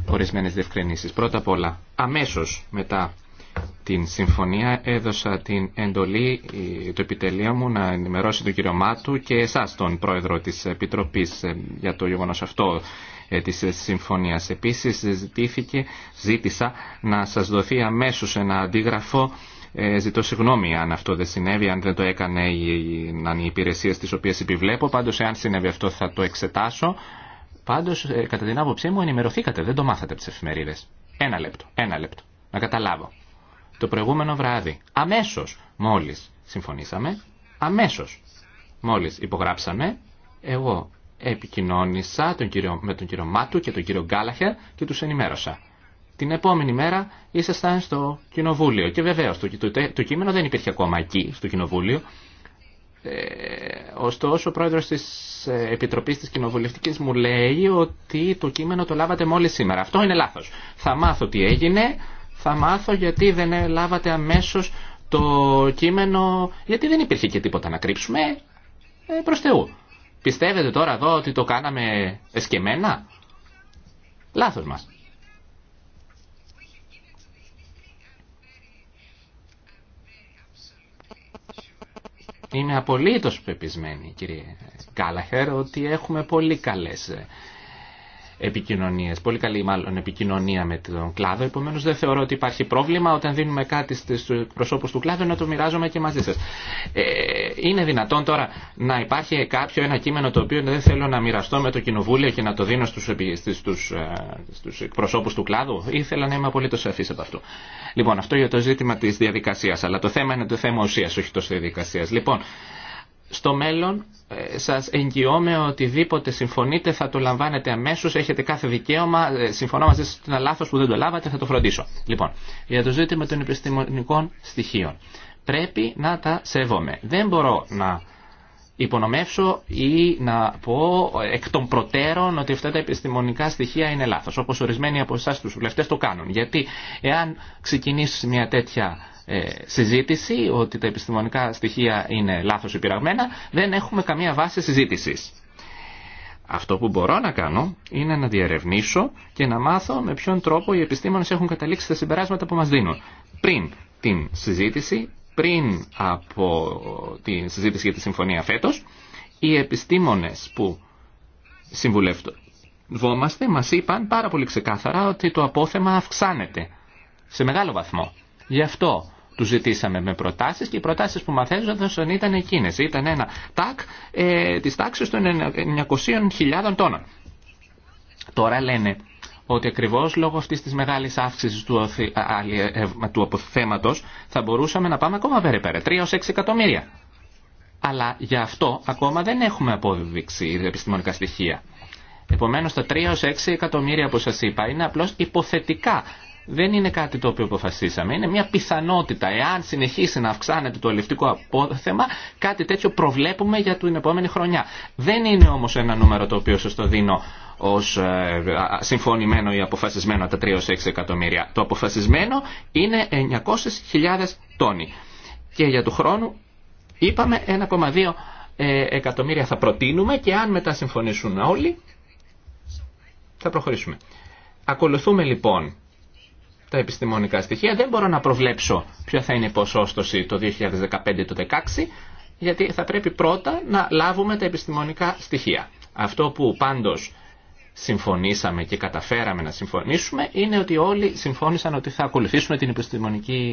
Speaker 4: Ορισμένες διευκρινήσεις. Πρώτα απ' όλα, αμέσως μετά την συμφωνία έδωσα την εντολή το επιτελείο μου να ενημερώσει τον κύριο Μάτου και εσάς τον πρόεδρο της Επιτροπής ε, για το γεγονός αυτό ε, της συμφωνίας. Επίσης ζητήθηκε, ζήτησα να σας δοθεί αμέσως ένα αντίγραφο ε, ζητώ συγγνώμη αν αυτό δεν συνέβη, αν δεν το έκανε η η, οι υπηρεσίε τι οποίε επιβλέπω. Πάντω, εάν συνέβη αυτό, θα το εξετάσω. Πάντω, ε, κατά την άποψή μου, ενημερωθήκατε. Δεν το μάθατε από τι εφημερίδε. Ένα λεπτό, ένα λεπτό. Να καταλάβω. Το προηγούμενο βράδυ, αμέσω μόλι συμφωνήσαμε, αμέσω μόλι υπογράψαμε, εγώ επικοινώνησα τον κύριο, με τον κύριο Μάτου και τον κύριο Γκάλαχερ και του ενημέρωσα. Την επόμενη μέρα ήσασταν στο κοινοβούλιο και βεβαίω το, το, κείμενο δεν υπήρχε ακόμα εκεί στο κοινοβούλιο. Ε, ωστόσο ο πρόεδρος της ε, Επιτροπής της κοινοβουλευτική μου λέει ότι το κείμενο το λάβατε μόλις σήμερα. Αυτό είναι λάθος. Θα μάθω τι έγινε, θα μάθω γιατί δεν ε, λάβατε αμέσως το κείμενο, γιατί δεν υπήρχε και τίποτα να κρύψουμε ε, Θεού. Πιστεύετε τώρα εδώ ότι το κάναμε εσκεμένα. Λάθος μας. Είμαι απολύτως πεπισμένη, κύριε Κάλαχερ, ότι έχουμε πολύ καλές Επικοινωνίε Πολύ καλή μάλλον επικοινωνία με τον κλάδο. Επομένως δεν θεωρώ ότι υπάρχει πρόβλημα όταν δίνουμε κάτι στους προσώπου του κλάδου να το μοιράζομαι και μαζί σας. Ε, είναι δυνατόν τώρα να υπάρχει κάποιο ένα κείμενο το οποίο δεν θέλω να μοιραστώ με το κοινοβούλιο και να το δίνω στους, στους, ε, του κλάδου. Ήθελα να είμαι απολύτως σαφής από αυτό. Λοιπόν, αυτό για το ζήτημα της διαδικασίας. Αλλά το θέμα είναι το θέμα ουσίας, όχι τόσο διαδικασίας. Λοιπόν, στο μέλλον ε, σας εγγυώμαι οτιδήποτε συμφωνείτε θα το λαμβάνετε αμέσως, έχετε κάθε δικαίωμα, ε, συμφωνώ μαζί σας ότι ήταν λάθος που δεν το λάβατε, θα το φροντίσω. Λοιπόν, για το ζήτημα των επιστημονικών στοιχείων. Πρέπει να τα σέβομαι. Δεν μπορώ να υπονομεύσω ή να πω ε, εκ των προτέρων ότι αυτά τα επιστημονικά στοιχεία είναι λάθος, όπως ορισμένοι από εσά τους βουλευτές το κάνουν. Γιατί εάν ξεκινήσει μια τέτοια ε, συζήτηση ότι τα επιστημονικά στοιχεία είναι λάθος υπηραγμένα, δεν έχουμε καμία βάση συζήτησης. Αυτό που μπορώ να κάνω είναι να διαρευνήσω και να μάθω με ποιον τρόπο οι επιστήμονες έχουν καταλήξει τα συμπεράσματα που μας δίνουν. Πριν την συζήτηση, πριν από τη συζήτηση για τη συμφωνία φέτος, οι επιστήμονες που συμβουλεύόμαστε μας είπαν πάρα πολύ ξεκάθαρα ότι το απόθεμα αυξάνεται σε μεγάλο βαθμό. Γι' αυτό του ζητήσαμε με προτάσει και οι προτάσει που μαθαίνονταν ήταν εκείνε. Ήταν ένα τάκ ε, τη τάξη των 900.000 τόνων. Τώρα λένε ότι ακριβώ λόγω αυτή τη μεγάλη αύξηση του, ε, του αποθέματο θα μπορούσαμε να πάμε ακόμα πέρα-πέρα. 3 6 εκατομμύρια. Αλλά για αυτό ακόμα δεν έχουμε απόδειξη επιστημονικά στοιχεία. Επομένως τα 3 6 εκατομμύρια που σας είπα είναι απλώς υποθετικά δεν είναι κάτι το οποίο αποφασίσαμε. Είναι μια πιθανότητα. Εάν συνεχίσει να αυξάνεται το ελευτικό απόθεμα, κάτι τέτοιο προβλέπουμε για την επόμενη χρονιά. Δεν είναι όμως ένα νούμερο το οποίο σα το δίνω ως ε, συμφωνημένο ή αποφασισμένο τα 3-6 εκατομμύρια. Το αποφασισμένο είναι 900.000 τόνοι. Και για του χρόνου είπαμε 1,2 ε, εκατομμύρια θα προτείνουμε και αν μετά συμφωνήσουν όλοι θα προχωρήσουμε. Ακολουθούμε λοιπόν τα επιστημονικά στοιχεία. Δεν μπορώ να προβλέψω ποια θα είναι η ποσόστοση το 2015 το 2016, γιατί θα πρέπει πρώτα να λάβουμε τα επιστημονικά στοιχεία. Αυτό που πάντως συμφωνήσαμε και καταφέραμε να συμφωνήσουμε είναι ότι όλοι συμφώνησαν ότι θα ακολουθήσουμε την επιστημονική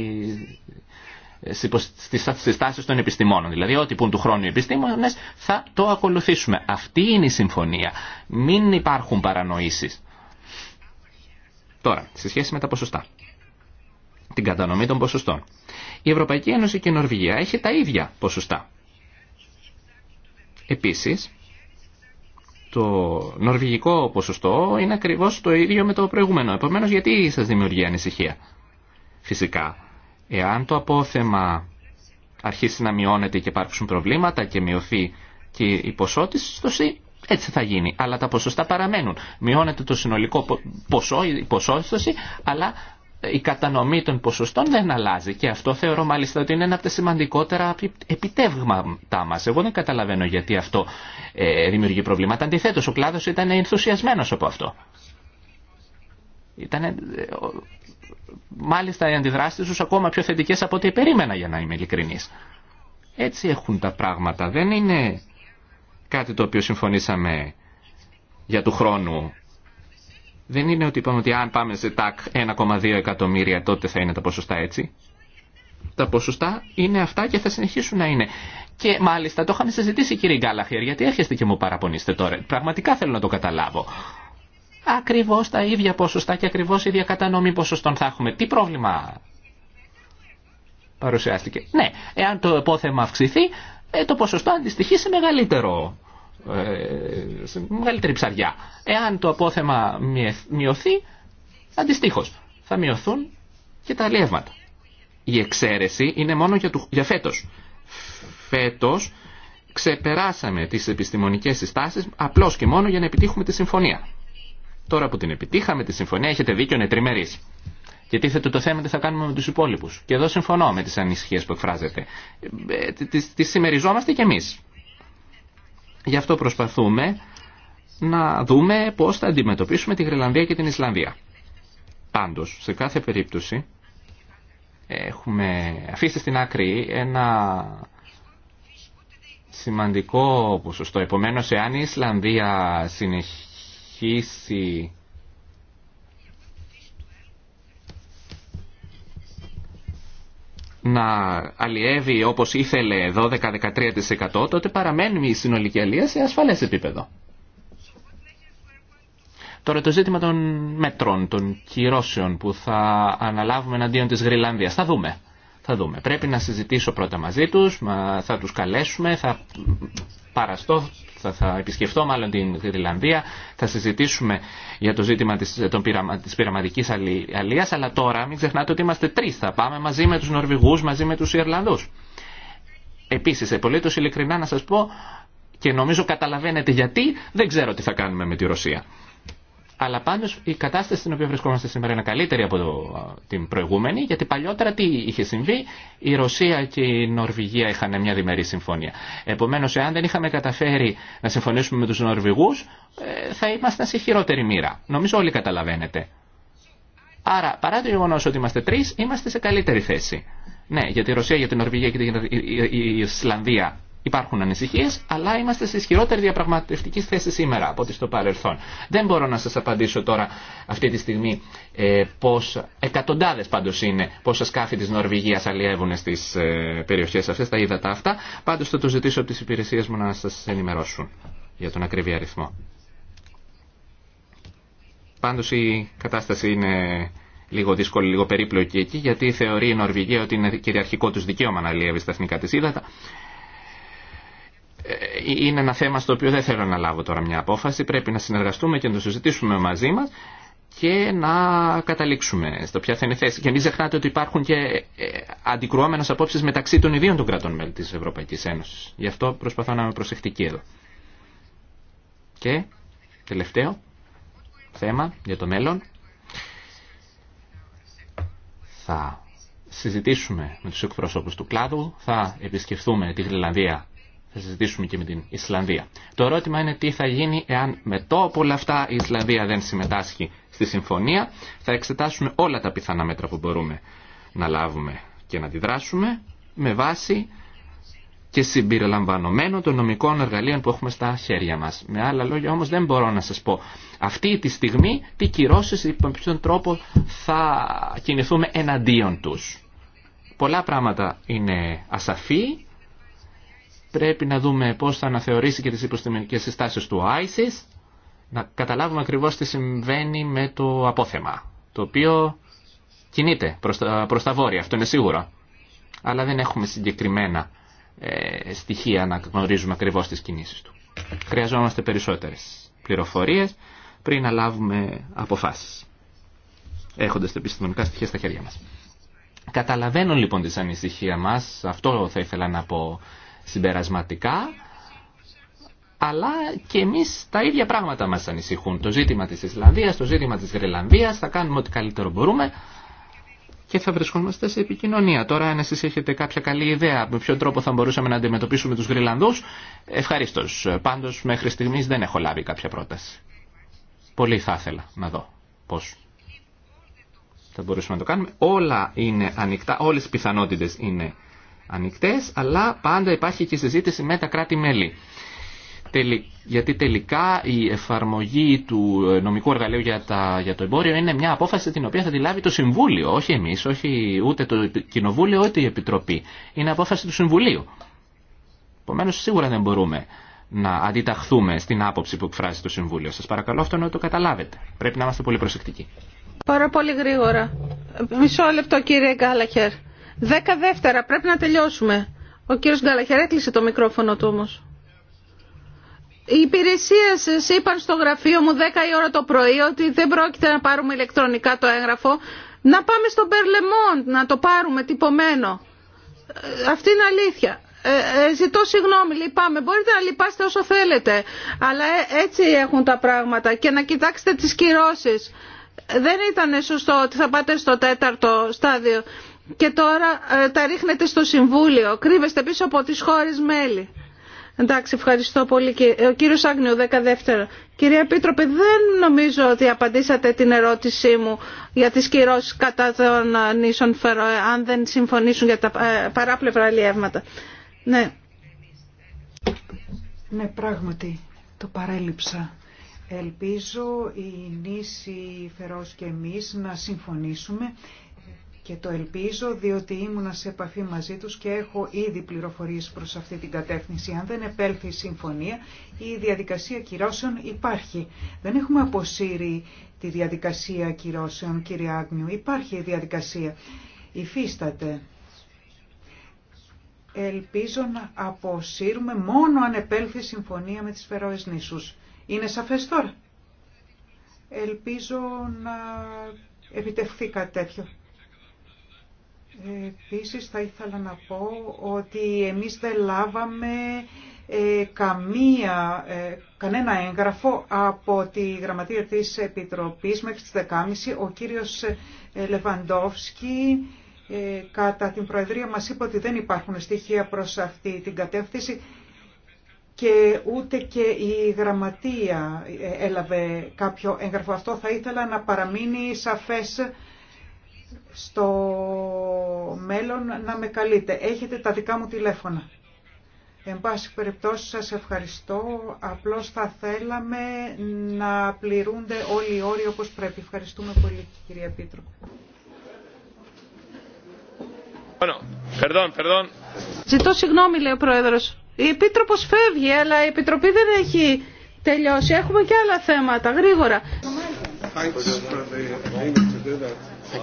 Speaker 4: ε, στι των επιστημόνων. Δηλαδή ό,τι πουν του χρόνου οι επιστήμονε, θα το ακολουθήσουμε. Αυτή είναι η συμφωνία. Μην υπάρχουν παρανοήσεις. Τώρα, σε σχέση με τα ποσοστά. Την κατανομή των ποσοστών. Η Ευρωπαϊκή Ένωση και η Νορβηγία έχει τα ίδια ποσοστά. Επίσης, το νορβηγικό ποσοστό είναι ακριβώς το ίδιο με το προηγούμενο. Επομένως, γιατί σας δημιουργεί ανησυχία. Φυσικά, εάν το απόθεμα αρχίσει να μειώνεται και υπάρχουν προβλήματα και μειωθεί και η ποσότητα, έτσι θα γίνει. Αλλά τα ποσοστά παραμένουν. Μειώνεται το συνολικό ποσό, η ποσόστοση, αλλά η κατανομή των ποσοστών δεν αλλάζει. Και αυτό θεωρώ μάλιστα ότι είναι ένα από τα σημαντικότερα επιτεύγματά μα. Εγώ δεν καταλαβαίνω γιατί αυτό ε, δημιουργεί προβλήματα. Αντιθέτω, ο κλάδο ήταν ενθουσιασμένο από αυτό. Ήταν ε, μάλιστα οι αντιδράσεις του ακόμα πιο θετικέ από ό,τι περίμενα για να είμαι ειλικρινή. Έτσι έχουν τα πράγματα. Δεν είναι κάτι το οποίο συμφωνήσαμε για του χρόνου. Δεν είναι ότι είπαμε ότι αν πάμε σε τάκ 1,2 εκατομμύρια τότε θα είναι τα ποσοστά έτσι. Τα ποσοστά είναι αυτά και θα συνεχίσουν να είναι. Και μάλιστα το είχαμε συζητήσει κύριε Γκάλαχερ γιατί έρχεστε και μου παραπονείστε τώρα. Πραγματικά θέλω να το καταλάβω. Ακριβώς τα ίδια ποσοστά και ακριβώς η ίδια κατανομή ποσοστών θα έχουμε. Τι πρόβλημα παρουσιάστηκε. Ναι, εάν το επόθεμα αυξηθεί ε, το ποσοστό αντιστοιχεί σε μεγαλύτερο ε, σε μεγαλύτερη ψαριά. Εάν το απόθεμα μειωθεί, αντιστοίχω θα μειωθούν και τα αλλιεύματα. Η εξαίρεση είναι μόνο για, του, για φέτος. Φέτος ξεπεράσαμε τις επιστημονικές συστάσεις απλώς και μόνο για να επιτύχουμε τη συμφωνία. Τώρα που την επιτύχαμε τη συμφωνία έχετε δίκιο είναι και τίθεται το θέμα τι θα κάνουμε με του υπόλοιπου. Και εδώ συμφωνώ με τι ανησυχίε που εκφράζεται. Ε, ε, τι συμμεριζόμαστε κι εμεί. Γι' αυτό προσπαθούμε να δούμε πώ θα αντιμετωπίσουμε τη Γρυλανδία και την Ισλανδία. Πάντω, σε κάθε περίπτωση, έχουμε αφήσει στην άκρη ένα σημαντικό ποσοστό. Επομένω, εάν η Ισλανδία συνεχίσει να αλλιεύει όπως ήθελε 12-13% τότε παραμένει η συνολική αλλία σε ασφαλές επίπεδο. Τώρα το ζήτημα των μέτρων, των κυρώσεων που θα αναλάβουμε εναντίον της Γρυλανδίας. Θα δούμε. Θα δούμε. Πρέπει να συζητήσω πρώτα μαζί τους, θα τους καλέσουμε, θα παραστώ θα, θα επισκεφτώ μάλλον την Ιρλανδία, θα συζητήσουμε για το ζήτημα της, πειραμα, πειραματικής αλίας, αλλά τώρα μην ξεχνάτε ότι είμαστε τρεις, θα πάμε μαζί με τους Νορβηγούς, μαζί με τους Ιρλανδούς. Επίσης, επολύτως ειλικρινά να σας πω και νομίζω καταλαβαίνετε γιατί δεν ξέρω τι θα κάνουμε με τη Ρωσία αλλά πάντως η κατάσταση στην οποία βρισκόμαστε σήμερα είναι καλύτερη από την προηγούμενη, γιατί παλιότερα τι είχε συμβεί, η Ρωσία και η Νορβηγία είχαν μια διμερή συμφωνία. Επομένως, εάν δεν είχαμε καταφέρει να συμφωνήσουμε με τους Νορβηγούς, ε, θα ήμασταν σε χειρότερη μοίρα. Νομίζω όλοι καταλαβαίνετε. Άρα, παρά το γεγονό ότι είμαστε τρει, είμαστε σε καλύτερη θέση. Ναι, για τη Ρωσία, για την Νορβηγία και την Ισλανδία Υπάρχουν ανησυχίε, αλλά είμαστε σε ισχυρότερη διαπραγματευτική θέση σήμερα από ό,τι στο παρελθόν. Δεν μπορώ να σα απαντήσω τώρα αυτή τη στιγμή ε, πώ εκατοντάδε πάντω είναι πόσα σκάφη τη Νορβηγία αλλιεύουν στι ε, περιοχέ αυτέ, τα είδα αυτά. Πάντω θα το ζητήσω από τι υπηρεσίε μου να σα ενημερώσουν για τον ακριβή αριθμό. Πάντω η κατάσταση είναι λίγο δύσκολη, λίγο περίπλοκη εκεί, γιατί θεωρεί η Νορβηγία ότι είναι κυριαρχικό του δικαίωμα να αλλιεύει στα εθνικά τη ύδατα ε, είναι ένα θέμα στο οποίο δεν θέλω να λάβω τώρα μια απόφαση. Πρέπει να συνεργαστούμε και να το συζητήσουμε μαζί μα και να καταλήξουμε στο ποια θα είναι η θέση. Και μην ξεχνάτε ότι υπάρχουν και ε, αντικρουόμενε απόψει μεταξύ των ιδίων των κρατών μέλη τη Ευρωπαϊκή Ένωση. Γι' αυτό προσπαθώ να είμαι προσεκτική εδώ. Και τελευταίο θέμα για το μέλλον. Θα συζητήσουμε με τους εκπροσώπους του κλάδου, θα επισκεφθούμε τη Γρυλανδία θα συζητήσουμε και με την Ισλανδία. Το ερώτημα είναι τι θα γίνει εάν με από όλα αυτά η Ισλανδία δεν συμμετάσχει στη συμφωνία. Θα εξετάσουμε όλα τα πιθανά μέτρα που μπορούμε να λάβουμε και να αντιδράσουμε με βάση και συμπεριλαμβανομένο των νομικών εργαλείων που έχουμε στα χέρια μας. Με άλλα λόγια όμως δεν μπορώ να σας πω αυτή τη στιγμή τι κυρώσεις ή με ποιον τρόπο θα κινηθούμε εναντίον τους. Πολλά πράγματα είναι ασαφή πρέπει να δούμε πώς θα αναθεωρήσει και τις υποστημικές συστάσεις του ISIS, να καταλάβουμε ακριβώς τι συμβαίνει με το απόθεμα, το οποίο κινείται προς τα, βόρεια, αυτό είναι σίγουρο. Αλλά δεν έχουμε συγκεκριμένα ε, στοιχεία να γνωρίζουμε ακριβώς τις κινήσεις του. Χρειαζόμαστε περισσότερες πληροφορίες πριν να λάβουμε αποφάσεις, έχοντας τα επιστημονικά στοιχεία στα χέρια μας. Καταλαβαίνω λοιπόν τη ανησυχία μας, αυτό θα ήθελα να πω συμπερασματικά, αλλά και εμείς τα ίδια πράγματα μας ανησυχούν. Το ζήτημα της Ισλανδίας, το ζήτημα της Γρυλανδίας, θα κάνουμε ό,τι καλύτερο μπορούμε και θα βρισκόμαστε σε επικοινωνία. Τώρα, αν εσείς έχετε κάποια καλή ιδέα με ποιον τρόπο θα μπορούσαμε να αντιμετωπίσουμε τους Γρυλανδούς, ευχαρίστω. Πάντως, μέχρι στιγμής δεν έχω λάβει κάποια πρόταση. Πολύ θα ήθελα να δω πώς θα μπορούσαμε να το κάνουμε. Όλα είναι ανοιχτά, όλες οι πιθανότητες είναι ανοιχτέ, αλλά πάντα υπάρχει και συζήτηση με τα κράτη-μέλη. Γιατί τελικά η εφαρμογή του νομικού εργαλείου για, τα, για το εμπόριο είναι μια απόφαση την οποία θα τη λάβει το Συμβούλιο, όχι εμεί, όχι ούτε το Κοινοβούλιο, ούτε η Επιτροπή. Είναι απόφαση του Συμβουλίου. Επομένω, σίγουρα δεν μπορούμε να αντιταχθούμε στην άποψη που εκφράζει το Συμβούλιο. Σα παρακαλώ αυτό να το καταλάβετε. Πρέπει να είμαστε πολύ προσεκτικοί.
Speaker 2: Πάρα πολύ γρήγορα. Μισό λεπτό κύριε Γκάλαχερ. Δέκα δεύτερα, πρέπει να τελειώσουμε. Ο κύριος Γκαλαχέρα έκλεισε το μικρόφωνο του όμως. Οι υπηρεσίε είπαν στο γραφείο μου 10 η ώρα το πρωί ότι δεν πρόκειται να πάρουμε ηλεκτρονικά το έγγραφο. Να πάμε στον Περλεμόντ να το πάρουμε τυπωμένο. Ε, αυτή είναι αλήθεια. Ε, ε, ζητώ συγγνώμη, λυπάμαι. Μπορείτε να λυπάστε όσο θέλετε. Αλλά ε, έτσι έχουν τα πράγματα. Και να κοιτάξετε τις κυρώσεις. Ε, δεν ήταν σωστό ότι θα πάτε στο τέταρτο στάδιο και τώρα ε, τα ρίχνετε στο Συμβούλιο. Κρύβεστε πίσω από τις χώρες μέλη. Εντάξει, ευχαριστώ πολύ. Ε, ο κύριος Άγνιου, 12. Κυρία Επίτροπε, δεν νομίζω ότι απαντήσατε την ερώτησή μου για τις κυρώσεις κατά των ε, νήσων Φεροέ, αν δεν συμφωνήσουν για τα παράπλευρα αλλιεύματα. Ναι.
Speaker 3: Ναι, πράγματι, το παρέλειψα. Ελπίζω οι νήσοι Φερός και εμείς να συμφωνήσουμε και το ελπίζω διότι ήμουνα σε επαφή μαζί τους και έχω ήδη πληροφορίες προς αυτή την κατεύθυνση. Αν δεν επέλθει η συμφωνία, η διαδικασία κυρώσεων υπάρχει. Δεν έχουμε αποσύρει τη διαδικασία κυρώσεων, κύριε Άγνιου. Υπάρχει η διαδικασία. Υφίσταται. Ελπίζω να αποσύρουμε μόνο αν επέλθει η συμφωνία με τις Φερόες Νήσους. Είναι σαφές τώρα. Ελπίζω να επιτευχθεί κάτι τέτοιο. Επίσης θα ήθελα να πω ότι εμείς δεν λάβαμε ε, καμία, ε, κανένα έγγραφο από τη Γραμματεία της Επιτροπής μέχρι τις 10.30. Ο κύριος ε, Λεβαντόφσκι κατά την Προεδρία μας είπε ότι δεν υπάρχουν στοιχεία προς αυτή την κατεύθυνση και ούτε και η Γραμματεία έλαβε κάποιο έγγραφο. Αυτό θα ήθελα να παραμείνει σαφές στο μέλλον να με καλείτε. Έχετε τα δικά μου τηλέφωνα. Εν πάση περιπτώσει σας ευχαριστώ. Απλώς θα θέλαμε να πληρούνται όλοι οι όροι όπως πρέπει. Ευχαριστούμε πολύ κυρία Πίτρο.
Speaker 2: Ζητώ συγγνώμη λέει ο Πρόεδρος. Η Επίτροπος φεύγει αλλά η Επιτροπή δεν έχει τελειώσει. Έχουμε και άλλα θέματα γρήγορα. Eh,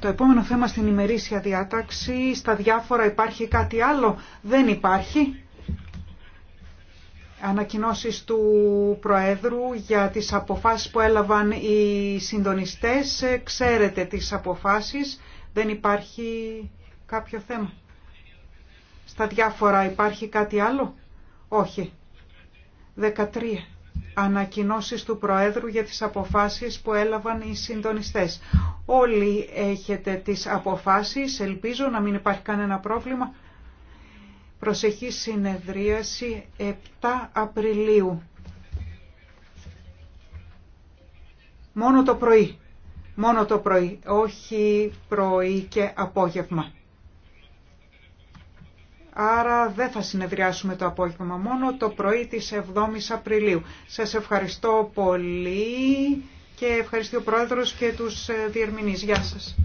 Speaker 3: Το επόμενο θέμα στην ημερήσια διάταξη, στα διάφορα υπάρχει κάτι άλλο, δεν υπάρχει ανακοινώσεις του Προέδρου για τις αποφάσεις που έλαβαν οι συντονιστές. Ξέρετε τις αποφάσεις, δεν υπάρχει κάποιο θέμα. Στα διάφορα υπάρχει κάτι άλλο. Όχι. 13. Ανακοινώσεις του Προέδρου για τις αποφάσεις που έλαβαν οι συντονιστές. Όλοι έχετε τις αποφάσεις, ελπίζω να μην υπάρχει κανένα πρόβλημα προσεχή συνεδρίαση 7 Απριλίου. Μόνο το πρωί. Μόνο το πρωί, όχι πρωί και απόγευμα. Άρα δεν θα συνεδριάσουμε το απόγευμα, μόνο το πρωί της 7ης Απριλίου. Σας ευχαριστώ πολύ και ευχαριστώ ο Πρόεδρος και τους ε, διερμηνείς. Γεια σας.